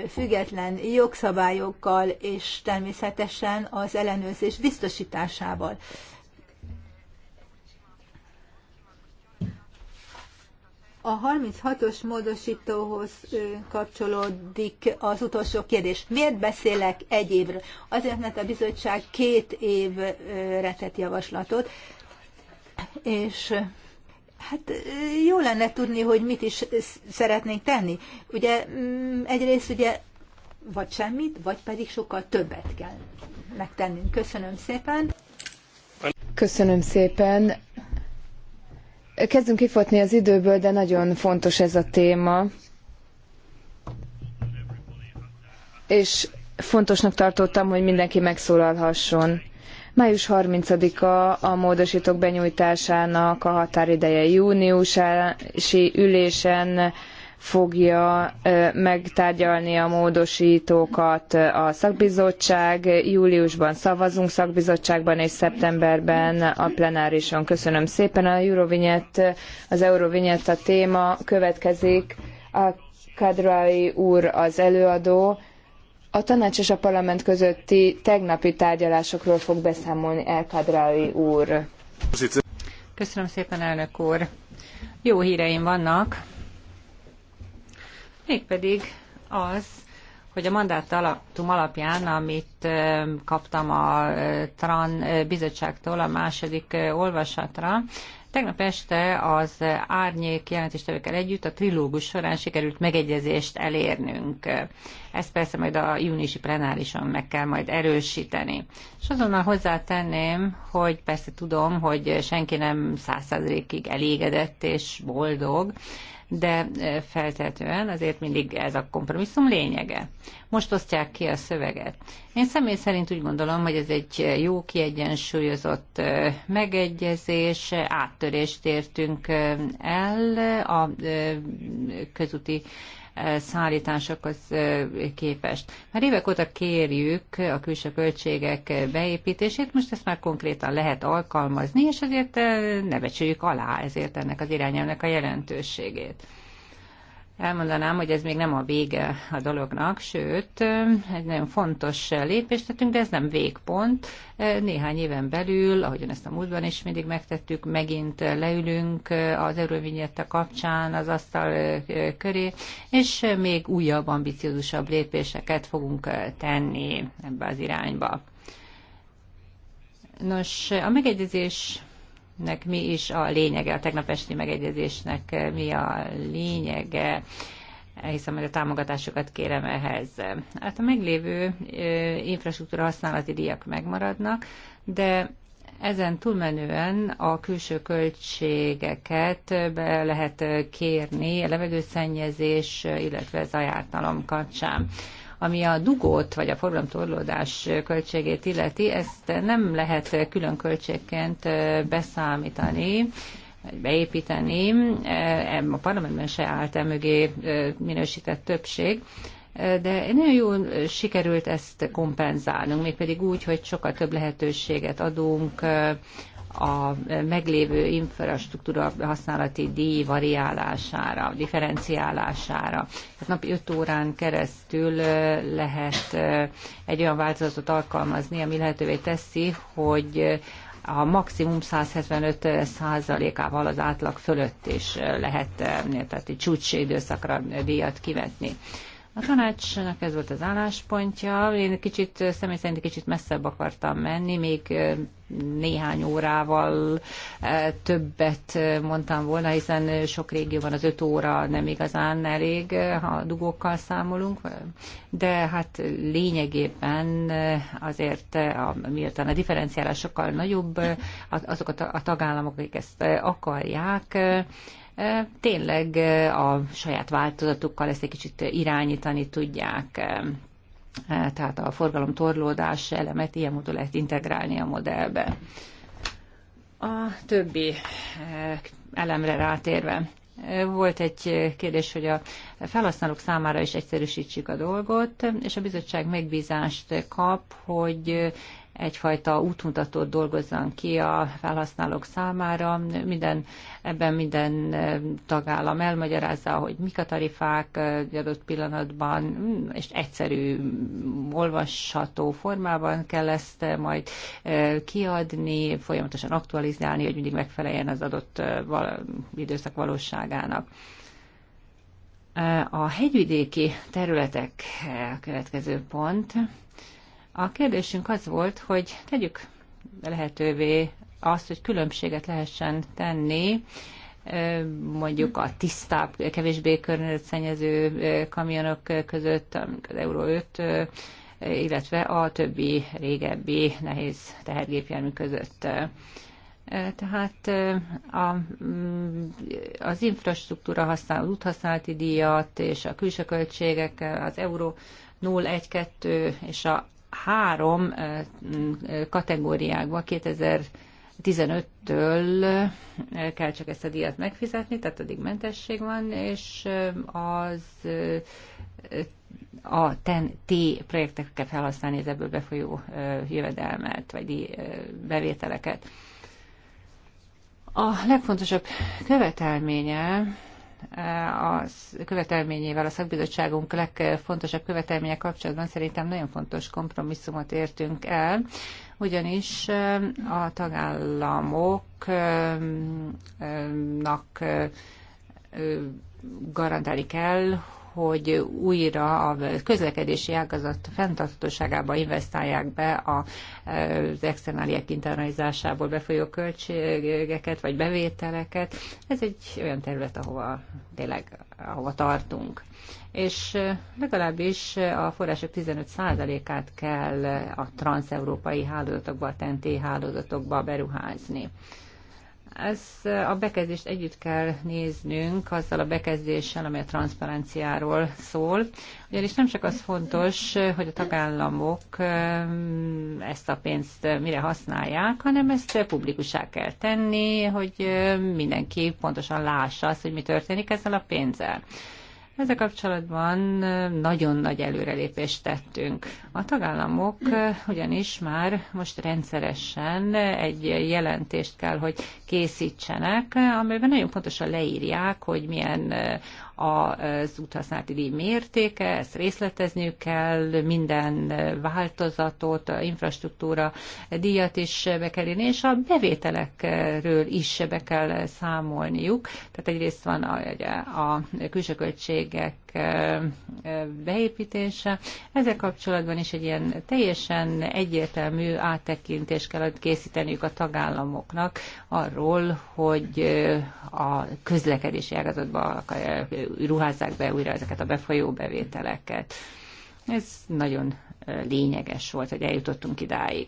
független jogszabályokkal és természetesen az ellenőrzés biztosításával. A 36-os módosítóhoz kapcsolódik az utolsó kérdés. Miért beszélek egy évről? Azért, mert a bizottság két évre tett javaslatot, és Hát jó lenne tudni, hogy mit is szeretnénk tenni. Ugye mm, egyrészt ugye vagy semmit, vagy pedig sokkal többet kell megtennünk. Köszönöm szépen. Köszönöm szépen. Kezdünk kifotni az időből, de nagyon fontos ez a téma. És fontosnak tartottam, hogy mindenki megszólalhasson. Május 30-a a módosítók benyújtásának a határideje júniusi ülésen fogja megtárgyalni a módosítókat a szakbizottság. Júliusban szavazunk szakbizottságban, és szeptemberben a plenárison. Köszönöm szépen. A Eurovinyet, az Eurovinyet a téma következik. A Kadrai úr az előadó. A tanács és a parlament közötti tegnapi tárgyalásokról fog beszámolni El Kadrai úr. Köszönöm szépen, elnök úr. Jó híreim vannak, mégpedig az, hogy a mandátum alapján, amit kaptam a TRAN bizottságtól a második olvasatra, Tegnap este az árnyék jelentéstevőkkel együtt a trilógus során sikerült megegyezést elérnünk. Ezt persze majd a júniusi plenárison meg kell majd erősíteni. És azonnal hozzátenném, hogy persze tudom, hogy senki nem százszázalékig elégedett és boldog, de feltetően azért mindig ez a kompromisszum lényege. Most osztják ki a szöveget. Én személy szerint úgy gondolom, hogy ez egy jó kiegyensúlyozott megegyezés, áttörést értünk el a közúti szállításokhoz képest. Már évek óta kérjük a külső költségek beépítését, most ezt már konkrétan lehet alkalmazni, és ezért ne becsüljük alá ezért ennek az irányelvnek a jelentőségét elmondanám, hogy ez még nem a vége a dolognak, sőt, egy nagyon fontos lépést tettünk, de ez nem végpont. Néhány éven belül, ahogyan ezt a múltban is mindig megtettük, megint leülünk az Eurovignetta kapcsán az asztal köré, és még újabb, ambiciózusabb lépéseket fogunk tenni ebbe az irányba. Nos, a megegyezés nek mi is a lényege, a tegnap esti megegyezésnek mi a lényege, hiszen majd a támogatásokat kérem ehhez. Hát a meglévő infrastruktúra használati díjak megmaradnak, de ezen túlmenően a külső költségeket be lehet kérni a levegőszennyezés, illetve zajártalom kapcsán. Ami a dugót vagy a forgalomtorlódás költségét illeti, ezt nem lehet külön költségként beszámítani beépíteni. A parlamentben se állt el mögé minősített többség, de nagyon jól sikerült ezt kompenzálnunk, mégpedig úgy, hogy sokkal több lehetőséget adunk a meglévő infrastruktúra használati díj variálására, differenciálására. Tehát napi 5 órán keresztül lehet egy olyan változatot alkalmazni, ami lehetővé teszi, hogy a maximum 175 százalékával az átlag fölött is lehet, tehát egy csúcsidőszakra díjat kivetni. A tanácsnak ez volt az álláspontja. Én kicsit, személy szerint kicsit messzebb akartam menni, még néhány órával többet mondtam volna, hiszen sok régióban az öt óra nem igazán elég, ha dugókkal számolunk, de hát lényegében azért a, miután a differenciálás sokkal nagyobb, azokat a tagállamok, akik ezt akarják, tényleg a saját változatukkal ezt egy kicsit irányítani tudják. Tehát a forgalom torlódás elemet ilyen módon lehet integrálni a modellbe. A többi elemre rátérve. Volt egy kérdés, hogy a felhasználók számára is egyszerűsítsük a dolgot, és a bizottság megbízást kap, hogy egyfajta útmutatót dolgozzan ki a felhasználók számára. Minden, ebben minden tagállam elmagyarázza, hogy mik a tarifák egy adott pillanatban, mm, és egyszerű, mm, olvasható formában kell ezt majd kiadni, folyamatosan aktualizálni, hogy mindig megfeleljen az adott időszak valóságának. A hegyvidéki területek a következő pont. A kérdésünk az volt, hogy tegyük lehetővé azt, hogy különbséget lehessen tenni mondjuk a tisztább, kevésbé környezetszennyező kamionok között, az Euró 5, illetve a többi régebbi nehéz tehergépjármű között. Tehát a, mm, az infrastruktúra használ, az úthasználati díjat és a külső költségek, az euró 0, 1, 2 és a három kategóriákba 2015-től kell csak ezt a díjat megfizetni, tehát addig mentesség van, és az a TEN-T projektekre kell felhasználni az ebből befolyó jövedelmet, vagy bevételeket. A legfontosabb követelménye a követelményével, a szakbizottságunk legfontosabb követelménye kapcsolatban szerintem nagyon fontos kompromisszumot értünk el, ugyanis a tagállamoknak garantálni kell, hogy újra a közlekedési ágazat fenntartóságába investálják be az externáliek internalizásából befolyó költségeket vagy bevételeket. Ez egy olyan terület, ahova tényleg ahova tartunk. És legalábbis a források 15%-át kell a transeurópai hálózatokba, a TNT hálózatokba beruházni. Ez a bekezdést együtt kell néznünk azzal a bekezdéssel, amely a transzparenciáról szól, ugyanis nem csak az fontos, hogy a tagállamok um, ezt a pénzt mire használják, hanem ezt publikussá kell tenni, hogy um, mindenki pontosan lássa azt, hogy mi történik ezzel a pénzzel. Ezzel kapcsolatban nagyon nagy előrelépést tettünk. A tagállamok ugyanis már most rendszeresen egy jelentést kell, hogy készítsenek, amelyben nagyon pontosan leírják, hogy milyen az úthasználati díj mértéke, ezt részletezniük kell, minden változatot, a infrastruktúra díjat is be kell írni, és a bevételekről is be kell számolniuk. Tehát egyrészt van a, a külső költségek beépítése. Ezzel kapcsolatban is egy ilyen teljesen egyértelmű áttekintést kell készíteniük a tagállamoknak arról, hogy a közlekedési ágazatban ruházzák be újra ezeket a befolyó bevételeket. Ez nagyon lényeges volt, hogy eljutottunk idáig.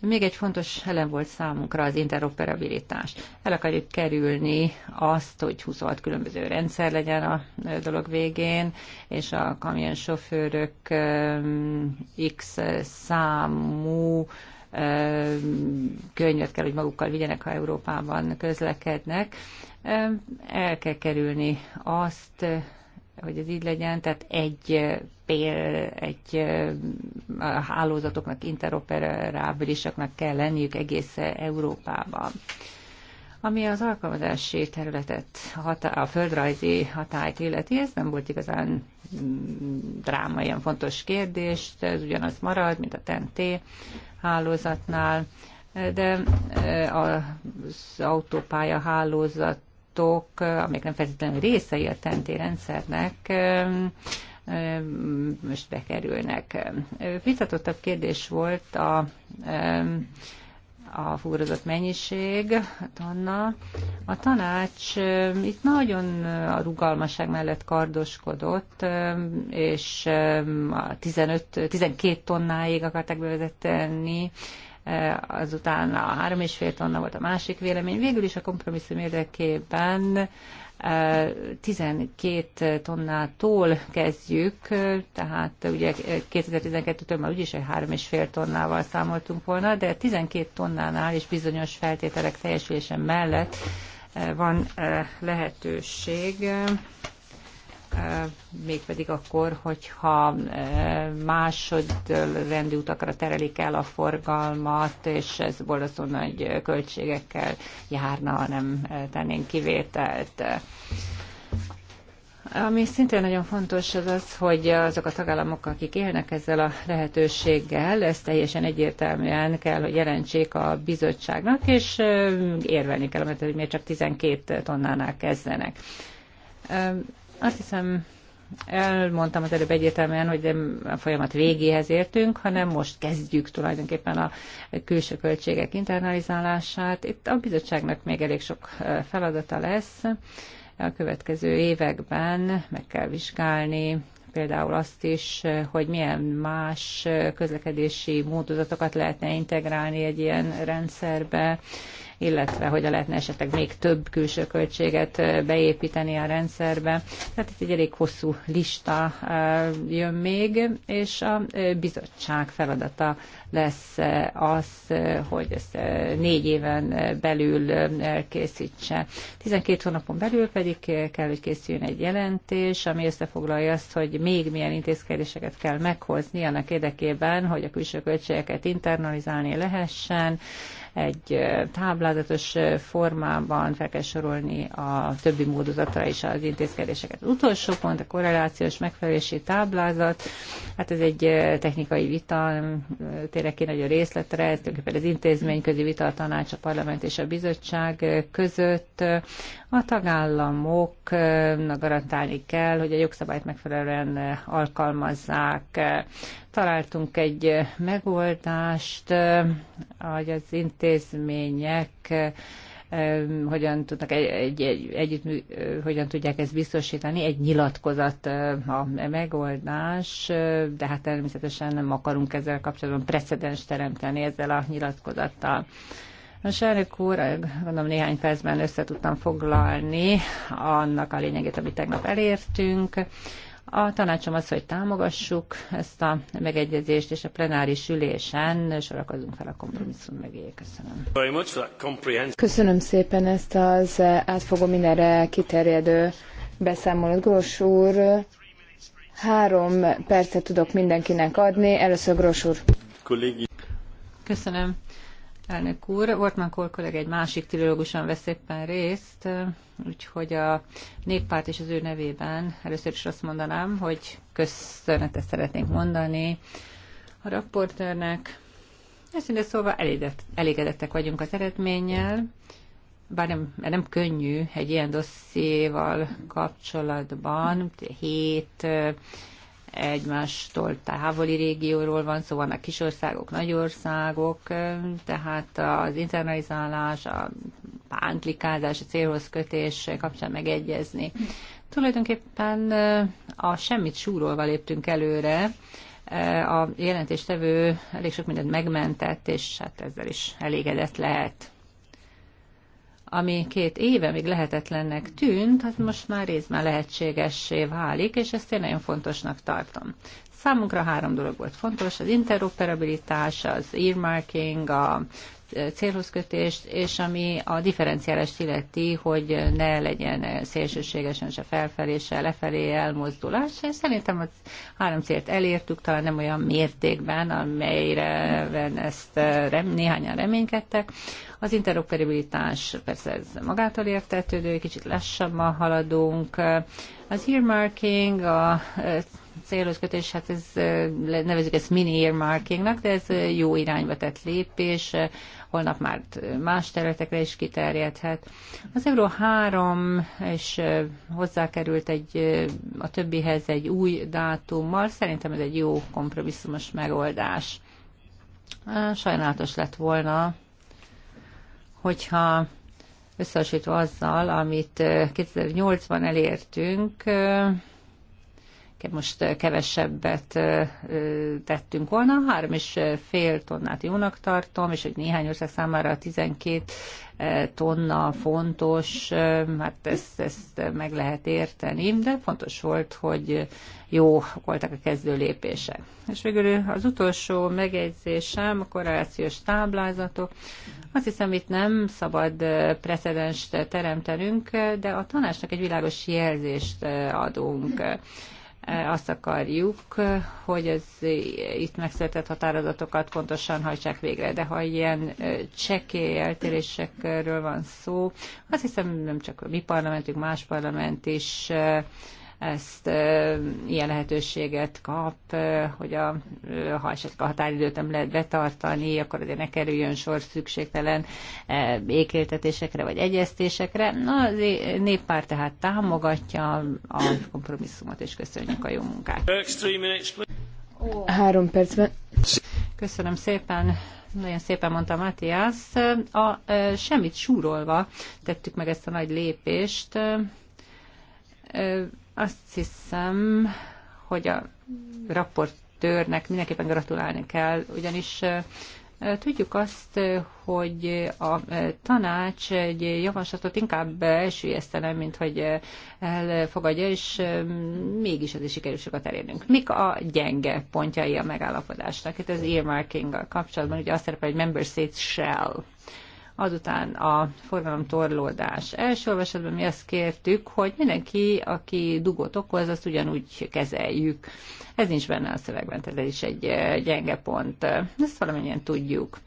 Még egy fontos elem volt számunkra az interoperabilitás. El akarjuk kerülni azt, hogy 26 különböző rendszer legyen a dolog végén, és a kamionsofőrök X számú könyvet kell, hogy magukkal vigyenek, ha Európában közlekednek. El kell kerülni azt, hogy ez így legyen, tehát egy pél, egy a hálózatoknak interoperábilisaknak kell lenniük egész Európában. Ami az alkalmazási területet, a, hatá- a földrajzi hatályt illeti, ez nem volt igazán mm, dráma, ilyen fontos kérdés, ez ugyanaz marad, mint a TNT hálózatnál, de az autópálya hálózat amik nem feltétlenül részei a TNT rendszernek, most bekerülnek. Vitatottabb kérdés volt a, a fúrozott mennyiség, Tanna. A tanács itt nagyon a rugalmasság mellett kardoskodott, és a 15, 12 tonnáig akarták bevezetni, e, azután a 3,5 és tonna volt a másik vélemény. Végül is a kompromisszum érdekében 12 tonnától kezdjük, tehát ugye 2012-től már úgyis egy 3,5 tonnával számoltunk volna, de 12 tonnánál és bizonyos feltételek teljesülése mellett eh, van eh, lehetőség mégpedig akkor, hogyha másodrendű utakra terelik el a forgalmat, és ez borzasztó nagy költségekkel járna, ha nem tennénk kivételt. Ami szintén nagyon fontos az az, hogy azok a tagállamok, akik élnek ezzel a lehetőséggel, ezt teljesen egyértelműen kell, hogy jelentsék a bizottságnak, és érvelni kell, mert hogy miért csak 12 tonnánál kezdenek. Azt hiszem, elmondtam az előbb egyértelműen, hogy nem a folyamat végéhez értünk, hanem most kezdjük tulajdonképpen a külső költségek internalizálását. Itt a bizottságnak még elég sok feladata lesz. A következő években meg kell vizsgálni például azt is, hogy milyen más közlekedési módozatokat lehetne integrálni egy ilyen rendszerbe, illetve hogyan lehetne esetleg még több külső költséget beépíteni a rendszerbe. Tehát itt egy elég hosszú lista jön még, és a bizottság feladata lesz az, hogy ezt négy éven belül elkészítse. 12 hónapon belül pedig kell, hogy készüljön egy jelentés, ami összefoglalja azt, hogy még milyen intézkedéseket kell meghozni annak érdekében, hogy a külső költségeket internalizálni lehessen, egy táblázatos formában fel kell sorolni a többi módozatra is az intézkedéseket. Utolsó pont a korrelációs megfelelési táblázat. Hát ez egy technikai vita, tényleg ki nagyon részletre, ez tulajdonképpen az intézményközi vita a tanács, a parlament és a bizottság között. A tagállamoknak garantálni kell, hogy a jogszabályt megfelelően alkalmazzák. Találtunk egy megoldást, hogy az intézmények hogyan tudnak egy, egy, egy, együtt, hogyan tudják ezt biztosítani. Egy nyilatkozat a megoldás, de hát természetesen nem akarunk ezzel kapcsolatban precedens teremteni ezzel a nyilatkozattal. Nos, elnök úr, gondolom néhány percben össze tudtam foglalni annak a lényegét, amit tegnap elértünk. A tanácsom az, hogy támogassuk ezt a megegyezést, és a plenáris ülésen sorakozunk fel a kompromisszum mögé. Köszönöm. Köszönöm szépen ezt az átfogó mindenre kiterjedő beszámolót. Gross úr, három percet tudok mindenkinek adni. Először Gross úr. Köszönöm. Elnök úr, Ortman Kohl kollega egy másik trilógusan vesz éppen részt, úgyhogy a néppárt és az ő nevében először is azt mondanám, hogy köszönetet szeretnénk mondani a raportőrnek. Őszintén szóval elégedett, elégedettek vagyunk az eredménnyel, bár nem, nem könnyű egy ilyen dossziéval kapcsolatban, hét egymástól távoli régióról van szó, szóval vannak kisországok, nagyországok, tehát az internalizálás, a pántlikázás, a célhoz kötés kapcsán megegyezni. Tulajdonképpen a semmit súrolva léptünk előre, a jelentéstevő elég sok mindent megmentett, és hát ezzel is elégedett lehet ami két éve még lehetetlennek tűnt, hát most már részben lehetségessé válik, és ezt én nagyon fontosnak tartom. Számunkra három dolog volt fontos, az interoperabilitás, az earmarking, a célhoz kötést, és ami a differenciálást illeti, hogy ne legyen szélsőségesen se felfelé, se lefelé elmozdulás. Szerintem a három célt elértük, talán nem olyan mértékben, amelyre ezt eh, rem, néhányan reménykedtek. Az interoperabilitás persze ez magától értetődő, kicsit lassabban haladunk. Az earmarking, a eh, célhoz kötés, hát ez, eh, nevezük ezt mini earmarkingnak, de ez jó irányba tett lépés holnap már más területekre is kiterjedhet. Az Euró 3 és hozzákerült egy, a többihez egy új dátummal, szerintem ez egy jó kompromisszumos megoldás. Sajnálatos lett volna, hogyha összehasonlítva azzal, amit 2008-ban elértünk, most kevesebbet tettünk volna, három és fél tonnát jónak tartom, és hogy néhány ország számára a 12 tonna fontos, hát ezt, ezt meg lehet érteni, de fontos volt, hogy jó voltak a kezdő lépések. És végül az utolsó megjegyzésem, a korrelációs táblázatok. Azt hiszem, itt nem szabad precedenst teremtenünk, de a tanácsnak egy világos jelzést adunk azt akarjuk, hogy az itt megszületett határozatokat pontosan hajtsák végre, de ha ilyen csekély eltérésekről van szó, azt hiszem nem csak a mi parlamentünk, más parlament is ezt ilyen lehetőséget kap, hogy a, ha esetleg a határidőt nem lehet betartani, akkor azért ne kerüljön sor szükségtelen ékéltetésekre vagy egyeztésekre. Na, a néppár tehát támogatja a kompromisszumot, és köszönjük a jó munkát. Három percben. Köszönöm szépen nagyon szépen mondta Matthias, a, semmit súrolva tettük meg ezt a nagy lépést. Azt hiszem, hogy a raportőrnek mindenképpen gratulálni kell, ugyanis Tudjuk azt, hogy a tanács egy javaslatot inkább elsüllyesztene, mint hogy elfogadja, és mégis ez is sikerül sokat elérnünk. Mik a gyenge pontjai a megállapodásnak? Itt az earmarking kapcsolatban ugye azt szerepel, hogy member states shall Azután a torlódás Első olvasatban mi azt kértük, hogy mindenki, aki dugót okoz, azt ugyanúgy kezeljük. Ez nincs benne a szövegben, tehát ez is egy eh, gyenge pont. Ezt valamennyien tudjuk.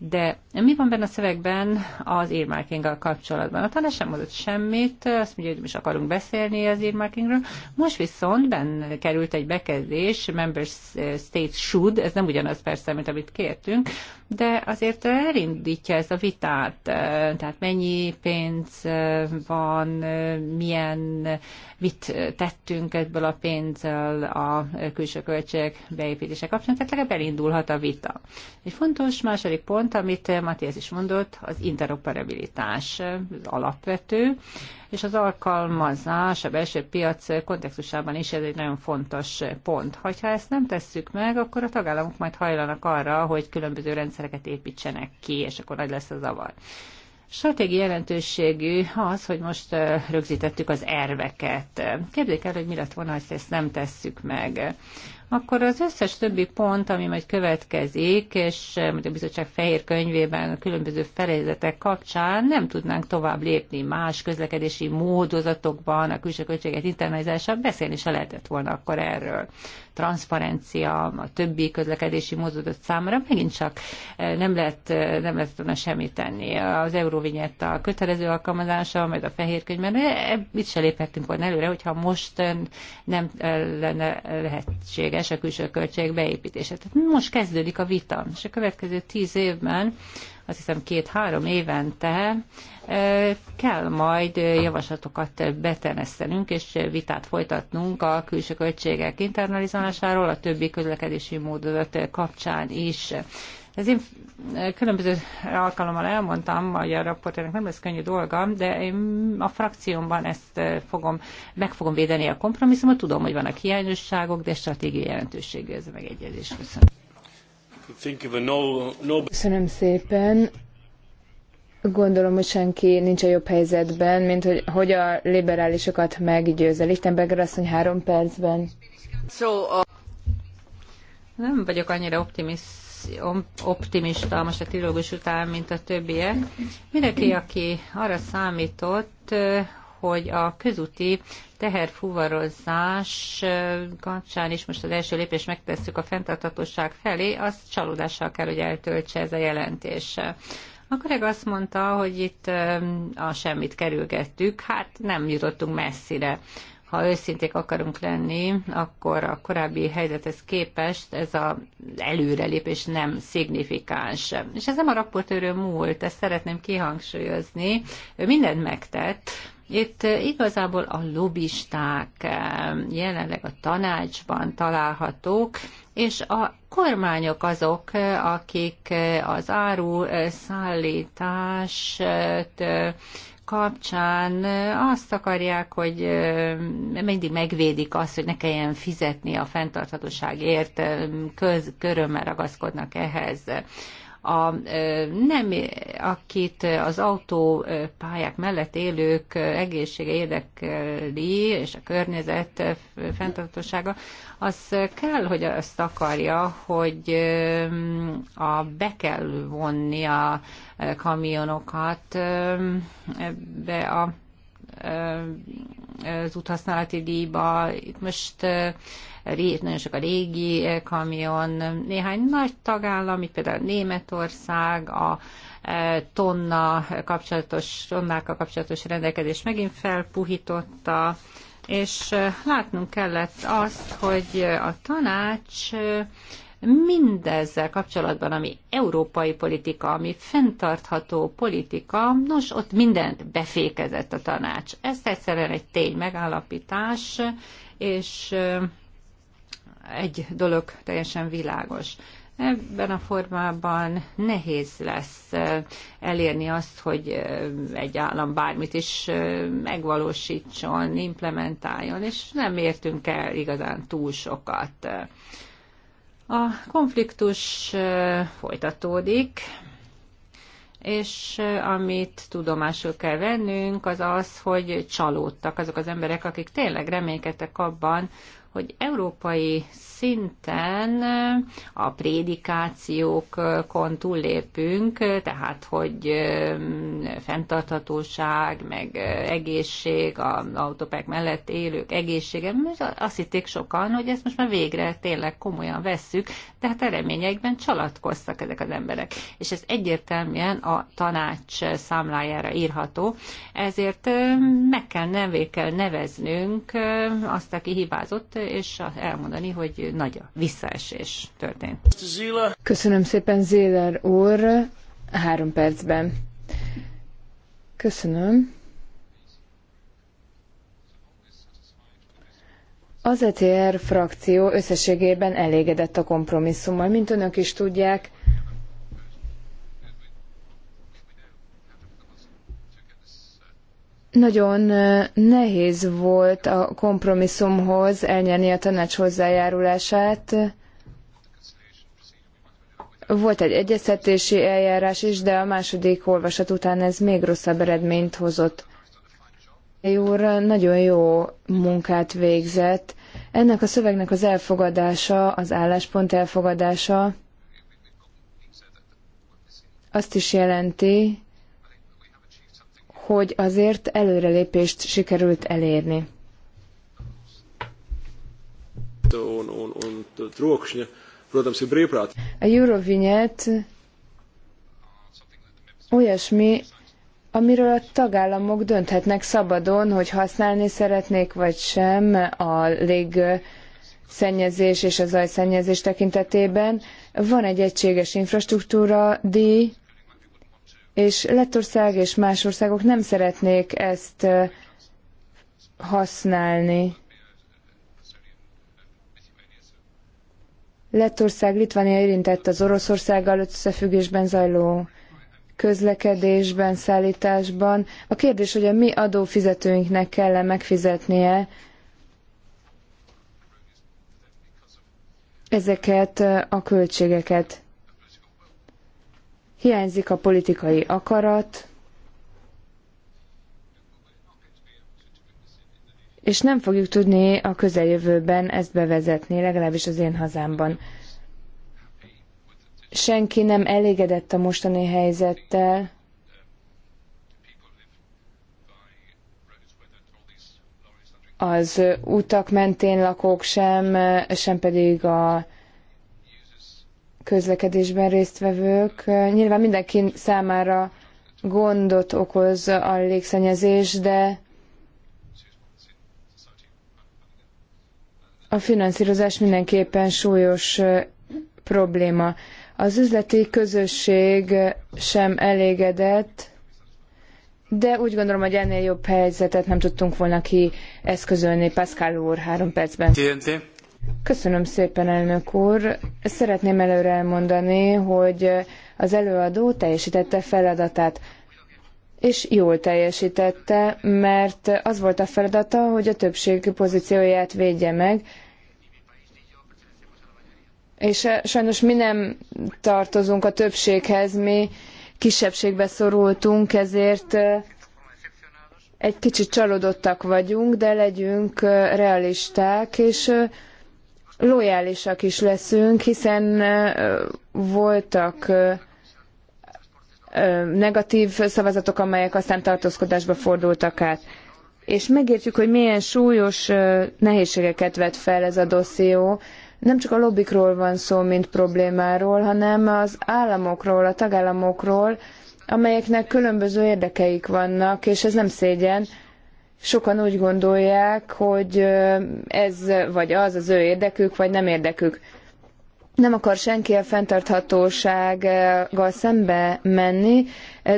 De mi van benne a szövegben az earmarkinggal kapcsolatban? A tanács sem mondott semmit, azt mondja, hogy is akarunk beszélni az earmarkingről. Most viszont benne került egy bekezdés, member eh, state should, ez nem ugyanaz persze, mint amit kértünk, de azért elindítja ez a vitát, eh, tehát mennyi pénz eh, van, milyen, mit tettünk ebből a pénzzel a külső költségek beépítése kapcsán, tehát legalább elindulhat a vita. Egy fontos második pont, pont, amit eh, Matthias is mondott, az interoperabilitás eh, alapvető, és az alkalmazás a belső piac kontextusában is ez egy nagyon fontos eh, pont. Ha ezt nem tesszük meg, akkor a tagállamok majd hajlanak arra, hogy különböző rendszereket építsenek ki, és akkor nagy lesz a zavar. Stratégiai jelentőségű az, hogy most rögzítettük az erveket. Képzeljük el, hogy mi lett volna, ha ezt nem tesszük meg akkor az összes többi pont, ami majd következik, és eh, a bizottság fehér könyvében a különböző felejzetek kapcsán nem tudnánk tovább lépni más közlekedési módozatokban, a külső költségek internalizálására, beszélni se lehetett volna akkor erről transzparencia, a többi közlekedési mozdulat számára megint csak e, nem lehet, e, nem lehet volna semmit tenni. Az a kötelező alkalmazása, majd a mert e, itt se léphettünk volna előre, hogyha most nem lenne lehetséges a külső költségek beépítése. Tehát most kezdődik a vita, és a következő tíz évben azt hiszem két-három évente kell majd javaslatokat betemesztenünk és vitát folytatnunk a külső költségek internalizálásáról, a többi közlekedési módot kapcsán is. Ez én különböző alkalommal elmondtam, hogy a raportőrnek nem lesz könnyű dolga, de én a frakciómban ezt fogom, meg fogom védeni a kompromisszumot. Tudom, hogy vannak hiányosságok, de stratégiai jelentőségű ez a megegyezés. Köszönöm. Köszönöm szépen. Gondolom, hogy senki nincs a jobb helyzetben, mint hogy, hogy a liberálisokat meggyőzze. Lichtenberger asszony három percben. Uh, nem vagyok annyira optimista most a trilógus után, mint a többiek. Mindenki, aki arra számított, uh, hogy a közúti teherfuvarozás kapcsán is most az első lépés, megtesszük a fenntartatóság felé, az csalódással kell, hogy eltöltse ez a jelentés. A kollega azt mondta, hogy itt a semmit kerülgettük, hát nem jutottunk messzire ha őszinték akarunk lenni, akkor a korábbi helyzethez képest ez az előrelépés nem szignifikáns. És ez nem a raportőrő múlt, ezt szeretném kihangsúlyozni. Ő mindent megtett, itt eh, igazából a lobbisták eh, jelenleg a tanácsban találhatók, és a kormányok azok, eh, akik az áru szállítást kapcsán azt akarják, hogy mindig megvédik azt, hogy ne kelljen fizetni a fenntarthatóságért, köz, körömmel ragaszkodnak ehhez a, nem, akit az autópályák mellett élők egészsége érdekli, és a környezet fenntartósága, az kell, hogy azt akarja, hogy a, be kell vonni a kamionokat be a az úthasználati díjba. Itt most nagyon sok a régi kamion, néhány nagy tagállam, itt például Németország, a tonna kapcsolatos, tonnákkal kapcsolatos rendelkezés megint felpuhította, és látnunk kellett azt, hogy a tanács mindezzel kapcsolatban, ami európai politika, ami fenntartható politika, nos, ott mindent befékezett a tanács. Ez egyszerűen egy tény megállapítás, és egy dolog teljesen világos. Ebben a formában nehéz lesz elérni azt, hogy egy állam bármit is megvalósítson, implementáljon, és nem értünk el igazán túl sokat. A konfliktus folytatódik, és amit tudomásul kell vennünk, az az, hogy csalódtak azok az emberek, akik tényleg reménykedtek abban, hogy európai szinten a prédikációkon túllépünk, tehát hogy fenntarthatóság, meg eh, egészség, az autópek mellett élők egészsége, azt hitték sokan, hogy ezt most már végre tényleg komolyan vesszük, tehát eredményeikben csalatkoztak ezek az emberek. És ez egyértelműen a tanács számlájára írható, ezért meg kell nem kell neveznünk eh, azt, aki hibázott, és elmondani, hogy nagy visszaesés történt. Köszönöm szépen, Zéler úr. Három percben. Köszönöm. Az ETR frakció összességében elégedett a kompromisszummal, mint önök is tudják. Nagyon nehéz volt a kompromisszumhoz elnyerni a tanács hozzájárulását. Volt egy egyeztetési eljárás is, de a második olvasat után ez még rosszabb eredményt hozott. Úr nagyon jó munkát végzett. Ennek a szövegnek az elfogadása, az álláspont elfogadása azt is jelenti, hogy azért előrelépést sikerült elérni. A Eurovinyet olyasmi, amiről a tagállamok dönthetnek szabadon, hogy használni szeretnék vagy sem a szennyezés és a zajszennyezés tekintetében. Van egy egységes infrastruktúra díj, és Lettország és más országok nem szeretnék ezt használni. Lettország, Litvánia érintett az Oroszországgal összefüggésben zajló közlekedésben, szállításban. A kérdés, hogy a mi adófizetőinknek kell -e megfizetnie ezeket a költségeket hiányzik a politikai akarat, és nem fogjuk tudni a közeljövőben ezt bevezetni, legalábbis az én hazámban. Senki nem elégedett a mostani helyzettel, az utak mentén lakók sem, sem pedig a közlekedésben résztvevők. Nyilván mindenki számára gondot okoz a légszennyezés, de a finanszírozás mindenképpen súlyos probléma. Az üzleti közösség sem elégedett, de úgy gondolom, hogy ennél jobb helyzetet nem tudtunk volna ki eszközölni. Pascal úr, három percben. Tiente. Köszönöm szépen, elnök úr. Szeretném előre elmondani, hogy az előadó teljesítette feladatát. És jól teljesítette, mert az volt a feladata, hogy a többség pozícióját védje meg, és eh, sajnos mi nem tartozunk a többséghez, mi kisebbségbe szorultunk, ezért eh, egy kicsit csalódottak vagyunk, de legyünk eh, realisták, és lojálisak is leszünk, hiszen voltak negatív szavazatok, amelyek aztán tartózkodásba fordultak át. És megértjük, hogy milyen súlyos nehézségeket vet fel ez a dosszió. Nem csak a lobbikról van szó, mint problémáról, hanem az államokról, a tagállamokról, amelyeknek különböző érdekeik vannak, és ez nem szégyen Sokan úgy gondolják, hogy ez vagy az az ő érdekük, vagy nem érdekük. Nem akar senki a fenntarthatósággal szembe menni,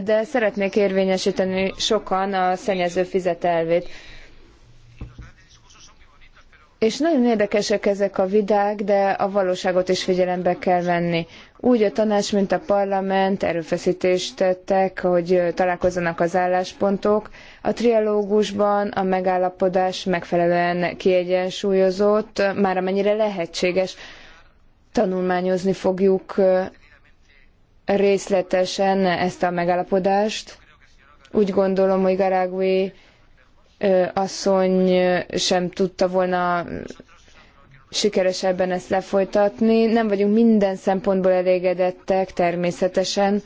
de szeretnék érvényesíteni sokan a szennyező fizetelvét. És nagyon érdekesek ezek a vidák, de a valóságot is figyelembe kell venni. Úgy a tanács, mint a parlament erőfeszítést tettek, hogy találkozzanak az álláspontok. A trialógusban a megállapodás megfelelően kiegyensúlyozott, már amennyire lehetséges. Tanulmányozni fogjuk eh, részletesen ezt a megállapodást. Úgy gondolom, hogy Garagui asszony sem tudta volna sikeresebben ezt lefolytatni. Nem vagyunk minden szempontból elégedettek természetesen,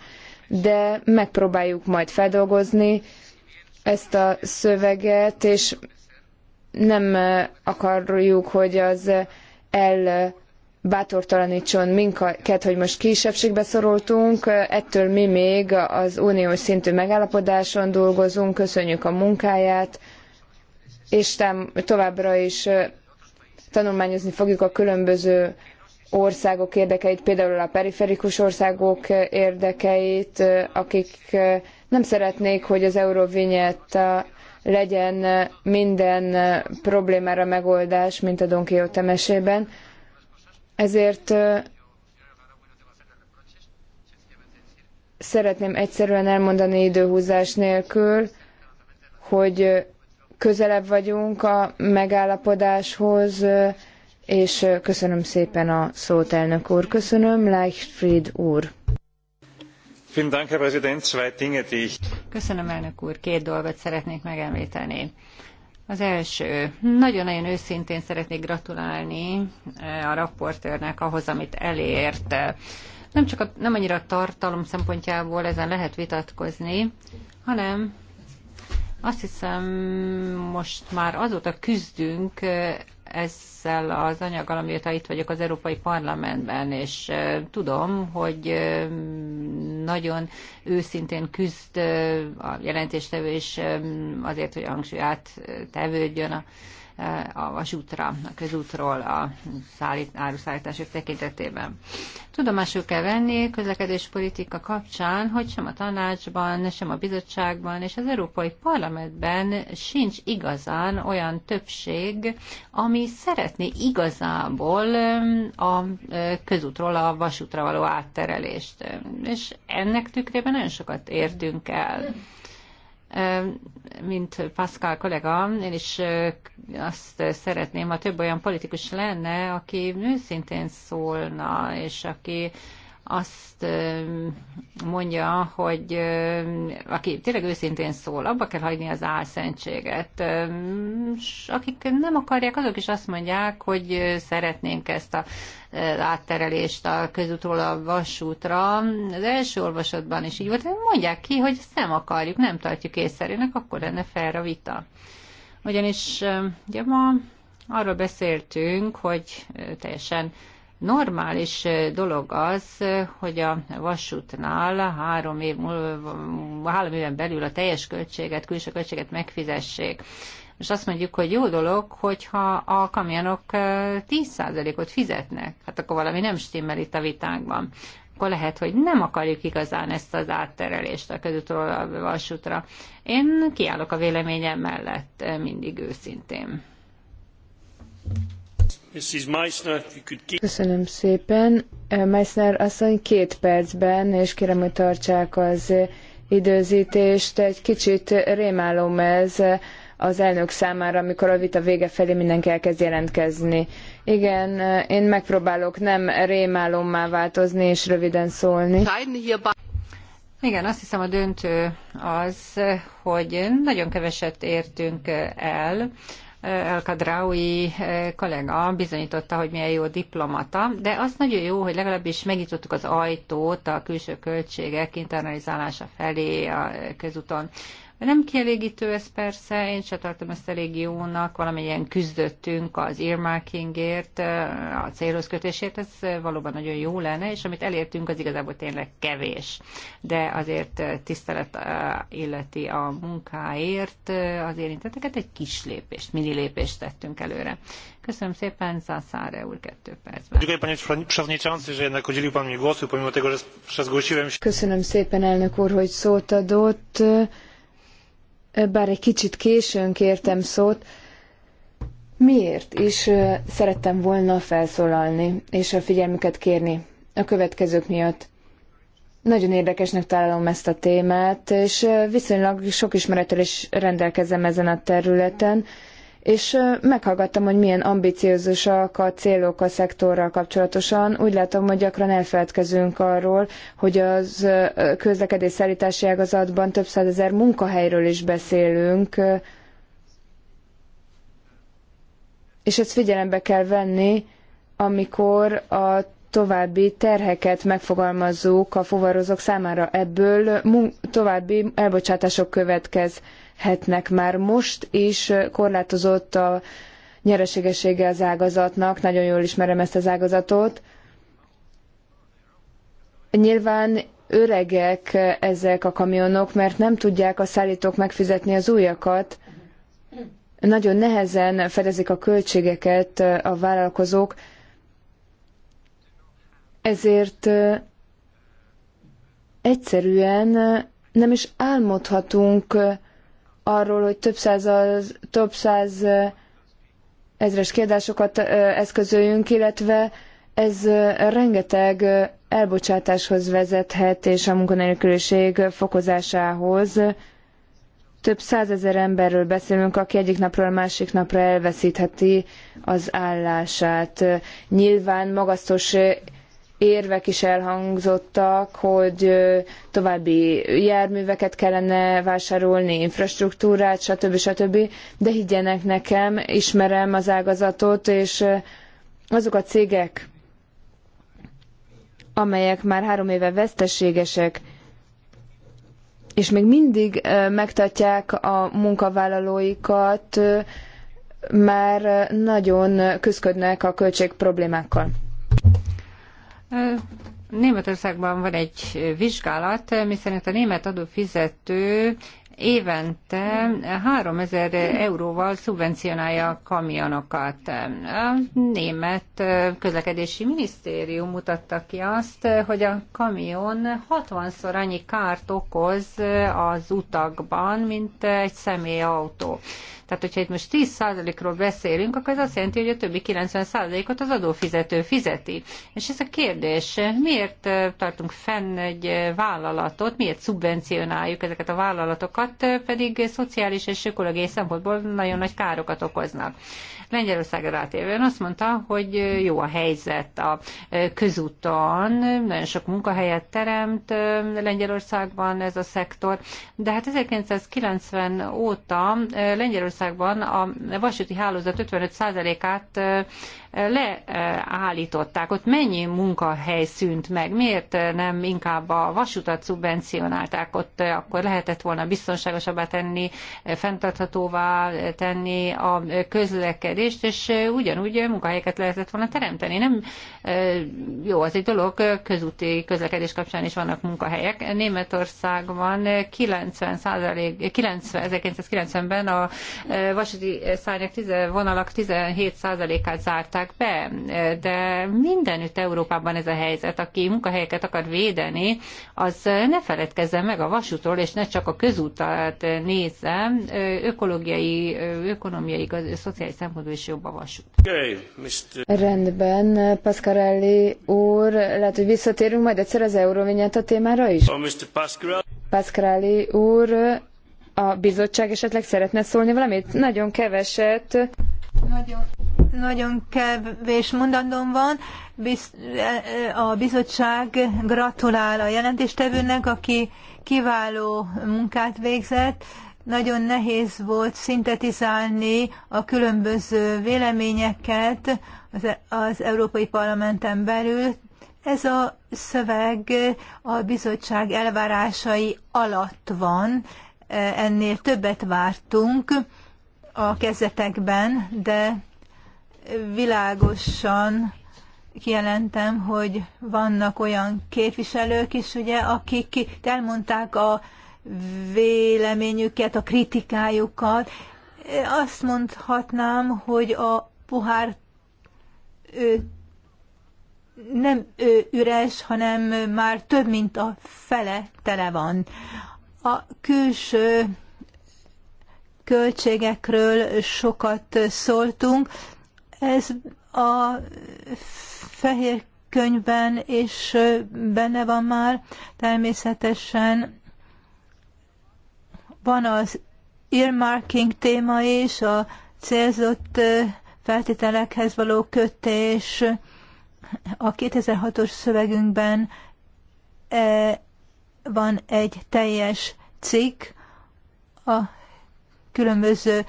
de megpróbáljuk majd feldolgozni ezt a szöveget, és nem akarjuk, hogy az el bátortalanítson minket, hogy most kisebbségbe szorultunk, ettől mi még az uniós szintű megállapodáson dolgozunk, köszönjük a munkáját, és továbbra is tanulmányozni fogjuk a különböző országok érdekeit, például a periferikus országok érdekeit, akik nem szeretnék, hogy az Eurovinyetta legyen minden problémára megoldás, mint a Don Quixote mesében. Ezért szeretném egyszerűen elmondani időhúzás nélkül, hogy közelebb vagyunk a megállapodáshoz, és köszönöm szépen a szót, elnök úr. Köszönöm, Leichfried úr. Köszönöm, elnök úr. Két dolgot szeretnék megemlíteni. Az első, nagyon-nagyon őszintén szeretnék gratulálni a raportőrnek ahhoz, amit elért. Nem csak a, nem annyira a tartalom szempontjából ezen lehet vitatkozni, hanem azt hiszem, most már azóta küzdünk ezzel az anyaggal, amióta itt vagyok az Európai Parlamentben, és tudom, hogy nagyon őszintén küzd a jelentéstevő, és azért, hogy a hangsúlyát tevődjön a Eh, a vasútra, a közútról a szállít, áruszállítások tekintetében. Tudomásul kell venni közlekedéspolitika kapcsán, hogy sem a tanácsban, sem a bizottságban és az Európai Parlamentben sincs igazán olyan többség, ami szeretné igazából a eh, közútról a vasútra való átterelést. És ennek tükrében nagyon sokat értünk el mint Pascal kollega, én is azt szeretném, ha több olyan politikus lenne, aki őszintén szólna, és aki azt mondja, hogy aki tényleg őszintén szól, abba kell hagyni az álszentséget. És akik nem akarják, azok is azt mondják, hogy szeretnénk ezt a átterelést a közútról a vasútra. Az első olvasatban is így volt, mondják ki, hogy ezt nem akarjuk, nem tartjuk észszerűnek, akkor lenne fel a vita. Ugyanis ugye ma arról beszéltünk, hogy teljesen Normális dolog az, hogy a vasútnál három, év, három éven belül a teljes költséget, külső költséget megfizessék. És azt mondjuk, hogy jó dolog, hogyha a kamionok 10%-ot fizetnek. Hát akkor valami nem stimmel itt a vitánkban. Akkor lehet, hogy nem akarjuk igazán ezt az átterelést a közútról a vasútra. Én kiállok a véleményem mellett mindig őszintén. Köszönöm szépen. Eh, Meissner asszony két percben, és kérem, hogy tartsák az időzítést. Egy kicsit rémálom ez az elnök számára, amikor a vita vége felé mindenki elkezd jelentkezni. Igen, eh, én megpróbálok nem rémálommá változni és röviden szólni. Igen, azt hiszem a döntő az, hogy nagyon keveset értünk el Kadraui eh, kollega bizonyította, hogy milyen jó diplomata, de az nagyon jó, hogy legalábbis megnyitottuk az ajtót a külső költségek internalizálása felé a közúton. Nem kielégítő ez persze, én se tartom ezt elég jónak, valamilyen küzdöttünk az earmarkingért, a célhoz kötésért, ez valóban nagyon jó lenne, és amit elértünk, az igazából tényleg kevés. De azért tisztelet eh, illeti a munkáért eh, az érintetteket, egy kis lépést, mini lépést tettünk előre. Köszönöm szépen, Zászáre úr, kettő percben. Köszönöm szépen, elnök úr, hogy szót adott bár egy kicsit későn kértem szót, miért is szerettem volna felszólalni és a figyelmüket kérni a következők miatt. Nagyon érdekesnek találom ezt a témát, és viszonylag sok ismerettel is rendelkezem ezen a területen és meghallgattam, hogy milyen ambiciózusak a célok a szektorral kapcsolatosan. Úgy látom, hogy gyakran elfeledkezünk arról, hogy az közlekedés szállítási ágazatban több százezer munkahelyről is beszélünk, és ezt figyelembe kell venni, amikor a további terheket megfogalmazzuk a fuvarozók számára. Ebből további elbocsátások következnek elérhetnek már most is. Korlátozott a nyereségessége az ágazatnak, nagyon jól ismerem ezt az ágazatot. Nyilván öregek ezek a kamionok, mert nem tudják a szállítók megfizetni az újakat. Nagyon nehezen fedezik a költségeket a vállalkozók, ezért egyszerűen nem is álmodhatunk arról, hogy több száz, az, több száz ezres kiadásokat eszközöljünk, illetve ez rengeteg elbocsátáshoz vezethet, és a munkanélküliség fokozásához. Több százezer emberről beszélünk, aki egyik napról a másik napra elveszítheti az állását. Nyilván magasztos érvek is elhangzottak, hogy további járműveket kellene vásárolni, infrastruktúrát, stb. stb. De higgyenek nekem, ismerem az ágazatot, és azok a cégek, amelyek már három éve veszteségesek, és még mindig megtartják a munkavállalóikat, már nagyon küzdködnek a költség problémákkal. Németországban van egy vizsgálat, miszerint a német adófizető évente 3000 euróval szubvencionálja a kamionokat. A német közlekedési minisztérium mutatta ki azt, hogy a kamion 60-szor annyi kárt okoz az utakban, mint egy személyautó. Tehát, hogyha itt most 10%-ról beszélünk, akkor ez azt jelenti, hogy a többi 90%-ot az adófizető fizeti. És ez a kérdés, miért tartunk fenn egy vállalatot, miért szubvencionáljuk ezeket a vállalatokat, államokat eh, pedig szociális és ökológiai szempontból nagyon nagy károkat okoznak. Lengyelországra rátérően azt mondta, hogy eh, jó a helyzet a eh, közúton, nagyon sok munkahelyet teremt Lengyelországban ez a szektor, de hát 1990 óta Lengyelországban a vasúti hálózat 55%-át leállították. Ott mennyi munkahely szűnt meg? Miért nem inkább a vasutat szubvencionálták? Ott akkor lehetett volna biztonságosabbá tenni, fenntarthatóvá tenni a közlekedést, és ugyanúgy munkahelyeket lehetett volna teremteni. Nem jó, az egy dolog, közúti közlekedés kapcsán is vannak munkahelyek. Németországban 90 százalék, 90, 1990-ben a vasúti szárnyak 10, vonalak 17 százalékát zárták mutatták be, de mindenütt Európában ez a helyzet, aki munkahelyeket akar védeni, az ne feledkezzen meg a vasútról, és ne csak a közútat nézze, ökológiai, ökonomiai, szociális szempontból is jobb a vasút. Okay, Mr. Rendben, Pascarelli úr, lehet, hogy visszatérünk majd egyszer az a témára is? Oh, Mr. Pascarelli. Pascarelli úr, a bizottság esetleg szeretne szólni valamit? Nagyon keveset. Nagyon, nagyon kevés mondandóm van. A bizottság gratulál a jelentéstevőnek, aki kiváló munkát végzett. Nagyon nehéz volt szintetizálni a különböző véleményeket az, e- az Európai Parlamenten belül. Ez a szöveg a bizottság elvárásai alatt van, e- ennél többet vártunk a kezdetekben, de világosan kijelentem, hogy vannak olyan képviselők is, ugye, akik elmondták a véleményüket, a kritikájukat. Azt mondhatnám, hogy a pohár nem üres, hanem már több, mint a fele tele van. A külső költségekről sokat szóltunk, ez a fehér könyvben és benne van már, természetesen van az earmarking téma is, a célzott feltételekhez való kötés. A 2006-os szövegünkben van egy teljes cikk a különböző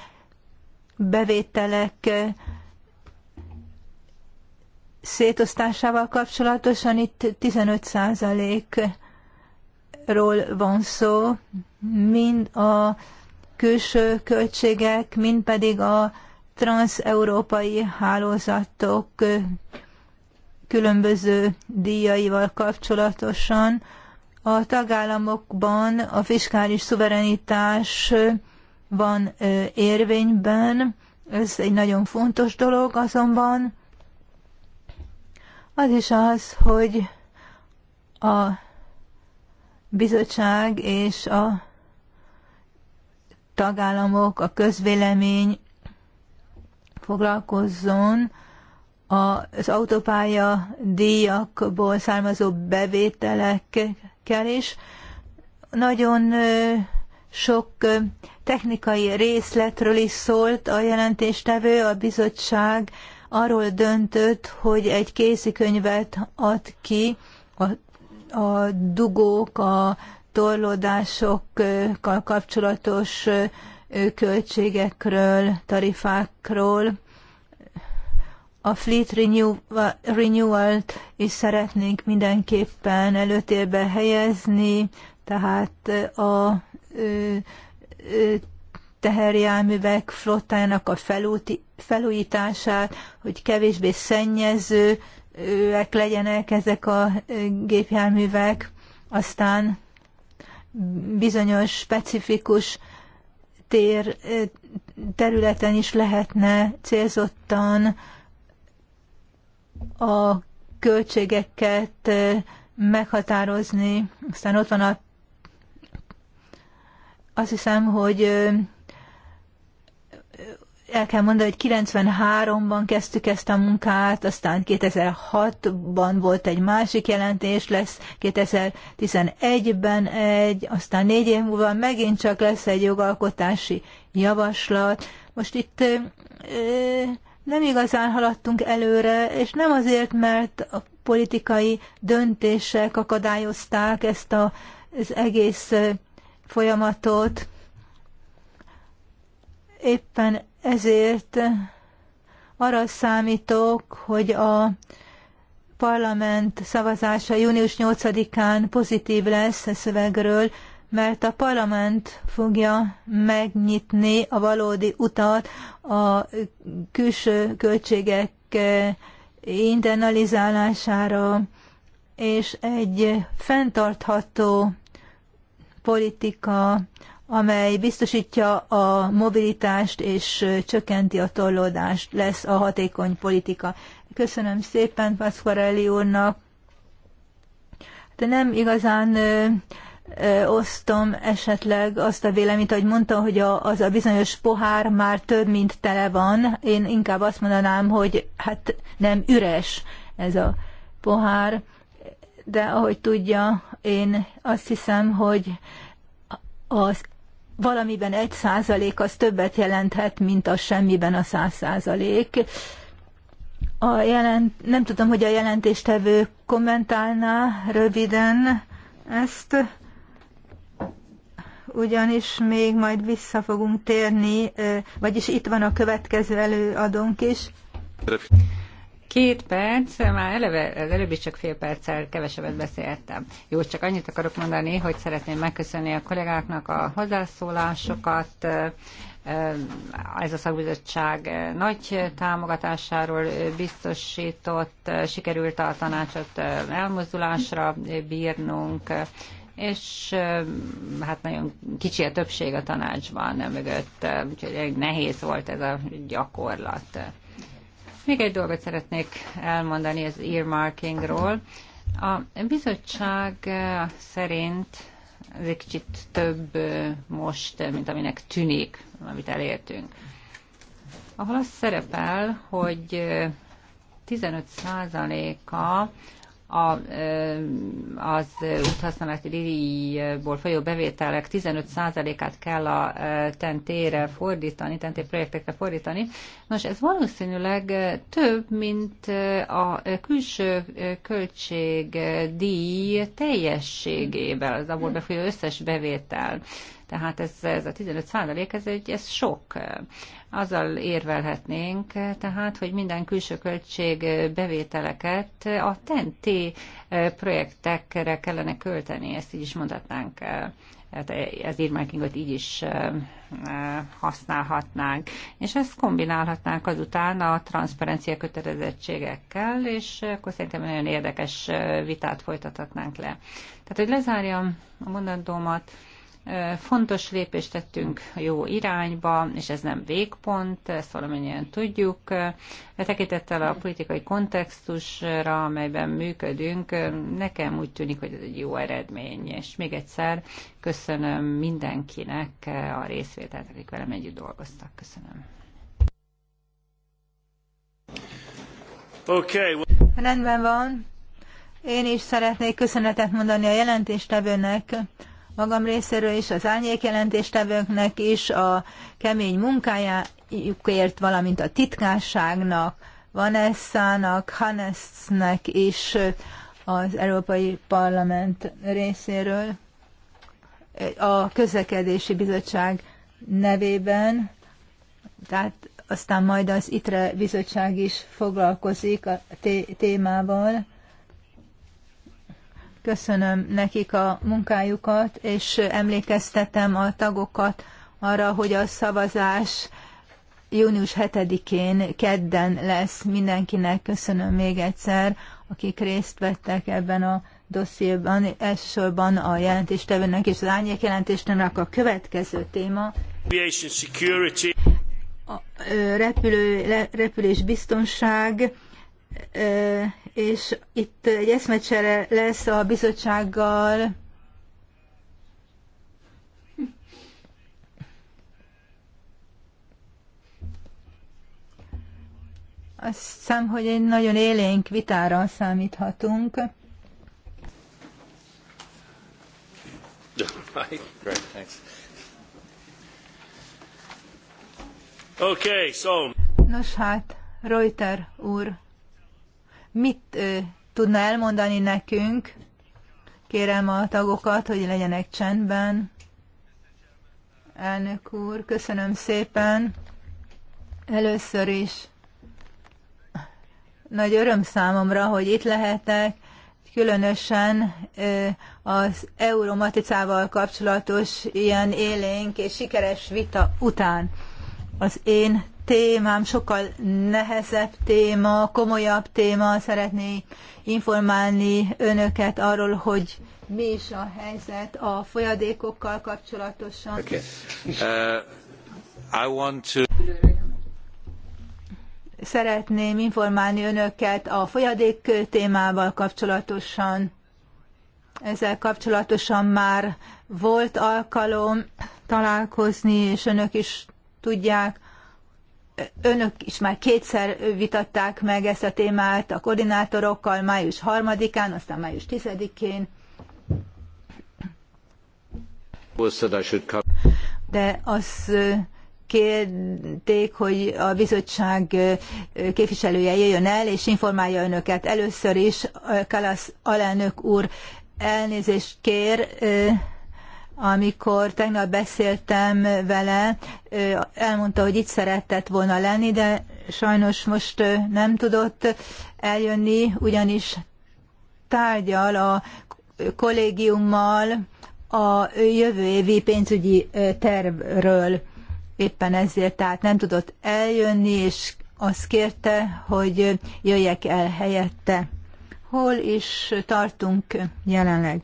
bevételek szétosztásával kapcsolatosan itt 15%-ról van szó, mind a külső költségek, mind pedig a transeurópai hálózatok különböző díjaival kapcsolatosan. A tagállamokban a fiskális szuverenitás van érvényben, ez egy nagyon fontos dolog azonban, az is az, hogy a bizottság és a tagállamok, a közvélemény foglalkozzon az autópálya díjakból származó bevételekkel is. Nagyon sok technikai részletről is szólt a jelentéstevő, a bizottság arról döntött, hogy egy kézikönyvet ad ki a, a dugók, a torlódásokkal kapcsolatos költségekről, tarifákról. A Fleet Renewal-t is szeretnénk mindenképpen előtérbe helyezni, tehát a teherjárművek flottájának a felúti, felújítását, hogy kevésbé szennyezőek legyenek ezek a e, gépjárművek, aztán bizonyos specifikus tér e, területen is lehetne célzottan a költségeket e, meghatározni. Aztán ott van a azt hiszem, hogy el kell mondani, hogy 93-ban kezdtük ezt a munkát, aztán 2006-ban volt egy másik jelentés, lesz 2011-ben egy, aztán négy év múlva megint csak lesz egy jogalkotási javaslat. Most itt ö, nem igazán haladtunk előre, és nem azért, mert a politikai döntések akadályozták ezt a, az egész folyamatot. Éppen ezért arra számítok, hogy a parlament szavazása június 8-án pozitív lesz a e szövegről, mert a parlament fogja megnyitni a valódi utat a külső költségek internalizálására, és egy fenntartható politika amely biztosítja a mobilitást és csökkenti a torlódást, lesz a hatékony politika. Köszönöm szépen Pasquarelli úrnak. De hát nem igazán ö, ö, osztom esetleg azt a véleményt, hogy mondta, hogy a, az a bizonyos pohár már több, mint tele van. Én inkább azt mondanám, hogy hát nem üres ez a pohár, de ahogy tudja, én azt hiszem, hogy az valamiben egy százalék az többet jelenthet, mint a semmiben a száz százalék. A jelent, nem tudom, hogy a jelentéstevő kommentálná röviden ezt, ugyanis még majd vissza fogunk térni, vagyis itt van a következő előadónk is két perc, már eleve, az előbb is csak fél perccel kevesebbet beszéltem. Jó, csak annyit akarok mondani, hogy szeretném megköszönni a kollégáknak a hozzászólásokat, ez a szakbizottság nagy támogatásáról biztosított, sikerült a tanácsot elmozdulásra bírnunk, és hát nagyon kicsi a többség a tanácsban mögött, úgyhogy nehéz volt ez a gyakorlat. Még egy dolgot szeretnék elmondani az earmarkingról. A bizottság eh, szerint ez egy kicsit több eh, most, eh, mint aminek tűnik, amit elértünk. Ahol az szerepel, hogy 15%-a a, az úthasználati díjból folyó bevételek 15%-át kell a tentére fordítani, tenté projektekre fordítani. Nos, ez valószínűleg több, mint a külső költség díj teljességében, az abból befolyó összes bevétel. Tehát ez, ez a 15 százalék, ez, egy, ez sok. Azzal érvelhetnénk, tehát, hogy minden külső költség bevételeket a TNT projektekre kellene költeni, ezt így is mondhatnánk hát az earmarkingot így is eh, használhatnánk. És ezt kombinálhatnánk azután a transzparencia kötelezettségekkel, és akkor szerintem nagyon érdekes eh, vitát folytathatnánk le. Tehát, hogy lezárjam a mondandómat, Fontos lépést tettünk jó irányba, és ez nem végpont, ezt valamennyien tudjuk. E tekintettel a politikai kontextusra, amelyben működünk, nekem úgy tűnik, hogy ez egy jó eredmény. És még egyszer köszönöm mindenkinek a részvételt, akik velem együtt dolgoztak. Köszönöm. Okay. Rendben van. Én is szeretnék köszönetet mondani a jelentéstevőnek magam részéről is, az árnyékjelentéstevőknek is, a kemény munkájukért, valamint a titkásságnak, Vanessa-nak, Hannesnek is az Európai Parlament részéről, a Közlekedési Bizottság nevében, tehát aztán majd az ITRE bizottság is foglalkozik a témával. Köszönöm nekik a munkájukat, és emlékeztetem a tagokat arra, hogy a szavazás június 7-én kedden lesz mindenkinek. Köszönöm még egyszer, akik részt vettek ebben a dossziéban, elsősorban a jelentéstevőnek és az árnyék jelentéstevőnek a következő téma. A repülő, repülés biztonság és itt egy eszmecsere lesz a bizottsággal. Azt hiszem, hogy egy nagyon élénk vitára számíthatunk. Okay, so. Nos hát, Reuter úr, Mit ö, tudna elmondani nekünk? Kérem a tagokat, hogy legyenek csendben. Elnök úr, köszönöm szépen. Először is nagy öröm számomra, hogy itt lehetek, különösen az euromaticával kapcsolatos ilyen élénk és sikeres vita után. Az én témám, sokkal nehezebb téma, komolyabb téma. Szeretnék informálni önöket arról, hogy mi is a helyzet a folyadékokkal kapcsolatosan. Okay. Uh, I want to... Szeretném informálni önöket a folyadék témával kapcsolatosan. Ezzel kapcsolatosan már volt alkalom találkozni, és önök is tudják, Önök is már kétszer vitatták meg ezt a témát a koordinátorokkal, május 3-án, aztán május 10-én. De az kérték, hogy a bizottság képviselője jöjjön el, és informálja önöket. Először is Kalasz alelnök úr elnézést kér, amikor tegnap beszéltem vele, elmondta, hogy itt szeretett volna lenni, de sajnos most nem tudott eljönni, ugyanis tárgyal a kollégiummal a jövő évi pénzügyi tervről. Éppen ezért tehát nem tudott eljönni, és azt kérte, hogy jöjjek el helyette. Hol is tartunk jelenleg?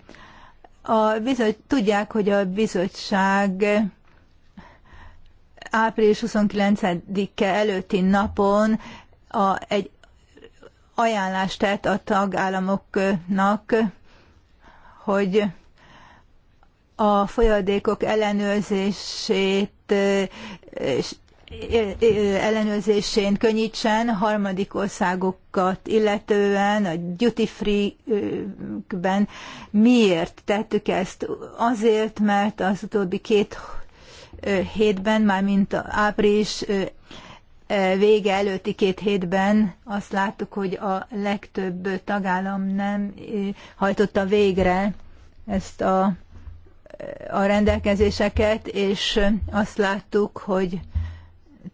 A bizot, tudják, hogy a bizottság április 29-e előtti napon a, egy ajánlást tett a tagállamoknak, hogy a folyadékok ellenőrzését ellenőrzésén könnyítsen harmadik országokat illetően, a duty free-ben miért tettük ezt? Azért, mert az utóbbi két hétben, mint április vége előtti két hétben azt láttuk, hogy a legtöbb tagállam nem hajtotta végre ezt a, a rendelkezéseket, és azt láttuk, hogy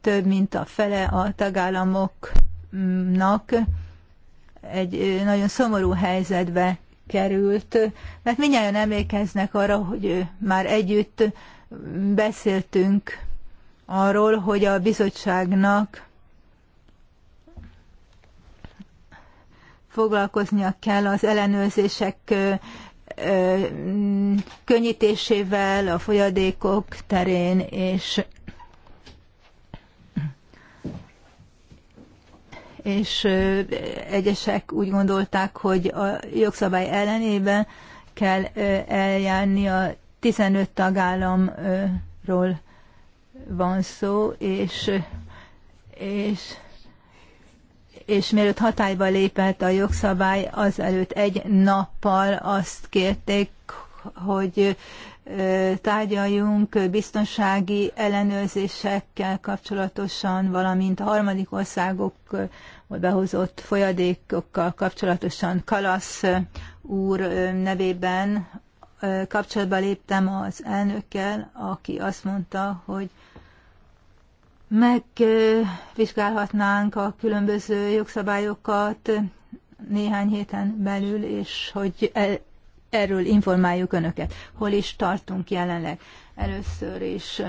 több mint a fele a tagállamoknak egy nagyon szomorú helyzetbe került, mert minnyáján emlékeznek arra, hogy már együtt beszéltünk arról, hogy a bizottságnak foglalkoznia kell az ellenőrzések könnyítésével a folyadékok terén, és és egyesek úgy gondolták, hogy a jogszabály ellenében kell eljárni a 15 tagállamról van szó, és, és, és mielőtt hatályba lépett a jogszabály, azelőtt egy nappal azt kérték, hogy tárgyaljunk biztonsági ellenőrzésekkel kapcsolatosan, valamint a harmadik országok behozott folyadékokkal kapcsolatosan Kalasz úr nevében kapcsolatba léptem az elnökkel, aki azt mondta, hogy megvizsgálhatnánk a különböző jogszabályokat néhány héten belül, és hogy e, erről informáljuk Önöket. Hol is tartunk jelenleg? Először is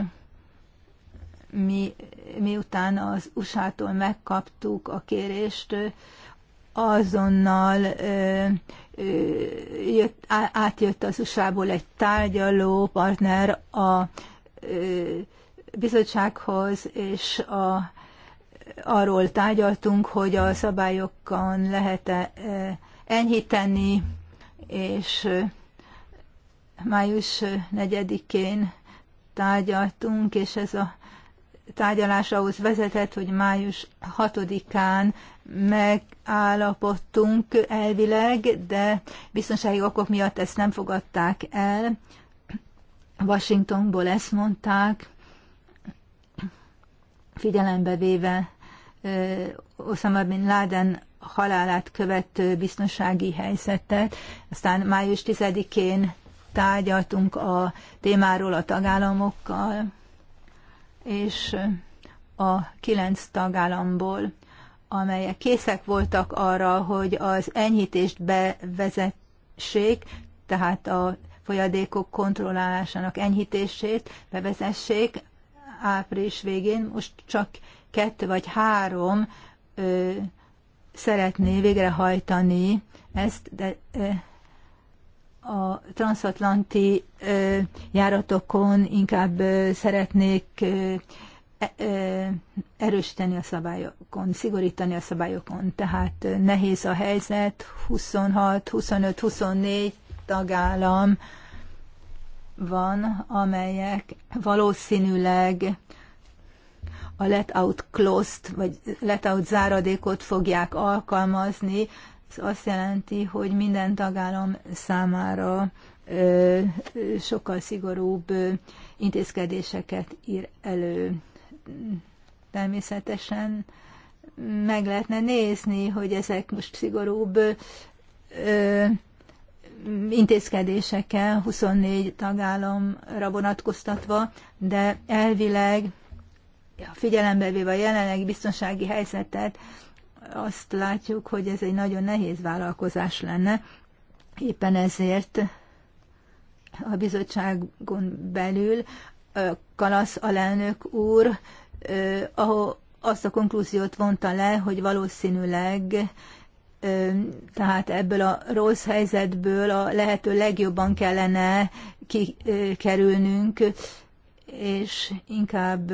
mi, miután az USA-tól megkaptuk a kérést, azonnal ö, ö, jött, á, átjött az USA-ból egy tárgyaló partner a ö, bizottsághoz, és a, arról tárgyaltunk, hogy a szabályokon lehet-e enyhíteni, és május 4-én tárgyaltunk, és ez a tárgyalásához vezetett, hogy május 6-án megállapodtunk elvileg, de biztonsági okok miatt ezt nem fogadták el. Washingtonból ezt mondták, figyelembe véve Osama Bin Laden halálát követő biztonsági helyzetet. Aztán május 10-én tárgyaltunk a témáról a tagállamokkal, és a kilenc tagállamból, amelyek készek voltak arra, hogy az enyhítést bevezessék, tehát a folyadékok kontrollálásának enyhítését bevezessék április végén, most csak kettő vagy három ö, szeretné végrehajtani ezt, de ö, a transatlanti járatokon inkább szeretnék e, erősíteni a szabályokon, szigorítani a szabályokon. Tehát nehéz a helyzet, 26, 25, 24 tagállam van, amelyek valószínűleg a let-out closed, vagy let-out záradékot fogják alkalmazni, ez azt jelenti, hogy minden tagállam számára sokkal szigorúbb intézkedéseket ír elő. Természetesen meg lehetne nézni, hogy ezek most szigorúbb intézkedésekkel 24 tagállamra vonatkoztatva, de elvileg figyelembe véve a jelenlegi biztonsági helyzetet azt látjuk, hogy ez egy nagyon nehéz vállalkozás lenne. Éppen ezért a bizottságon belül Kalasz alelnök úr ahol azt a konklúziót vonta le, hogy valószínűleg tehát ebből a rossz helyzetből a lehető legjobban kellene kikerülnünk, és inkább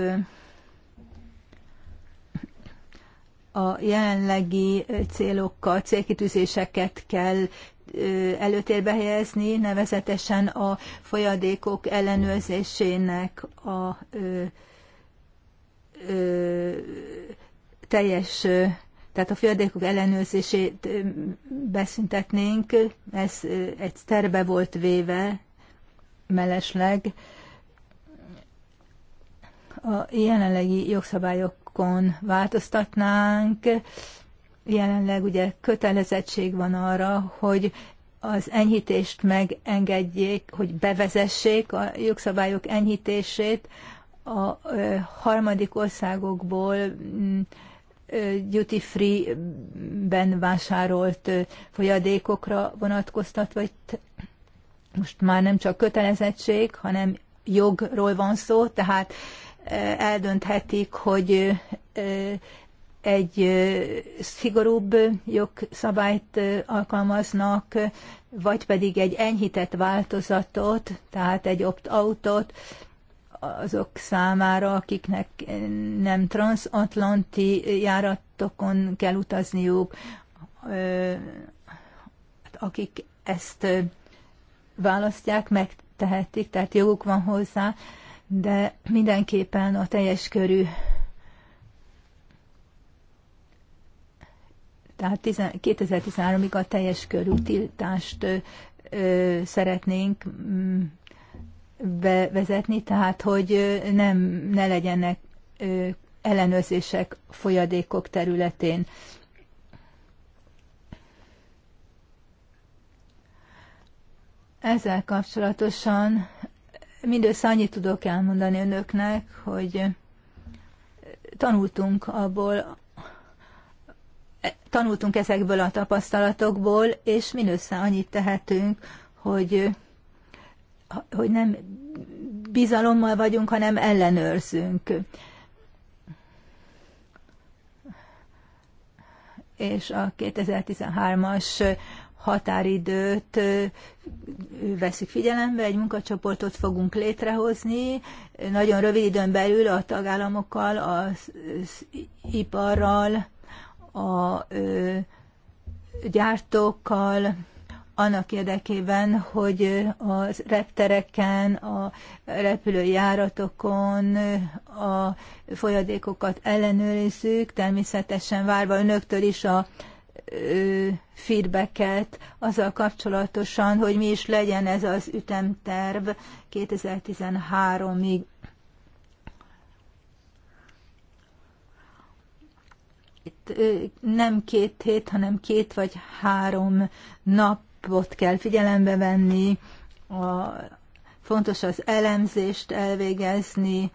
a jelenlegi célokkal, célkitűzéseket kell előtérbe helyezni, nevezetesen a folyadékok ellenőrzésének a ö, ö, teljes, tehát a folyadékok ellenőrzését beszüntetnénk, ez egy terbe volt véve mellesleg a jelenlegi jogszabályok jogokon változtatnánk. Jelenleg ugye kötelezettség van arra, hogy az enyhítést megengedjék, hogy bevezessék a jogszabályok enyhítését a harmadik országokból mm, duty free-ben vásárolt folyadékokra vonatkoztatva. vagy most már nem csak kötelezettség, hanem jogról van szó, tehát eldönthetik, hogy egy szigorúbb jogszabályt alkalmaznak, vagy pedig egy enyhített változatot, tehát egy opt-outot azok számára, akiknek nem transatlanti járatokon kell utazniuk, hát akik ezt választják, megtehetik, tehát joguk van hozzá, de mindenképpen a teljes körű tehát 2013-ig a teljes körű tiltást ö, szeretnénk bevezetni, mm, tehát hogy nem, ne legyenek ö, ellenőrzések folyadékok területén. Ezzel kapcsolatosan Mindössze annyit tudok elmondani önöknek, hogy tanultunk abból, tanultunk ezekből a tapasztalatokból, és mindössze annyit tehetünk, hogy, hogy nem bizalommal vagyunk, hanem ellenőrzünk. És a 2013-as határidőt veszük figyelembe, egy munkacsoportot fogunk létrehozni, nagyon rövid időn belül a tagállamokkal, az iparral, a gyártókkal, annak érdekében, hogy a reptereken, a repülőjáratokon a folyadékokat ellenőrizzük, természetesen várva önöktől is a feedbacket azzal kapcsolatosan, hogy mi is legyen ez az ütemterv 2013-ig. Itt nem két hét, hanem két vagy három napot kell figyelembe venni, a, fontos az elemzést elvégezni,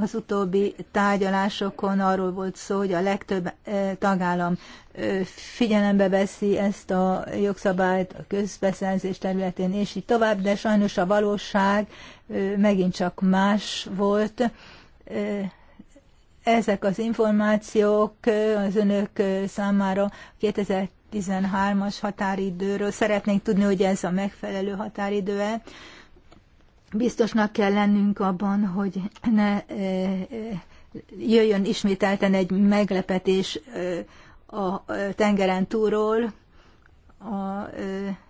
az utóbbi tárgyalásokon arról volt szó, hogy a legtöbb eh, tagállam eh, figyelembe veszi ezt a jogszabályt a közbeszerzés területén, és így tovább, de sajnos a valóság eh, megint csak más volt. Ezek az információk az önök számára 2013-as határidőről szeretnénk tudni, hogy ez a megfelelő határidő-e biztosnak kell lennünk abban, hogy ne e, e, jöjjön ismételten egy meglepetés e, a tengeren túlról, a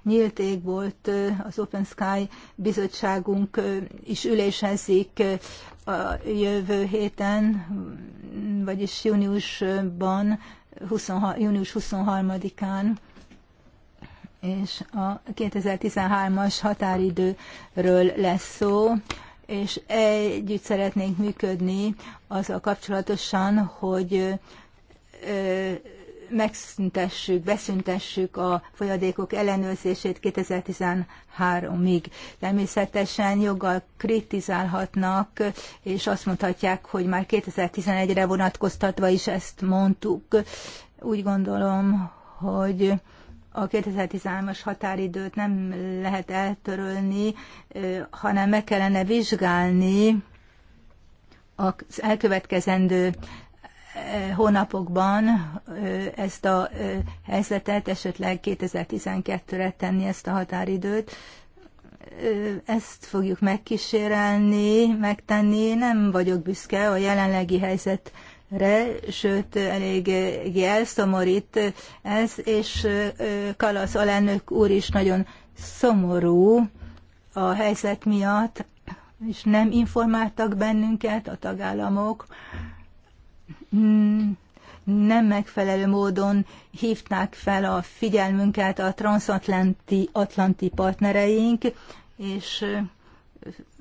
nyílt ég volt, az Open Sky bizottságunk is ülésezik a jövő héten, vagyis júniusban, 20, június 23-án és a 2013-as határidőről lesz szó, és együtt szeretnénk működni azzal kapcsolatosan, hogy megszüntessük, beszüntessük a folyadékok ellenőrzését 2013-ig. Természetesen joggal kritizálhatnak, és azt mondhatják, hogy már 2011-re vonatkoztatva is ezt mondtuk. Úgy gondolom, hogy a 2013-as határidőt nem lehet eltörölni, hanem meg kellene vizsgálni az elkövetkezendő hónapokban ezt a helyzetet, esetleg 2012-re tenni ezt a határidőt. Ezt fogjuk megkísérelni, megtenni. Nem vagyok büszke a jelenlegi helyzet re, sőt, elég jelszomorít ez, és Kalasz alelnök úr is nagyon szomorú a helyzet miatt, és nem informáltak bennünket a tagállamok, hmm, nem megfelelő módon hívták fel a figyelmünket a transatlanti atlanti partnereink, és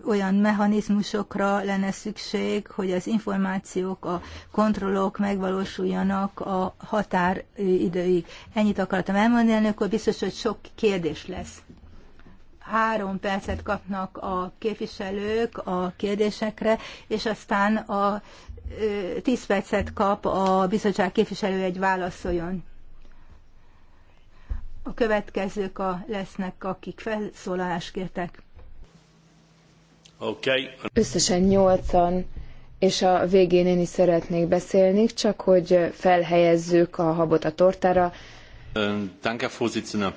olyan mechanizmusokra lenne szükség, hogy az információk, a kontrollok megvalósuljanak a határidőig. Ennyit akartam elmondani, akkor biztos, hogy sok kérdés lesz. Három percet kapnak a képviselők a kérdésekre, és aztán a tíz percet kap a bizottság képviselő egy válaszoljon. A következők a, lesznek, akik felszólalást kértek. Okay. Összesen nyolcan, és a végén én is szeretnék beszélni, csak hogy felhelyezzük a habot a tortára. Danke, Vorsitzender.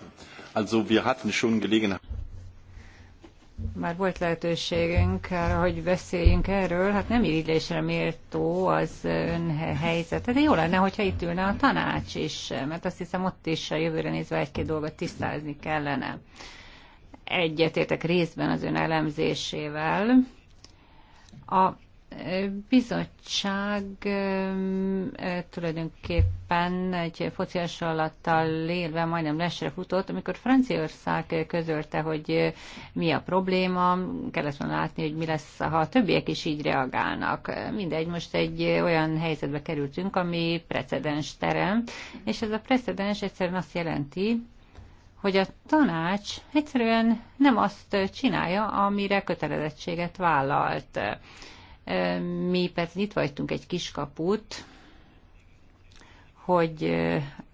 Also wir hatten schon Gelegenheit. Már volt lehetőségünk arra, hogy beszéljünk erről. Hát nem irigylésre méltó az ön helyzet, de hát jó lenne, hogyha itt ülne a tanács is, mert azt hiszem ott is a jövőre nézve egy-két dolgot tisztázni kellene egyetértek részben az ön elemzésével. A bizottság tulajdonképpen egy foci hasonlattal lélve majdnem lesre futott, amikor Franciaország közölte, hogy mi a probléma, kellett volna látni, hogy mi lesz, ha a többiek is így reagálnak. Mindegy, most egy olyan helyzetbe kerültünk, ami precedens terem, és ez a precedens egyszerűen azt jelenti, hogy a tanács egyszerűen nem azt csinálja, amire kötelezettséget vállalt. Mi persze itt vagytunk egy kiskaput, hogy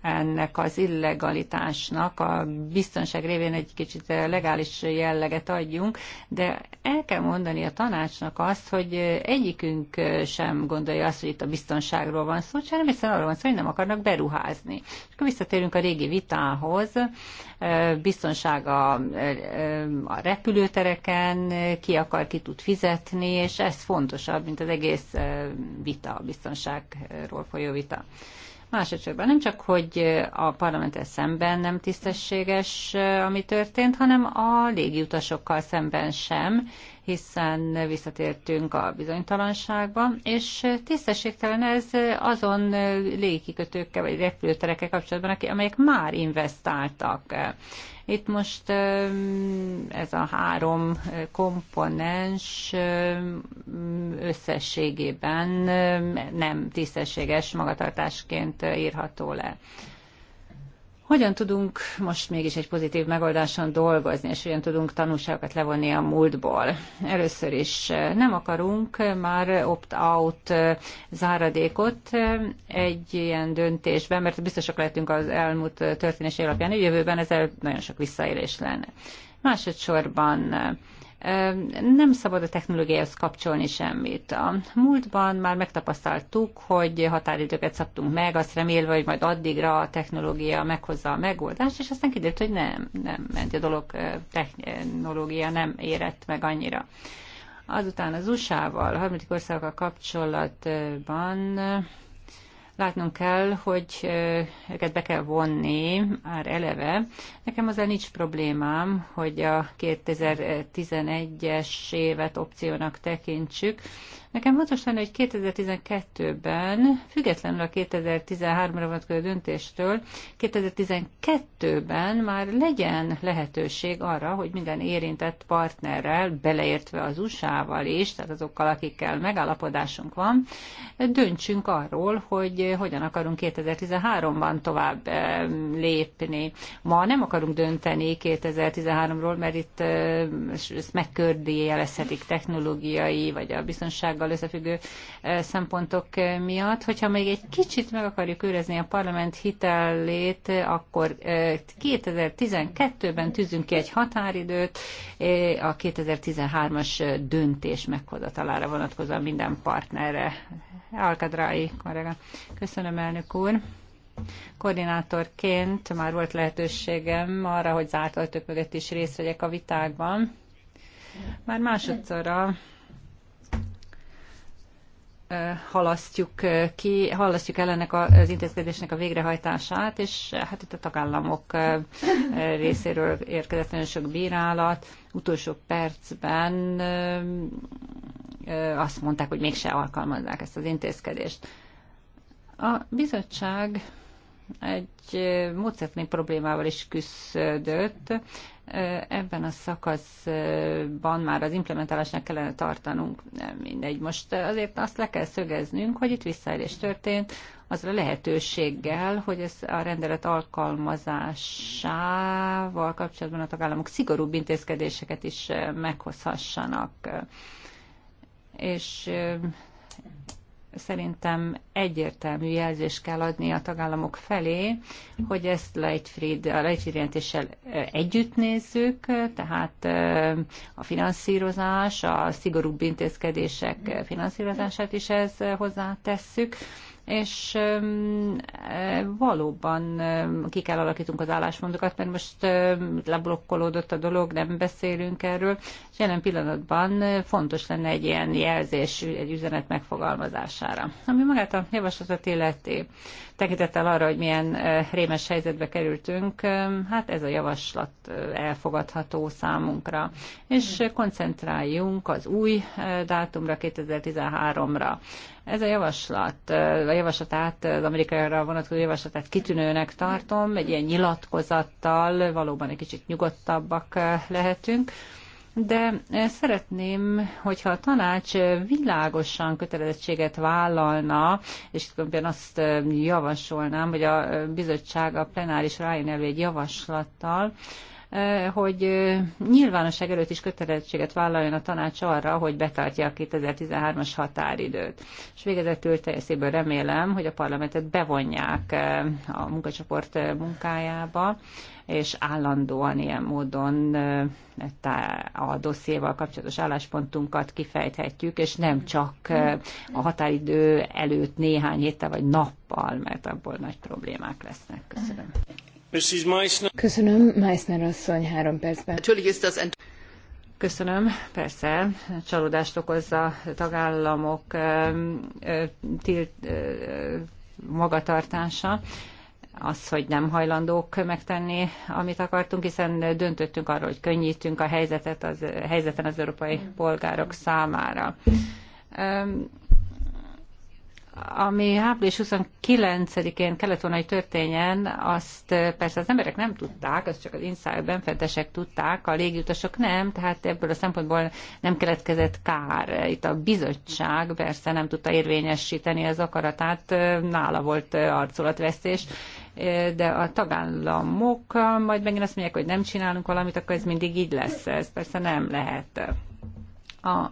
ennek az illegalitásnak a biztonság révén egy kicsit legális jelleget adjunk, de el kell mondani a tanácsnak azt, hogy egyikünk sem gondolja azt, hogy itt a biztonságról van szó, hanem hiszen arról van szó, hogy nem akarnak beruházni. És akkor visszatérünk a régi vitához, biztonsága a, a repülőtereken, ki akar, ki tud fizetni, és ez fontosabb, mint az egész vita, a biztonságról folyó vita. Másodszorban nem csak, hogy a parlamenttel szemben nem tisztességes, ami történt, hanem a légiutasokkal szemben sem, hiszen visszatértünk a bizonytalanságba, és tisztességtelen ez azon légikikötőkkel vagy repülőterekkel kapcsolatban, amelyek már investáltak. Itt most ez a három komponens összességében nem tisztességes magatartásként írható le hogyan tudunk most mégis egy pozitív megoldáson dolgozni, és hogyan tudunk tanulságokat levonni a múltból. Először is eh, nem akarunk eh, már opt-out eh, záradékot egy ilyen döntésben, mert biztosak lehetünk az elmúlt történési alapján, hogy jövőben ezzel nagyon sok visszaélés lenne. Másodszorban nem szabad a technológiához kapcsolni semmit. A múltban már megtapasztaltuk, hogy határidőket szabtunk meg, azt remélve, hogy majd addigra a technológia meghozza a megoldást, és aztán kiderült, hogy nem, nem ment a dolog, technológia nem érett meg annyira. Azután az USA-val, a harmadik országokkal kapcsolatban látnunk kell, hogy őket be kell vonni már eleve Nekem azzal nincs problémám, hogy a 2011-es évet opciónak tekintsük. Nekem fontos lenne, hogy 2012-ben, függetlenül a 2013-ra vonatkozó döntéstől, 2012-ben már legyen lehetőség arra, hogy minden érintett partnerrel, beleértve az USA-val is, tehát azokkal, akikkel megállapodásunk van, döntsünk arról, hogy hogyan akarunk 2013-ban tovább eh, lépni. Ma nem akarunk akarunk dönteni 2013-ról, mert itt ezt megkördéjelezhetik technológiai vagy a biztonsággal összefüggő szempontok miatt. Hogyha még egy kicsit meg akarjuk őrezni a parlament hitelét, akkor 2012-ben tűzünk ki egy határidőt a 2013-as döntés meghozatalára vonatkozóan minden partnerre. Alkadrái kollega. Köszönöm, elnök úr. Koordinátorként már volt lehetőségem arra, hogy zárt ajtók mögött is részt vegyek a vitákban. Már másodszorra halasztjuk ki, halasztjuk el ennek az intézkedésnek a végrehajtását, és hát itt a tagállamok részéről érkezett nagyon sok bírálat. Utolsó percben azt mondták, hogy mégse alkalmazzák ezt az intézkedést. A bizottság egy módszertani problémával is küzdött. Ebben a szakaszban már az implementálásnak kellene tartanunk. Nem mindegy. Most azért azt le kell szögeznünk, hogy itt visszaélés történt, azra lehetőséggel, hogy ez a rendelet alkalmazásával kapcsolatban a tagállamok szigorúbb intézkedéseket is meghozhassanak. És szerintem egyértelmű jelzést kell adni a tagállamok felé, hogy ezt Leitfried, a Leitfried jelentéssel együtt nézzük, tehát a finanszírozás, a szigorúbb intézkedések finanszírozását is ez hozzátesszük, és valóban ki kell alakítunk az állásmondokat, mert most leblokkolódott a dolog, nem beszélünk erről, és jelen pillanatban fontos lenne egy ilyen jelzés, egy üzenet megfogalmazására, ami magát a javaslatot illeti. Tekintettel arra, hogy milyen rémes helyzetbe kerültünk, hát ez a javaslat elfogadható számunkra. És koncentráljunk az új dátumra, 2013-ra. Ez a javaslat, a javaslatát, az amerikára vonatkozó javaslatát kitűnőnek tartom, egy ilyen nyilatkozattal valóban egy kicsit nyugodtabbak lehetünk de eh, szeretném, hogyha a tanács eh, világosan kötelezettséget vállalna, és például azt eh, javasolnám, hogy a bizottság a plenáris rájön elő egy javaslattal, hogy nyilvánosság előtt is kötelezettséget vállaljon a tanács arra, hogy betartja a 2013-as határidőt. És végezetül teljeséből remélem, hogy a parlamentet bevonják a munkacsoport munkájába, és állandóan ilyen módon e, a dossziéval kapcsolatos álláspontunkat kifejthetjük, és nem csak a határidő előtt néhány héttel vagy nappal, mert abból nagy problémák lesznek. Köszönöm. Köszönöm, Meissner asszony, három percben. Köszönöm, persze, csalódást okozza tagállamok tilt, magatartása az, hogy nem hajlandók megtenni, amit akartunk, hiszen döntöttünk arról, hogy könnyítünk a helyzetet az, a helyzeten az európai polgárok számára. Ami április 29-én kellett volna, hogy történjen, azt persze az emberek nem tudták, azt csak az insider benfentesek tudták, a légiutasok nem, tehát ebből a szempontból nem keletkezett kár. Itt a bizottság persze nem tudta érvényesíteni az akaratát, nála volt arculatvesztés, de a tagállamok majd megint azt mondják, hogy nem csinálunk valamit, akkor ez mindig így lesz. Ez persze nem lehet. A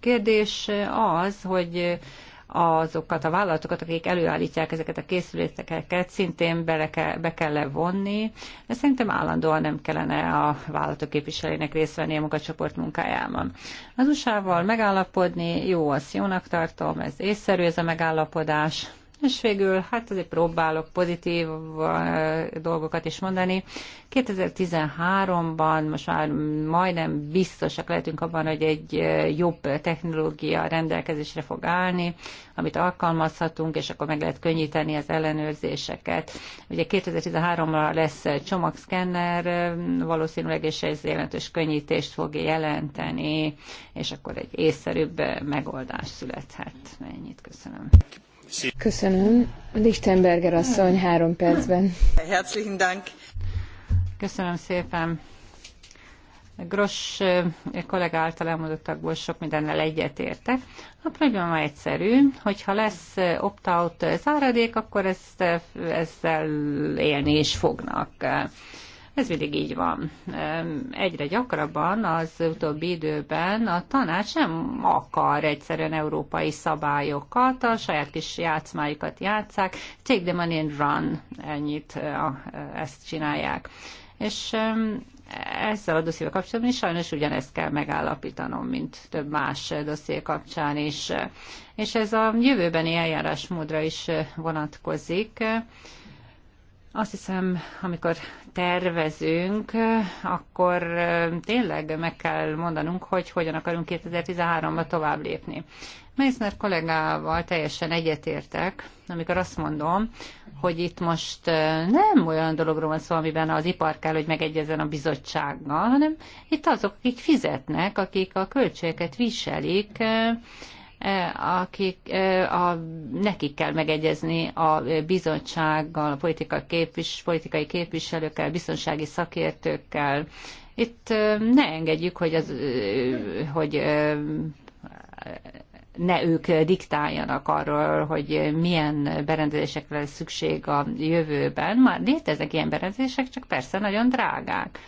kérdés az, hogy azokat a vállalatokat, akik előállítják ezeket a készülékeket, szintén bele kell, be kell levonni, de szerintem állandóan nem kellene a vállalatok képviselőinek részt venni a munkacsoport munkájában. Az USA-val megállapodni, jó, azt jónak tartom, ez észszerű ez a megállapodás, és végül, hát azért próbálok pozitív eh, dolgokat is mondani. 2013-ban most már majdnem biztosak lehetünk abban, hogy egy eh, jobb technológia rendelkezésre fog állni, amit alkalmazhatunk, és akkor meg lehet könnyíteni az ellenőrzéseket. Ugye 2013-ra lesz eh, csomagszkenner, valószínűleg, és ez jelentős könnyítést fog jelenteni, és akkor egy észszerűbb megoldás születhet. Ennyit köszönöm. Köszönöm. Lichtenberger asszony három percben. Herzlichen Dank. Köszönöm szépen. Gross eh, kollega által elmondottakból sok mindennel egyetértek. A probléma egyszerű, hogyha lesz eh, opt-out eh, záradék, akkor ezt, ezzel élni is fognak. Ez mindig így van. Egyre gyakrabban az utóbbi időben a tanács nem akar egyszerűen európai szabályokat, a saját kis játszmájukat játszák, take the money and run, ennyit ezt csinálják. És ezzel a dossziéval kapcsolatban is sajnos ugyanezt kell megállapítanom, mint több más dosszié kapcsán is. És ez a jövőbeni eljárásmódra is vonatkozik azt hiszem, amikor tervezünk, akkor tényleg meg kell mondanunk, hogy hogyan akarunk 2013 ban tovább lépni. Meissner kollégával teljesen egyetértek, amikor azt mondom, hogy itt most nem olyan dologról van szó, amiben az ipar kell, hogy megegyezzen a bizottsággal, hanem itt azok, akik fizetnek, akik a költségeket viselik, E, akik e, a, nekik kell megegyezni a bizottsággal, a politika képvis, politikai képviselőkkel, biztonsági szakértőkkel. Itt e, ne engedjük, hogy, az, hogy ne ők diktáljanak arról, hogy milyen berendezésekre lesz szükség a jövőben. Már léteznek ilyen berendezések, csak persze nagyon drágák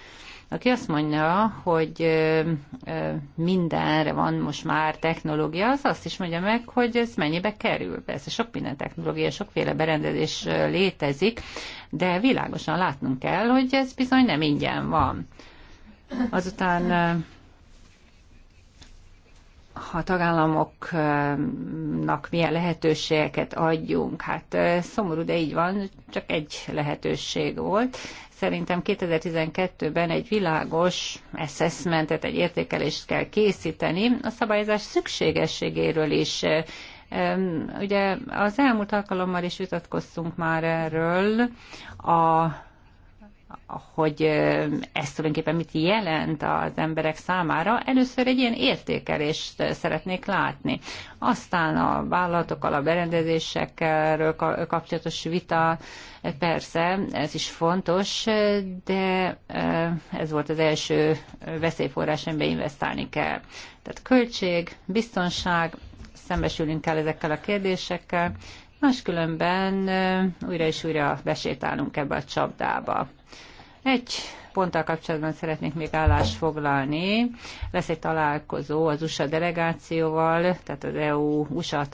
aki azt mondja, hogy mindenre van most már technológia, az azt is mondja meg, hogy ez mennyibe kerül. Persze sok minden technológia, sokféle berendezés létezik, de világosan látnunk kell, hogy ez bizony nem ingyen van. Azután a tagállamoknak milyen lehetőségeket adjunk. Hát szomorú, de így van, csak egy lehetőség volt, szerintem 2012-ben egy világos assessmentet, egy értékelést kell készíteni a szabályozás szükségességéről is. Ugye az elmúlt alkalommal is vitatkoztunk már erről, a hogy ez tulajdonképpen mit jelent az emberek számára, először egy ilyen értékelést szeretnék látni. Aztán a vállalatokkal, a berendezésekkel kapcsolatos vita, persze, ez is fontos, de ez volt az első veszélyforrás, amiben investálni kell. Tehát költség, biztonság, szembesülünk kell ezekkel a kérdésekkel, máskülönben újra és újra besétálunk ebbe a csapdába. Egy ponttal kapcsolatban szeretnék még állást foglalni. Lesz egy találkozó az USA delegációval, tehát az EU-USA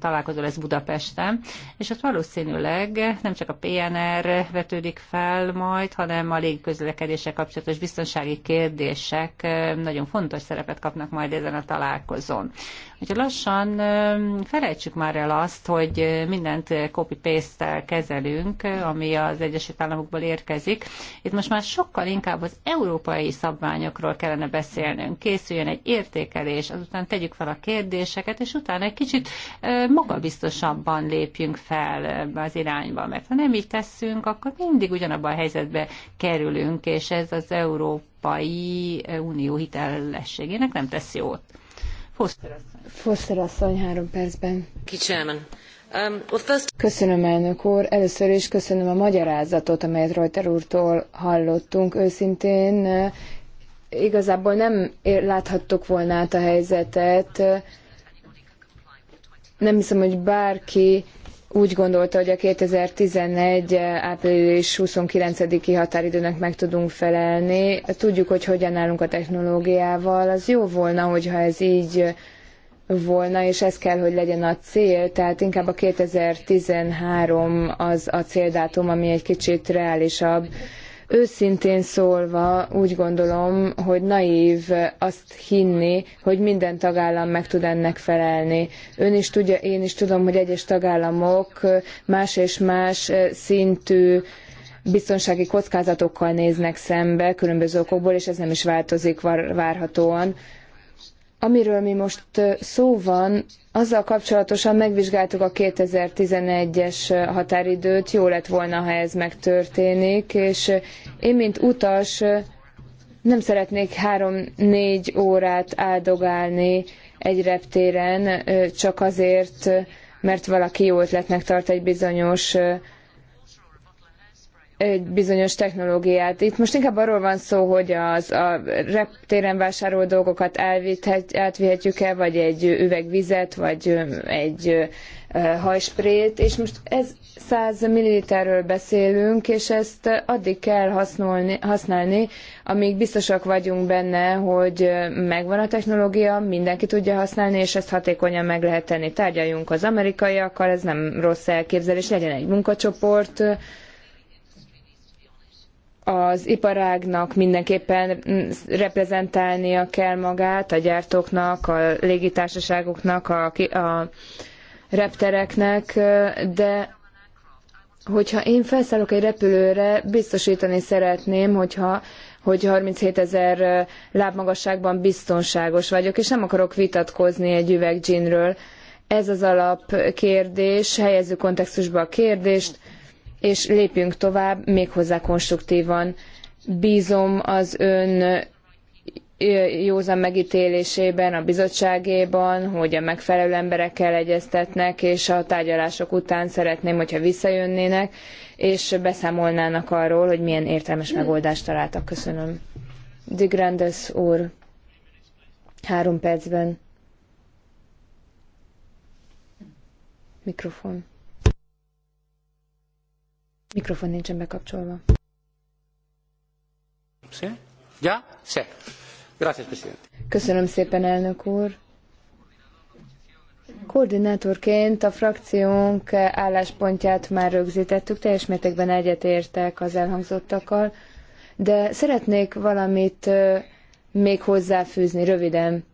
találkozó lesz Budapesten, és ott valószínűleg nem csak a PNR vetődik fel majd, hanem a légiközlekedéssel kapcsolatos biztonsági kérdések nagyon fontos szerepet kapnak majd ezen a találkozón. Hogyha lassan felejtsük már el azt, hogy mindent copy-paste-tel kezelünk, ami az Egyesült Államokból érkezik. Itt most már sokkal inkább az európai szabványokról kellene beszélnünk. Készüljön egy értékelés, azután tegyük fel a kérdéseket, és utána egy kicsit magabiztosabban lépjünk fel az irányba, mert ha nem így tesszünk, akkor mindig ugyanabban a helyzetbe kerülünk, és ez az Európai Unió hitelességének nem tesz jót. Foster asszony. Foster asszony, három percben. Kicsi Um, köszönöm, elnök úr. Először is köszönöm a magyarázatot, amelyet Reuter úrtól hallottunk. Őszintén igazából nem láthattuk volna át a helyzetet. Nem hiszem, hogy bárki úgy gondolta, hogy a 2011. április 29-i határidőnek meg tudunk felelni. Tudjuk, hogy hogyan állunk a technológiával. Az jó volna, hogyha ez így volna, és ez kell, hogy legyen a cél, tehát inkább a 2013 az a céldátum, ami egy kicsit reálisabb. Őszintén szólva úgy gondolom, hogy naív azt hinni, hogy minden tagállam meg tud ennek felelni. Ön is tudja, én is tudom, hogy egyes tagállamok más és más szintű biztonsági kockázatokkal néznek szembe különböző okokból, és ez nem is változik várhatóan. Amiről mi most szó van, azzal kapcsolatosan megvizsgáltuk a 2011-es határidőt, jó lett volna, ha ez megtörténik, és én, mint utas, nem szeretnék három-négy órát áldogálni egy reptéren, csak azért, mert valaki jó ötletnek tart egy bizonyos egy bizonyos technológiát. Itt most inkább arról van szó, hogy az a reptéren vásárol dolgokat átvihetjük el, vagy egy üvegvizet, vagy egy hajsprét, és most ez 100 milliliterről beszélünk, és ezt addig kell használni, használni, amíg biztosak vagyunk benne, hogy megvan a technológia, mindenki tudja használni, és ezt hatékonyan meg lehet tenni. Tárgyaljunk az amerikaiakkal, ez nem rossz elképzelés, legyen egy munkacsoport, az iparágnak mindenképpen reprezentálnia kell magát, a gyártóknak, a légitársaságoknak, a, a reptereknek, de hogyha én felszállok egy repülőre, biztosítani szeretném, hogyha hogy 37 ezer lábmagasságban biztonságos vagyok, és nem akarok vitatkozni egy üveg Ez az alapkérdés, helyezzük kontextusba a kérdést, és lépjünk tovább, méghozzá konstruktívan. Bízom az ön józan megítélésében, a bizottságében, hogy a megfelelő emberekkel egyeztetnek, és a tárgyalások után szeretném, hogyha visszajönnének, és beszámolnának arról, hogy milyen értelmes megoldást találtak. Köszönöm. De úr, három percben. Mikrofon. Mikrofon nincsen bekapcsolva. Ja? Köszönöm szépen, elnök úr. Koordinátorként a frakciónk álláspontját már rögzítettük, teljes mértékben egyetértek az elhangzottakkal, de szeretnék valamit még hozzáfűzni röviden.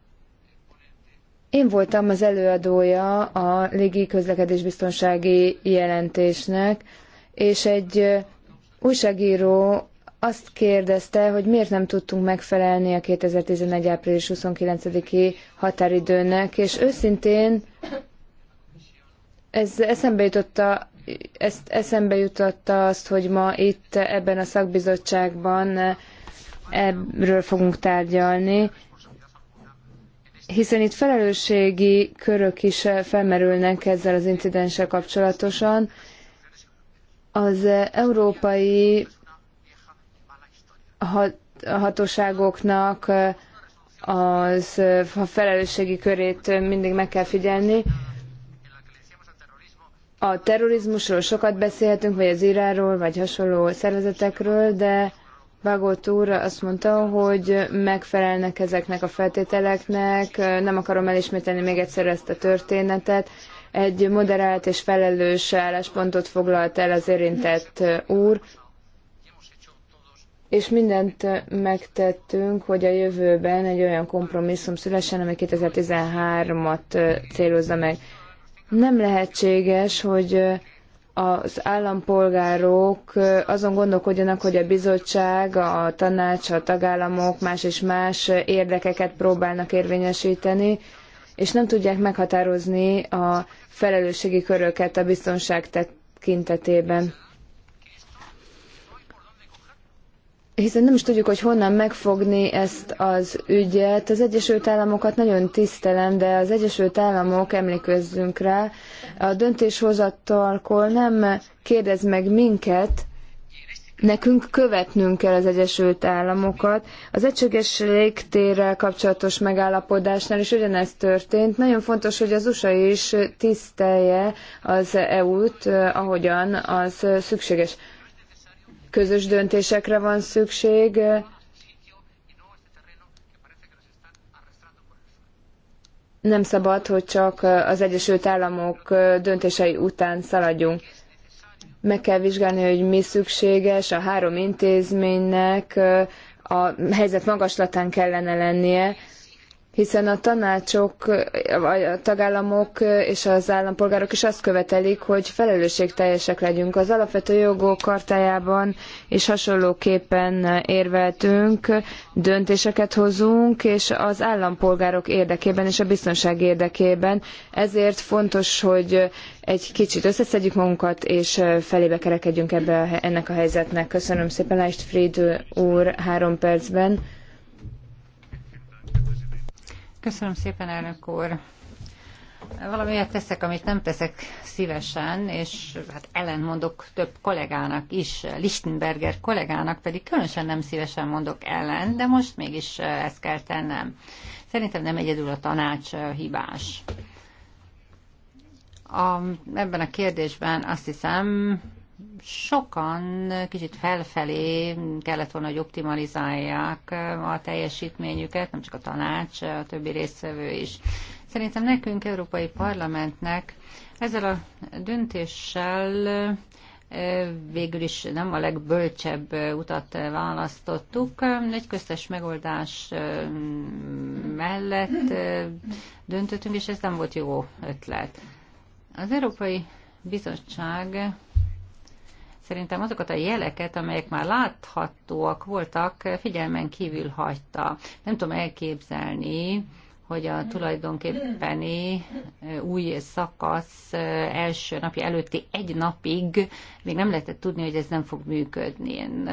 Én voltam az előadója a légi közlekedésbiztonsági jelentésnek, és egy újságíró azt kérdezte, hogy miért nem tudtunk megfelelni a 2014. április 29-i határidőnek, és őszintén ez eszembe jutotta, ezt eszembe jutotta azt, hogy ma itt ebben a szakbizottságban erről fogunk tárgyalni, hiszen itt felelősségi körök is felmerülnek ezzel az incidenssel kapcsolatosan, az európai hatóságoknak eh, az eh, a felelősségi körét mindig meg kell figyelni. A terrorizmusról sokat beszélhetünk, vagy az iráról, vagy hasonló szervezetekről, de Bagot úr azt mondta, hogy megfelelnek ezeknek a feltételeknek, nem akarom elismételni még egyszer ezt a történetet, egy moderált és felelős álláspontot foglalt el az érintett úr, és mindent megtettünk, hogy a jövőben egy olyan kompromisszum szülessen, amely 2013-at célozza meg. Nem lehetséges, hogy az állampolgárok azon gondolkodjanak, hogy a bizottság, a tanács, a tagállamok más és más érdekeket próbálnak érvényesíteni, és nem tudják meghatározni a felelősségi köröket a biztonság tekintetében. Hiszen nem is tudjuk, hogy honnan megfogni ezt az ügyet. Az Egyesült Államokat nagyon tisztelem, de az Egyesült Államok, emlékezzünk rá, a döntéshozatalkor nem kérdez meg minket, Nekünk követnünk kell az Egyesült Államokat. Az egységes légtérrel kapcsolatos megállapodásnál is ugyanezt történt. Nagyon fontos, hogy az USA is tisztelje az EU-t, ahogyan az szükséges. Közös döntésekre van szükség. Nem szabad, hogy csak az Egyesült Államok döntései után szaladjunk meg kell vizsgálni, hogy mi szükséges a három intézménynek, a helyzet magaslatán kellene lennie, hiszen a tanácsok, a tagállamok és az állampolgárok is azt követelik, hogy felelősségteljesek legyünk. Az alapvető jogok kartájában és hasonlóképpen érveltünk, döntéseket hozunk, és az állampolgárok érdekében és a biztonság érdekében. Ezért fontos, hogy egy kicsit összeszedjük magunkat, és felébe kerekedjünk ebbe ennek a helyzetnek. Köszönöm szépen, Leist Fried úr, három percben. Köszönöm szépen, elnök úr. Valamiért teszek, amit nem teszek szívesen, és hát ellenmondok több kollégának is, Lichtenberger kollégának pedig különösen nem szívesen mondok ellen, de most mégis eh, ezt kell tennem. Szerintem nem egyedül a tanács eh, hibás. A, ebben a kérdésben azt hiszem, sokan kicsit felfelé kellett volna, hogy optimalizálják a teljesítményüket, nem csak a tanács, a többi résztvevő is. Szerintem nekünk, Európai Parlamentnek ezzel a döntéssel végül is nem a legbölcsebb utat választottuk. Egy köztes megoldás mellett döntöttünk, és ez nem volt jó ötlet. Az Európai Bizottság szerintem azokat a jeleket, amelyek már láthatóak voltak, figyelmen kívül hagyta. Nem tudom elképzelni, hogy a tulajdonképpeni új szakasz első napja előtti egy napig még nem lehetett tudni, hogy ez nem fog működni. Én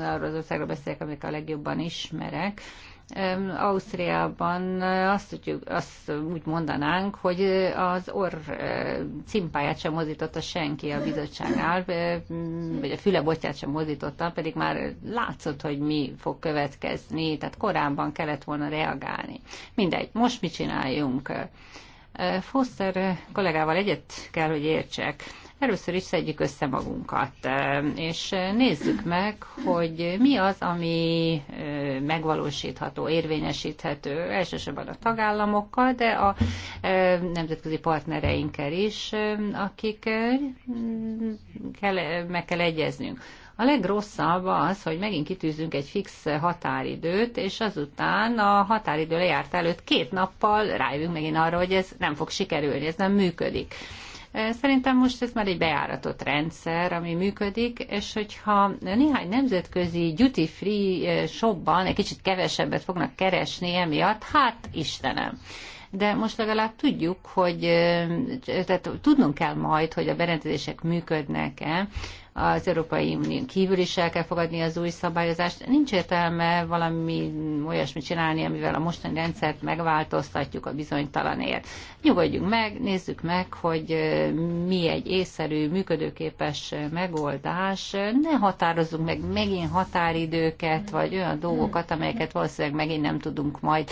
arról az országról beszélek, amiket a legjobban ismerek, Ausztriában azt, tudjuk, azt úgy mondanánk, hogy az orr cimpáját sem mozította senki a bizottságnál, vagy a fülebotját sem mozította, pedig már látszott, hogy mi fog következni, tehát korábban kellett volna reagálni. Mindegy, most mit csináljunk? Foster kollégával egyet kell, hogy értsek Először is szedjük össze magunkat, és nézzük meg, hogy mi az, ami megvalósítható, érvényesíthető, elsősorban a tagállamokkal, de a nemzetközi partnereinkkel is, akik kell, meg kell egyeznünk. A legrosszabb az, hogy megint kitűzünk egy fix határidőt, és azután a határidő lejárt előtt két nappal rájövünk megint arra, hogy ez nem fog sikerülni, ez nem működik. Szerintem most ez már egy beáratott rendszer, ami működik, és hogyha néhány nemzetközi duty free eh, shopban egy kicsit kevesebbet fognak keresni emiatt, hát Istenem de most legalább tudjuk, hogy eh, tehát tudnunk kell majd, hogy a berendezések működnek-e, az Európai Unión kívül is el kell fogadni az új szabályozást. Nincs értelme valami olyasmit csinálni, amivel a mostani rendszert megváltoztatjuk a bizonytalanért. Nyugodjunk meg, nézzük meg, hogy mi egy észszerű, működőképes megoldás. Ne határozzunk meg megint határidőket, vagy olyan dolgokat, amelyeket valószínűleg megint nem tudunk majd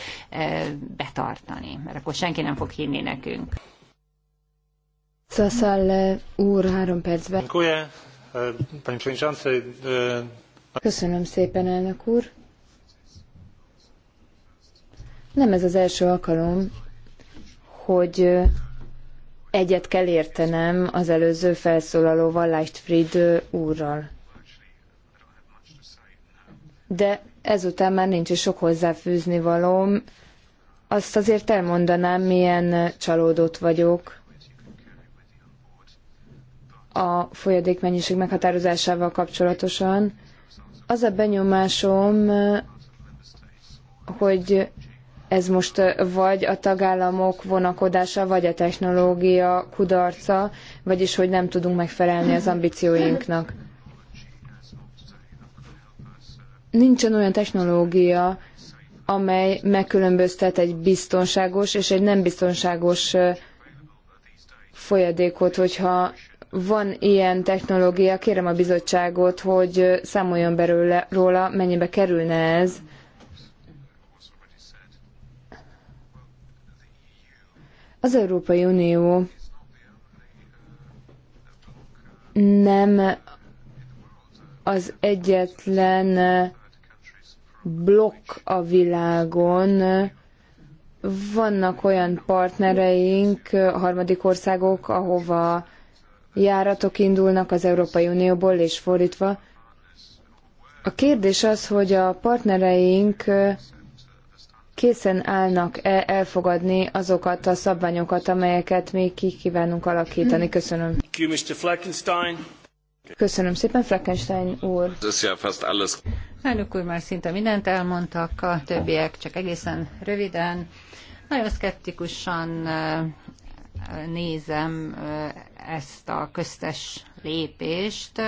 betartani, mert akkor senki nem fog hinni nekünk. Szaszal úr, három percben. Dziękuję. E, Köszönöm szépen, elnök úr. Nem ez az első alkalom, hogy egyet kell értenem az előző felszólaló Leichtfried úrral. De ezután már nincs is sok hozzáfűzni valóm. Azt azért elmondanám, milyen csalódott vagyok a folyadékmennyiség meghatározásával kapcsolatosan. Az a benyomásom, hogy ez most vagy a tagállamok vonakodása, vagy a technológia kudarca, vagyis hogy nem tudunk megfelelni az ambícióinknak. Nincsen olyan technológia, amely megkülönböztet egy biztonságos és egy nem biztonságos folyadékot, hogyha van ilyen technológia, kérem a bizottságot, hogy számoljon belőle róla, mennyibe kerülne ez. Az Európai Unió nem az egyetlen blokk a világon. Vannak olyan partnereink, harmadik országok, ahova járatok indulnak az Európai Unióból, és fordítva. A kérdés az, hogy a partnereink készen állnak-e elfogadni azokat a szabványokat, amelyeket még ki kívánunk alakítani. Köszönöm. Köszönöm szépen, Fleckenstein úr. Elnök úr már szinte mindent elmondtak, a többiek csak egészen röviden. Nagyon szkeptikusan nézem ezt a köztes lépést,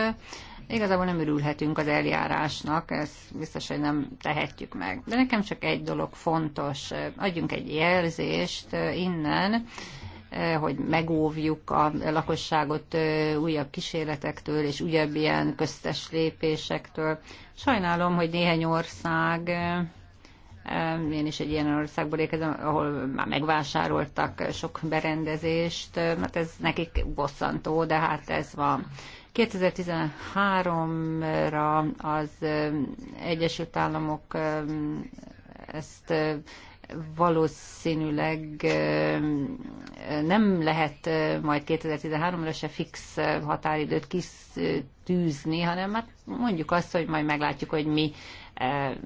igazából nem örülhetünk az eljárásnak, ezt biztos, hogy nem tehetjük meg. De nekem csak egy dolog fontos, adjunk egy jelzést innen, hogy megóvjuk a lakosságot újabb kísérletektől és újabb ilyen köztes lépésektől. Sajnálom, hogy néhány ország én is egy ilyen országból érkezem, ahol már megvásároltak sok berendezést, mert ez nekik bosszantó, de hát ez van. 2013-ra az Egyesült Államok ezt valószínűleg nem lehet majd 2013-ra se fix határidőt kitűzni, hanem hát mondjuk azt, hogy majd meglátjuk, hogy mi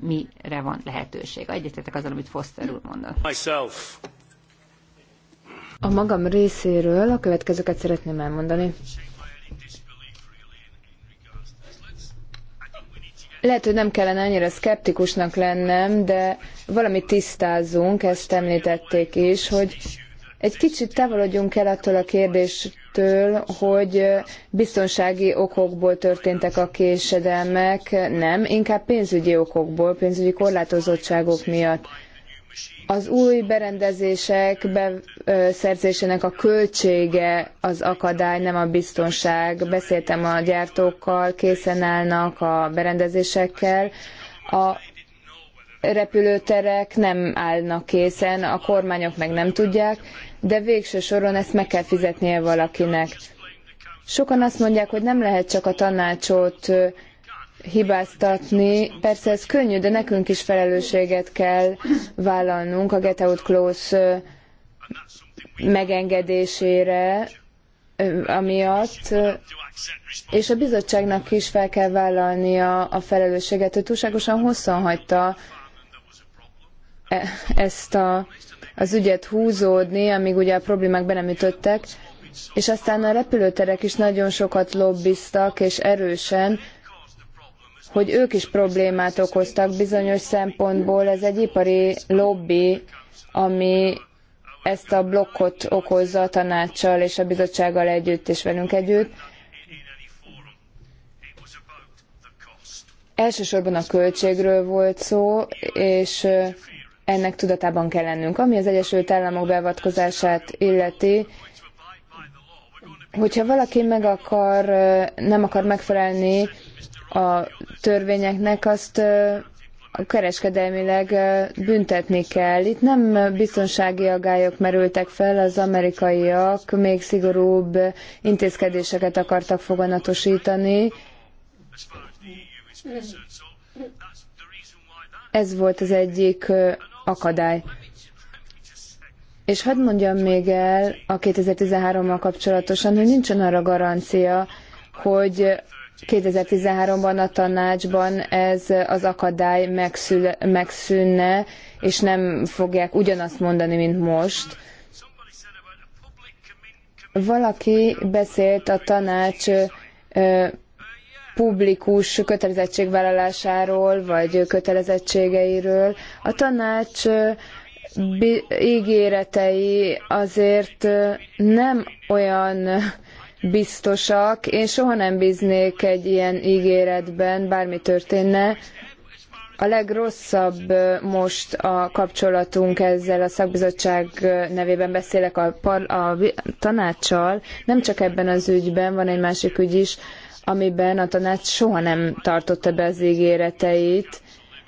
mire van lehetőség. Egyetetek azzal, amit Foster úr mondott. Myself. A magam részéről a következőket szeretném elmondani. Lehet, hogy nem kellene annyira szkeptikusnak lennem, de valamit tisztázzunk, ezt említették is, hogy egy kicsit távolodjunk el attól a kérdéstől, hogy biztonsági okokból történtek a késedelmek, nem, inkább pénzügyi okokból, pénzügyi korlátozottságok miatt az új berendezések beszerzésének a költsége az akadály, nem a biztonság. Beszéltem a gyártókkal, készen állnak a berendezésekkel. A repülőterek nem állnak készen, a kormányok meg nem tudják, de végső soron ezt meg kell fizetnie valakinek. Sokan azt mondják, hogy nem lehet csak a tanácsot hibáztatni. Persze ez könnyű, de nekünk is felelősséget kell vállalnunk a Get Out Close megengedésére, amiatt, és a bizottságnak is fel kell vállalnia a felelősséget, hogy túlságosan hosszan hagyta e-, ezt a, az ügyet húzódni, amíg ugye a problémák be nem ütöttek, és aztán a repülőterek is nagyon sokat lobbiztak, és erősen, hogy ők is problémát okoztak bizonyos szempontból. Ez egy ipari lobby, ami ezt a blokkot okozza a tanácssal és a bizottsággal együtt és velünk együtt. Elsősorban a költségről volt szó, és ennek tudatában kell lennünk. Ami az Egyesült Államok beavatkozását illeti, hogyha valaki meg akar, nem akar megfelelni a törvényeknek, azt kereskedelmileg büntetni kell. Itt nem biztonsági agályok merültek fel, az amerikaiak még szigorúbb intézkedéseket akartak foganatosítani. Ez volt az egyik akadály. És hadd mondjam még el a 2013-mal kapcsolatosan, hogy nincsen arra garancia, hogy 2013-ban a tanácsban ez az akadály megszül, megszűnne, és nem fogják ugyanazt mondani, mint most. Valaki beszélt a tanács publikus kötelezettségvállalásáról, vagy kötelezettségeiről. A tanács ígéretei azért nem olyan biztosak. Én soha nem bíznék egy ilyen ígéretben, bármi történne. A legrosszabb most a kapcsolatunk ezzel a szakbizottság nevében beszélek a, par- a tanácssal. Nem csak ebben az ügyben, van egy másik ügy is, amiben a tanács soha nem tartotta be az ígéreteit.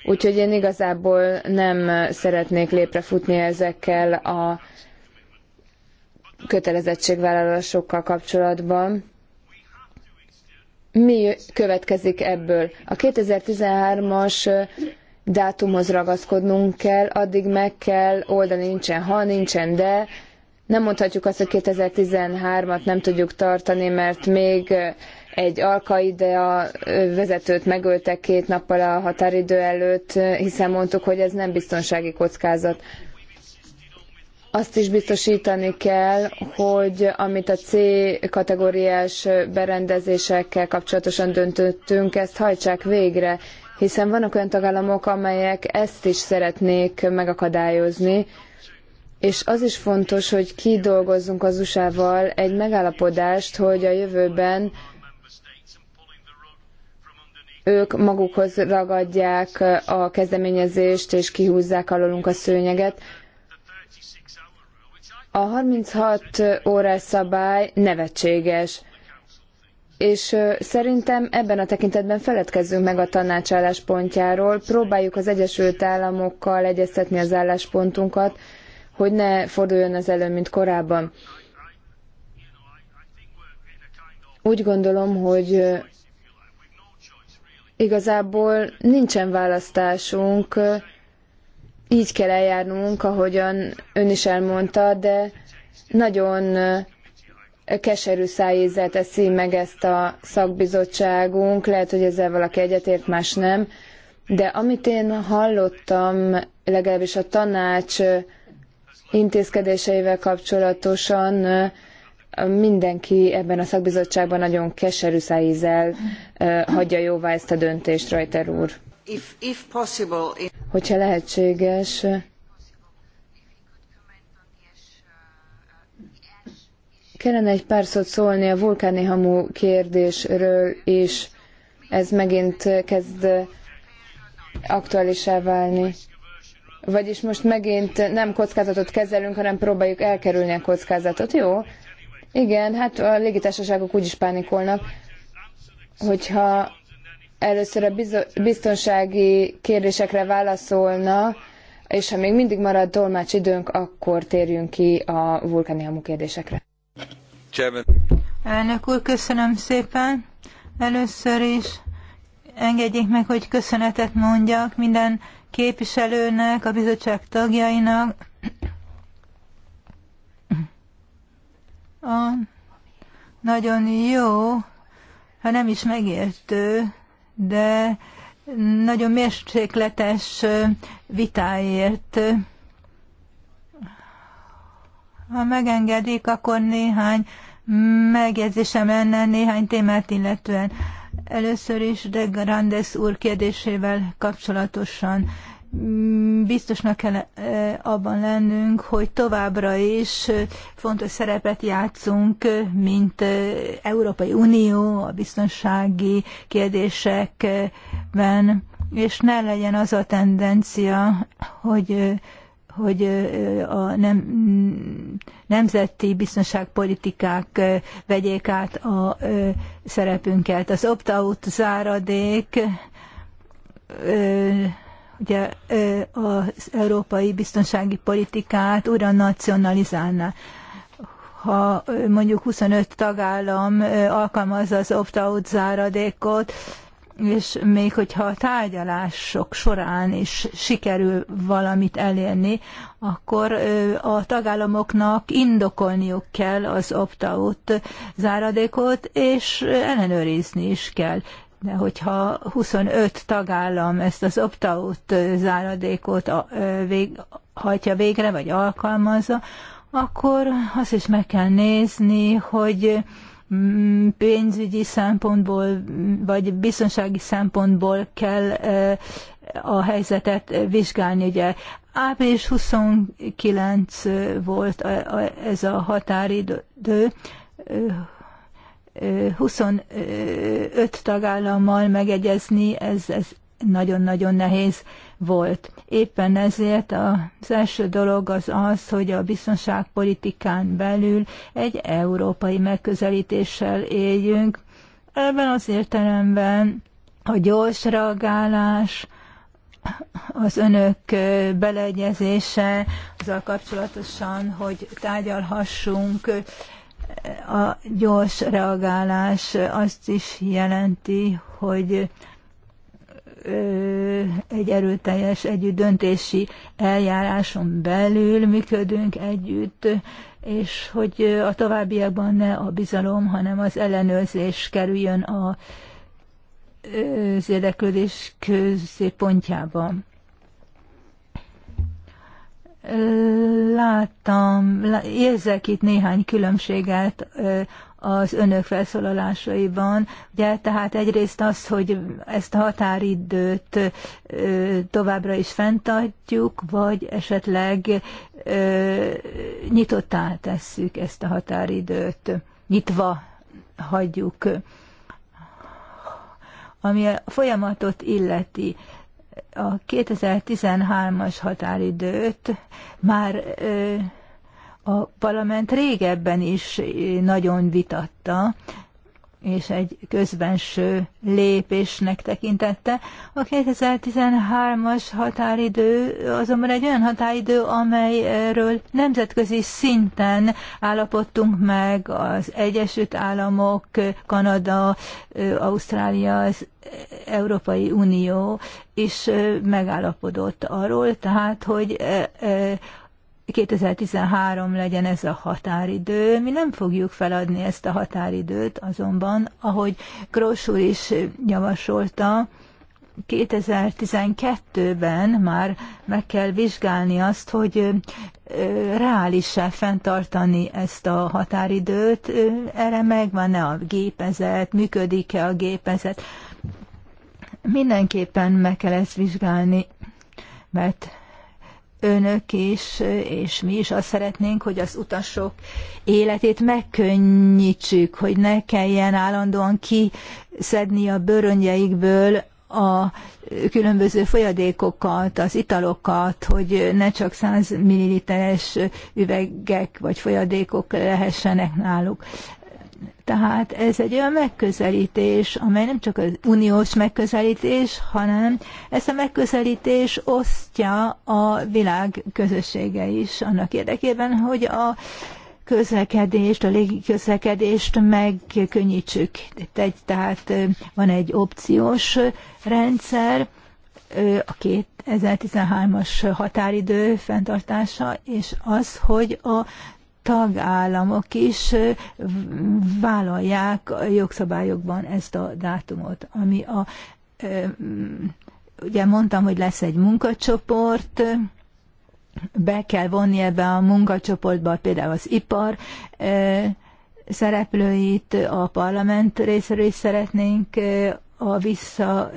Úgyhogy én igazából nem szeretnék léprefutni ezekkel a kötelezettségvállalásokkal kapcsolatban. Mi következik ebből? A 2013-as dátumhoz ragaszkodnunk kell, addig meg kell oldani, nincsen ha, nincsen de. Nem mondhatjuk azt, hogy 2013-at nem tudjuk tartani, mert még egy alkaidea vezetőt megöltek két nappal a határidő előtt, hiszen mondtuk, hogy ez nem biztonsági kockázat azt is biztosítani kell, hogy amit a C kategóriás berendezésekkel kapcsolatosan döntöttünk, ezt hajtsák végre, hiszen vannak olyan tagállamok, amelyek ezt is szeretnék megakadályozni, és az is fontos, hogy kidolgozzunk az USA-val egy megállapodást, hogy a jövőben ők magukhoz ragadják a kezdeményezést, és kihúzzák alólunk a szőnyeget. A 36 órás szabály nevetséges, és szerintem ebben a tekintetben feledkezzünk meg a tanács álláspontjáról, próbáljuk az Egyesült Államokkal egyeztetni az álláspontunkat, hogy ne forduljon az elő, mint korábban. Úgy gondolom, hogy igazából nincsen választásunk, így kell eljárnunk, ahogyan ön is elmondta, de nagyon eh, keserű szájézzel teszi meg ezt a szakbizottságunk, lehet, hogy ezzel valaki egyetért, más nem, de amit én hallottam, legalábbis a tanács eh, intézkedéseivel kapcsolatosan, eh, mindenki ebben a szakbizottságban nagyon keserű szájézzel hagyja jóvá ezt a döntést, Rajter úr. Hogyha lehetséges, kellene egy pár szót szólni a vulkáni hamu kérdésről is. Ez megint kezd aktuálisá válni. Vagyis most megint nem kockázatot kezelünk, hanem próbáljuk elkerülni a kockázatot. Jó? Igen, hát a légitársaságok úgyis pánikolnak, hogyha először a biztonsági kérdésekre válaszolna, és ha még mindig marad tolmács időnk, akkor térjünk ki a vulkáni kérdésekre. Chairman. Elnök úr, köszönöm szépen. Először is engedjék meg, hogy köszönetet mondjak minden képviselőnek, a bizottság tagjainak. A nagyon jó, ha nem is megértő de nagyon mérsékletes vitáért. Ha megengedik, akkor néhány megjegyzésem lenne néhány témát illetően. Először is de Grandes úr kérdésével kapcsolatosan Mm, biztosnak kell eh, abban lennünk, hogy továbbra is eh, fontos szerepet játszunk, eh, mint Európai Unió a biztonsági kérdésekben, és ne legyen az a tendencia, hogy hogy a nem, nemzeti biztonságpolitikák vegyék át a szerepünket. Az opt-out záradék ugye az európai biztonsági politikát újra nacionalizálná. Ha mondjuk 25 tagállam alkalmazza az opt-out záradékot, és még hogyha a tárgyalások során is sikerül valamit elérni, akkor a tagállamoknak indokolniuk kell az opt-out záradékot, és ellenőrizni is kell. De hogyha 25 tagállam ezt az opt-out záradékot a, vég, hajtja végre, vagy alkalmazza, akkor azt is meg kell nézni, hogy mm, pénzügyi szempontból, vagy biztonsági szempontból kell a helyzetet vizsgálni. Ugye április 29 volt ez a határidő, 25 tagállammal megegyezni, ez, ez nagyon-nagyon nehéz volt. Éppen ezért az első dolog az az, hogy a biztonságpolitikán belül egy európai megközelítéssel éljünk. Ebben az értelemben a gyors reagálás, az önök beleegyezése azzal kapcsolatosan, hogy tárgyalhassunk a gyors reagálás azt is jelenti, hogy egy erőteljes együtt döntési eljáráson belül működünk együtt, és hogy a továbbiakban ne a bizalom, hanem az ellenőrzés kerüljön a, az érdeklődés középpontjába láttam, érzek itt néhány különbséget az önök felszólalásaiban. Ugye, tehát egyrészt az, hogy ezt a határidőt továbbra is fenntartjuk, vagy esetleg nyitottá tesszük ezt a határidőt, nyitva hagyjuk, ami a folyamatot illeti a 2013-as határidőt már a parlament régebben is nagyon vitatta, és egy közbenső lépésnek tekintette. A 2013-as határidő azonban egy olyan határidő, amelyről nemzetközi szinten állapodtunk meg az Egyesült Államok, Kanada, Ausztrália, az Európai Unió is megállapodott arról, tehát, hogy 2013 legyen ez a határidő. Mi nem fogjuk feladni ezt a határidőt, azonban, ahogy Gross úr is javasolta, 2012-ben már meg kell vizsgálni azt, hogy reális-e fenntartani ezt a határidőt, erre megvan-e a gépezet, működik-e a gépezet. Mindenképpen meg kell ezt vizsgálni, mert önök is, és mi is azt szeretnénk, hogy az utasok életét megkönnyítsük, hogy ne kelljen állandóan kiszedni a bőröngyeikből a különböző folyadékokat, az italokat, hogy ne csak 100 milliliteres üvegek vagy folyadékok lehessenek náluk. Tehát ez egy olyan megközelítés, amely nem csak az uniós megközelítés, hanem ezt a megközelítés osztja a világ közössége is annak érdekében, hogy a közlekedést, a közlekedést megkönnyítsük. tehát van egy opciós rendszer, a 2013-as határidő fenntartása, és az, hogy a tagállamok is vállalják a jogszabályokban ezt a dátumot, ami a ugye mondtam, hogy lesz egy munkacsoport, be kell vonni ebbe a munkacsoportba például az ipar szereplőit, a parlament részéről is szeretnénk a vissza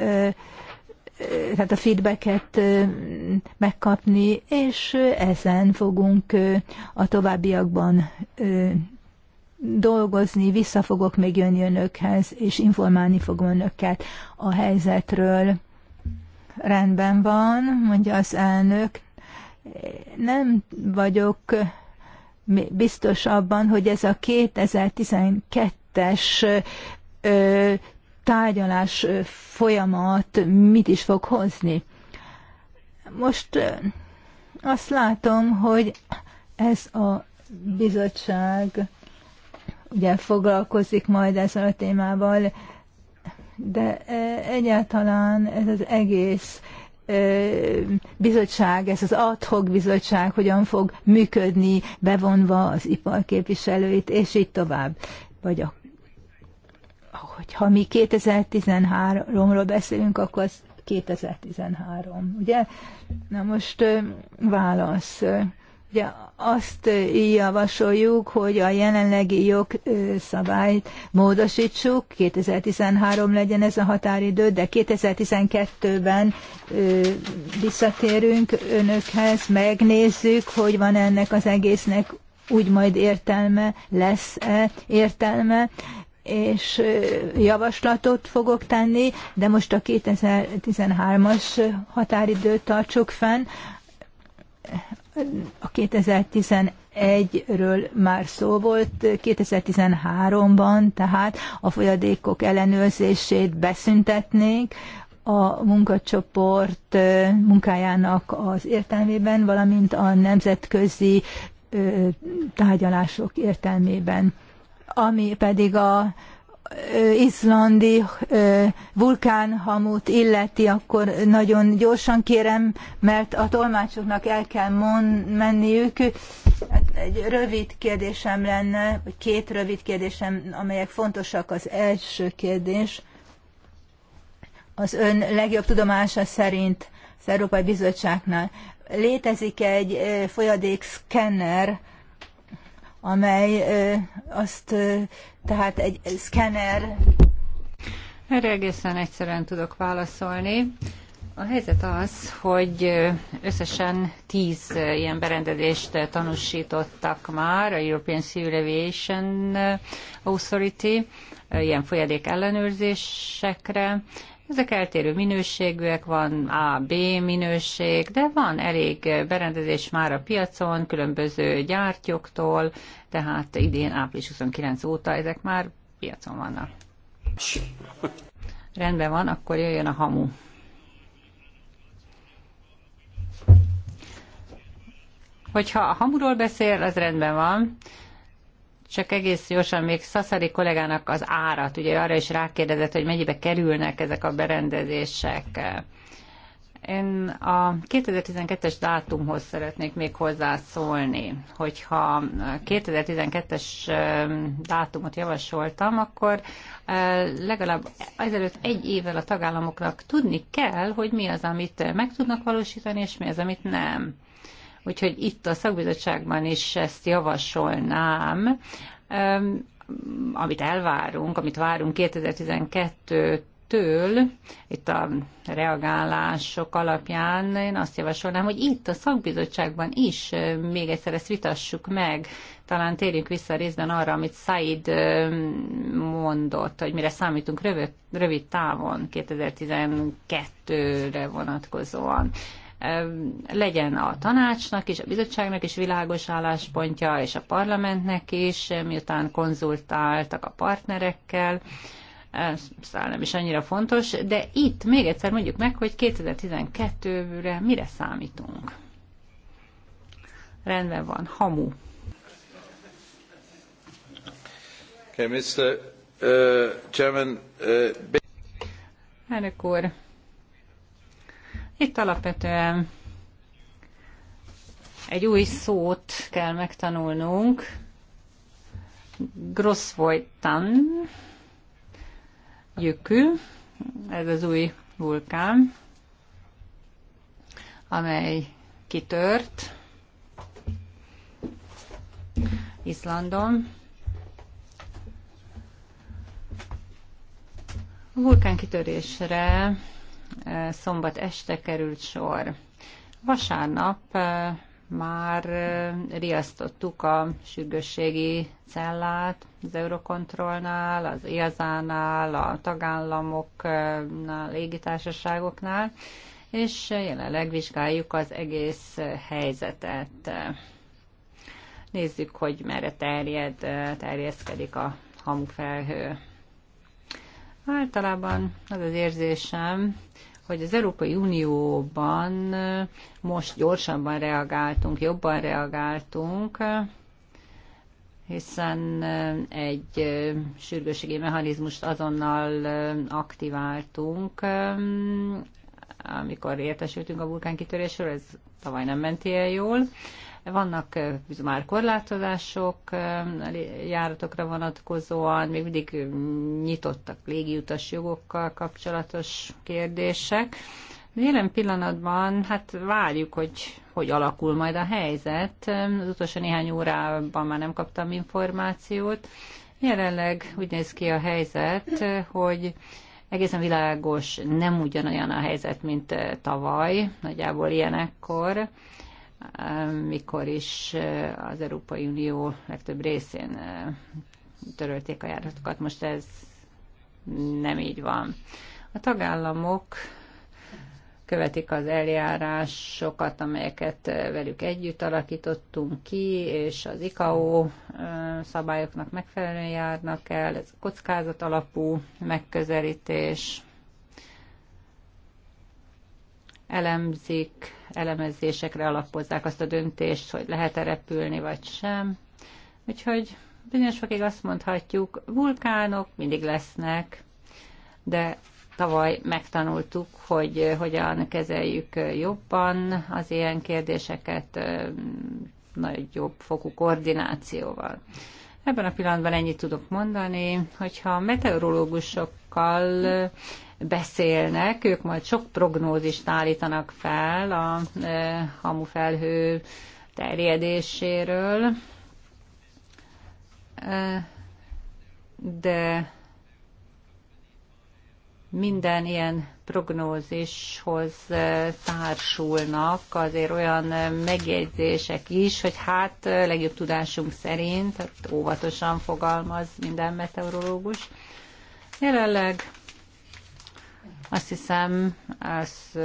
tehát a feedbacket megkapni, és ezen fogunk a továbbiakban dolgozni, vissza fogok még jönni önökhez, és informálni fogom önöket a helyzetről. Rendben van, mondja az elnök. Nem vagyok biztos abban, hogy ez a 2012-es tárgyalás folyamat mit is fog hozni. Most azt látom, hogy ez a bizottság ugye foglalkozik majd ezzel a témával, de egyáltalán ez az egész bizottság, ez az adhok bizottság hogyan fog működni, bevonva az iparképviselőit, és így tovább, vagy a hogyha mi 2013-ról beszélünk, akkor az 2013, ugye? Na most válasz. Ugye azt javasoljuk, hogy a jelenlegi jogszabályt módosítsuk, 2013 legyen ez a határidő, de 2012-ben visszatérünk önökhez, megnézzük, hogy van ennek az egésznek úgy majd értelme, lesz-e értelme, és javaslatot fogok tenni, de most a 2013-as határidőt tartsuk fenn. A 2011-ről már szó volt, 2013-ban tehát a folyadékok ellenőrzését beszüntetnék, a munkacsoport munkájának az értelmében, valamint a nemzetközi tárgyalások értelmében ami pedig a izlandi vulkánhamut illeti, akkor nagyon gyorsan kérem, mert a tolmácsoknak el kell mon- menniük. Hát egy rövid kérdésem lenne, vagy két rövid kérdésem, amelyek fontosak. Az első kérdés az ön legjobb tudomása szerint az Európai Bizottságnál létezik egy folyadékszkenner, amely azt tehát egy szkenner. Erre egészen egyszerűen tudok válaszolni. A helyzet az, hogy összesen tíz ilyen berendezést tanúsítottak már a European Civil Aviation Authority, ilyen folyadék ellenőrzésekre, ezek eltérő minőségűek, van A, B minőség, de van elég berendezés már a piacon, különböző gyártyoktól, tehát idén április 29 óta ezek már piacon vannak. Rendben van, akkor jöjjön a hamu. Hogyha a hamuról beszél, az rendben van, csak egész gyorsan még Szaszari kollégának az árat, ugye arra is rákérdezett, hogy mennyibe kerülnek ezek a berendezések. Én a 2012-es dátumhoz szeretnék még hozzászólni, hogyha 2012-es dátumot javasoltam, akkor legalább ezelőtt egy évvel a tagállamoknak tudni kell, hogy mi az, amit meg tudnak valósítani, és mi az, amit nem. Úgyhogy itt a szakbizottságban is ezt javasolnám, amit elvárunk, amit várunk 2012 től, itt a reagálások alapján én azt javasolnám, hogy itt a szakbizottságban is még egyszer ezt vitassuk meg, talán térjünk vissza részben arra, amit Said mondott, hogy mire számítunk rövid, rövid távon, 2012-re vonatkozóan legyen a tanácsnak és a bizottságnak is világos álláspontja, és a parlamentnek is, miután konzultáltak a partnerekkel, szóval nem is annyira fontos, de itt még egyszer mondjuk meg, hogy 2012-re mire számítunk. Rendben van, hamu. Okay, Mr. Uh, Chairman, uh, Elnök úr, itt alapvetően egy új szót kell megtanulnunk. Grossvojtan jökű, ez az új vulkán, amely kitört Izlandon. A kitörésre Eh, szombat este került sor. Vasárnap eh, már eh, riasztottuk a sürgősségi cellát az Eurocontrolnál, az iaz nál a tagállamoknál, légitársaságoknál, és jelenleg vizsgáljuk az egész helyzetet. Nézzük, hogy merre terjed, terjeszkedik a hamufelhő. Általában az az érzésem, hogy az Európai Unióban most gyorsabban reagáltunk, jobban reagáltunk, hiszen egy sürgősségi mechanizmust azonnal aktiváltunk, amikor értesültünk a vulkánkitörésről, ez tavaly nem ment ilyen jól. Vannak már korlátozások járatokra vonatkozóan, még mindig nyitottak légiutas jogokkal kapcsolatos kérdések. Jelen pillanatban hát várjuk, hogy hogy alakul majd a helyzet. Az utolsó néhány órában már nem kaptam információt. Jelenleg úgy néz ki a helyzet, hogy egészen világos, nem ugyanolyan a helyzet, mint tavaly, nagyjából ilyenekkor mikor is eh, az Európai Unió legtöbb részén eh, törölték a járatokat. Most ez nem így van. A tagállamok követik az eljárásokat, amelyeket eh, velük együtt alakítottunk ki, és az ICAO szabályoknak megfelelően járnak el. Ez a kockázat alapú megközelítés. elemzik, elemezésekre alapozzák azt a döntést, hogy lehet-e repülni vagy sem. Úgyhogy bizonyos fokig azt mondhatjuk, vulkánok mindig lesznek, de tavaly megtanultuk, hogy eh, hogyan kezeljük eh, jobban az ilyen kérdéseket eh, nagyobb fokú koordinációval. Ebben a pillanatban ennyit tudok mondani, hogyha meteorológusokkal beszélnek, ők majd sok prognózist állítanak fel a e, hamufelhő terjedéséről, e, de minden ilyen prognózishoz társulnak azért olyan megjegyzések is, hogy hát legjobb tudásunk szerint, hát óvatosan fogalmaz minden meteorológus. Jelenleg azt hiszem, az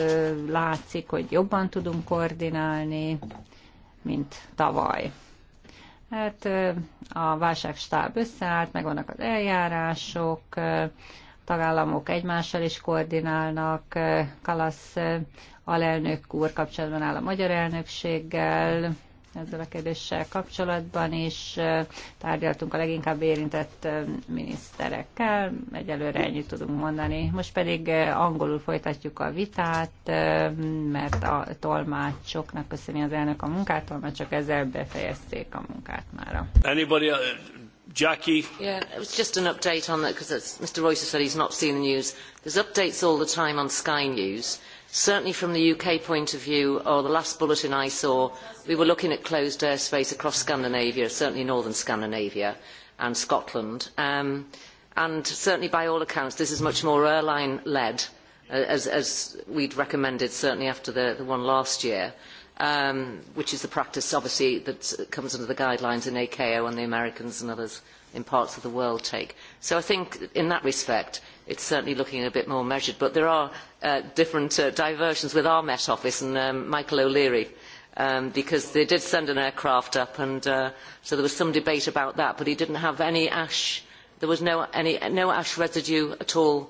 látszik, hogy jobban tudunk koordinálni, mint tavaly. Hát a válságstáb összeállt, meg vannak az eljárások, tagállamok egymással is koordinálnak. Kalasz alelnök úr kapcsolatban áll a magyar elnökséggel, ezzel a kérdéssel kapcsolatban, is tárgyaltunk a leginkább érintett miniszterekkel. Egyelőre ennyit tudunk mondani. Most pedig angolul folytatjuk a vitát, mert a tolmácsoknak köszöni az elnök a munkát, tolmácsok ezzel befejezték a munkát mára. Anybody, uh, Jackie? Yeah, it was just an update on that because Mr Royce said he's not seen the news. There's updates all the time on Sky News. Certainly from the UK point of view, or the last bulletin I saw, we were looking at closed airspace across Scandinavia, certainly northern Scandinavia and Scotland. Um, and certainly by all accounts, this is much more airline-led, uh, as, as we'd recommended certainly after the, the one last year um, which is the practice, obviously, that comes under the guidelines in AKO and the Americans and others in parts of the world take. So I think in that respect, it's certainly looking a bit more measured. But there are uh, different uh, diversions with our Met Office and um, Michael O'Leary, um, because they did send an aircraft up, and uh, so there was some debate about that. But he didn't have any ash. There was no, any, no ash residue at all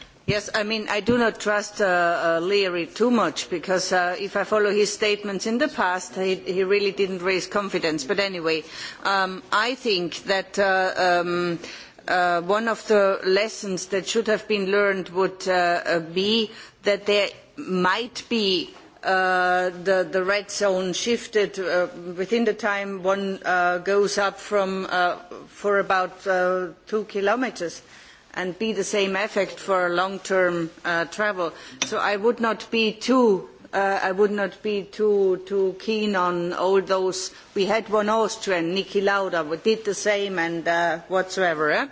Yes, I mean, I do not trust uh, uh, Leary too much because uh, if I follow his statements in the past, he, he really didn't raise confidence. But anyway, um, I think that uh, um, uh, one of the lessons that should have been learned would uh, be that there might be Uh, the, the red zone shifted uh, within the time one uh, goes up from for about two kilometers and be the same effect for long-term uh, travel. So I would not be too uh, I would not be too too keen on all those. We had one Austrian, Niki Lauda, who did the same and uh, whatsoever. Eh?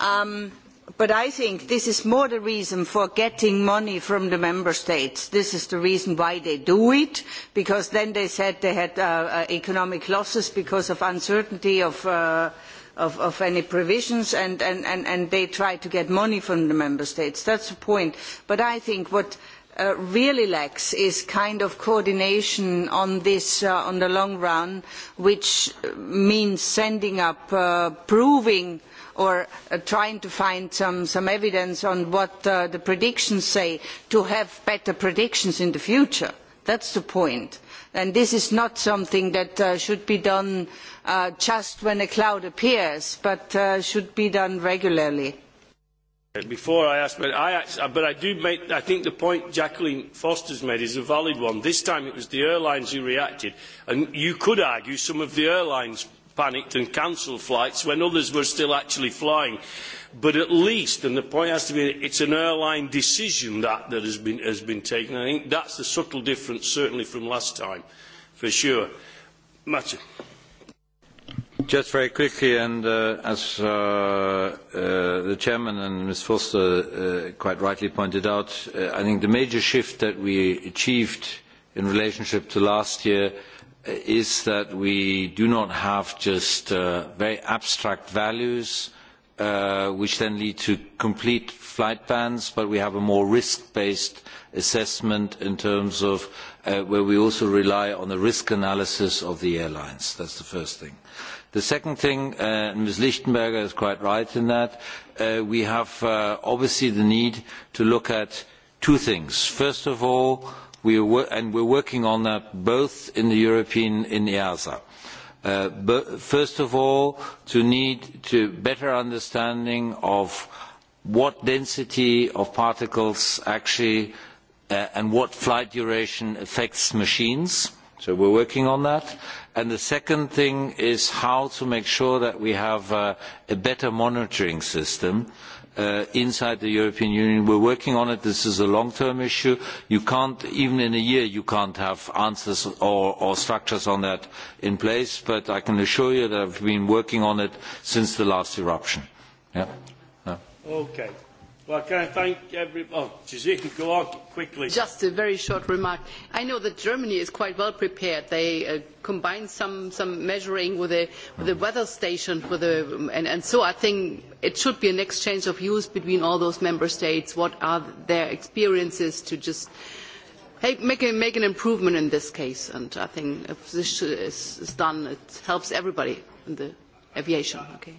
Um, but I think this is more the reason for getting money from the member states. This is the reason why they do it, because then they said they had uh, uh economic losses because of uncertainty of. Uh, of, of any provisions and, and, and, and they try to get money from the member states. That's the point. But I think what uh, really lacks is kind of coordination on this uh, on the long run, which means sending up, uh, proving or uh, trying to find some, some evidence on what uh, the predictions say to have better predictions in the future. That's the point and this is not something that uh, should be done uh, just when a cloud appears but uh, should be done regularly. Before I ask, but I, but I do make, I think the point Jacqueline Foster's made is a valid one. This time it was the airlines who reacted, and you could argue some of the airlines panicked and cancelled flights when others were still actually flying. But at least, and the point has to be, it's an airline decision that, that has, been, has been taken. I think that's the subtle difference, certainly from last time, for sure. Matthew. Just very quickly, and uh, as uh, uh, the chairman and Ms. Foster uh, quite rightly pointed out, uh, I think the major shift that we achieved in relationship to last year is that we do not have just uh, very abstract values uh, which then lead to complete flight bans, but we have a more risk-based assessment in terms of uh, where we also rely on the risk analysis of the airlines. That's the first thing. The second thing, uh, Ms. Lichtenberger is quite right in that, uh, we have uh, obviously the need to look at two things. First of all, and we are working on that both in the European in EASA. E uh, first of all, to need to better understanding of what density of particles actually uh, and what flight duration affects machines. So we are working on that. And the second thing is how to make sure that we have uh, a better monitoring system uh, inside the European Union. We're working on it. This is a long-term issue. You can't, even in a year, you can't have answers or, or structures on that in place, but I can assure you that I've been working on it since the last eruption. Yeah. Yeah. Okay. Well, can I thank every... Oh, Giselle, go on quickly. Just a very short remark. I know that Germany is quite well prepared. They uh, combine some, some measuring with a, with a weather station, with a, and, and so I think it should be an exchange of views between all those member states. What are their experiences to just hey, make, a, make an improvement in this case? And I think if this is, is done, it helps everybody in the aviation. Okay.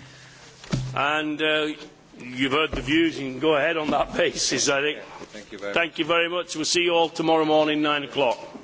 and uh, you've heard the views. You can go ahead on that basis, I think. Thank you very, much. We'll see you all tomorrow morning, nine o'clock.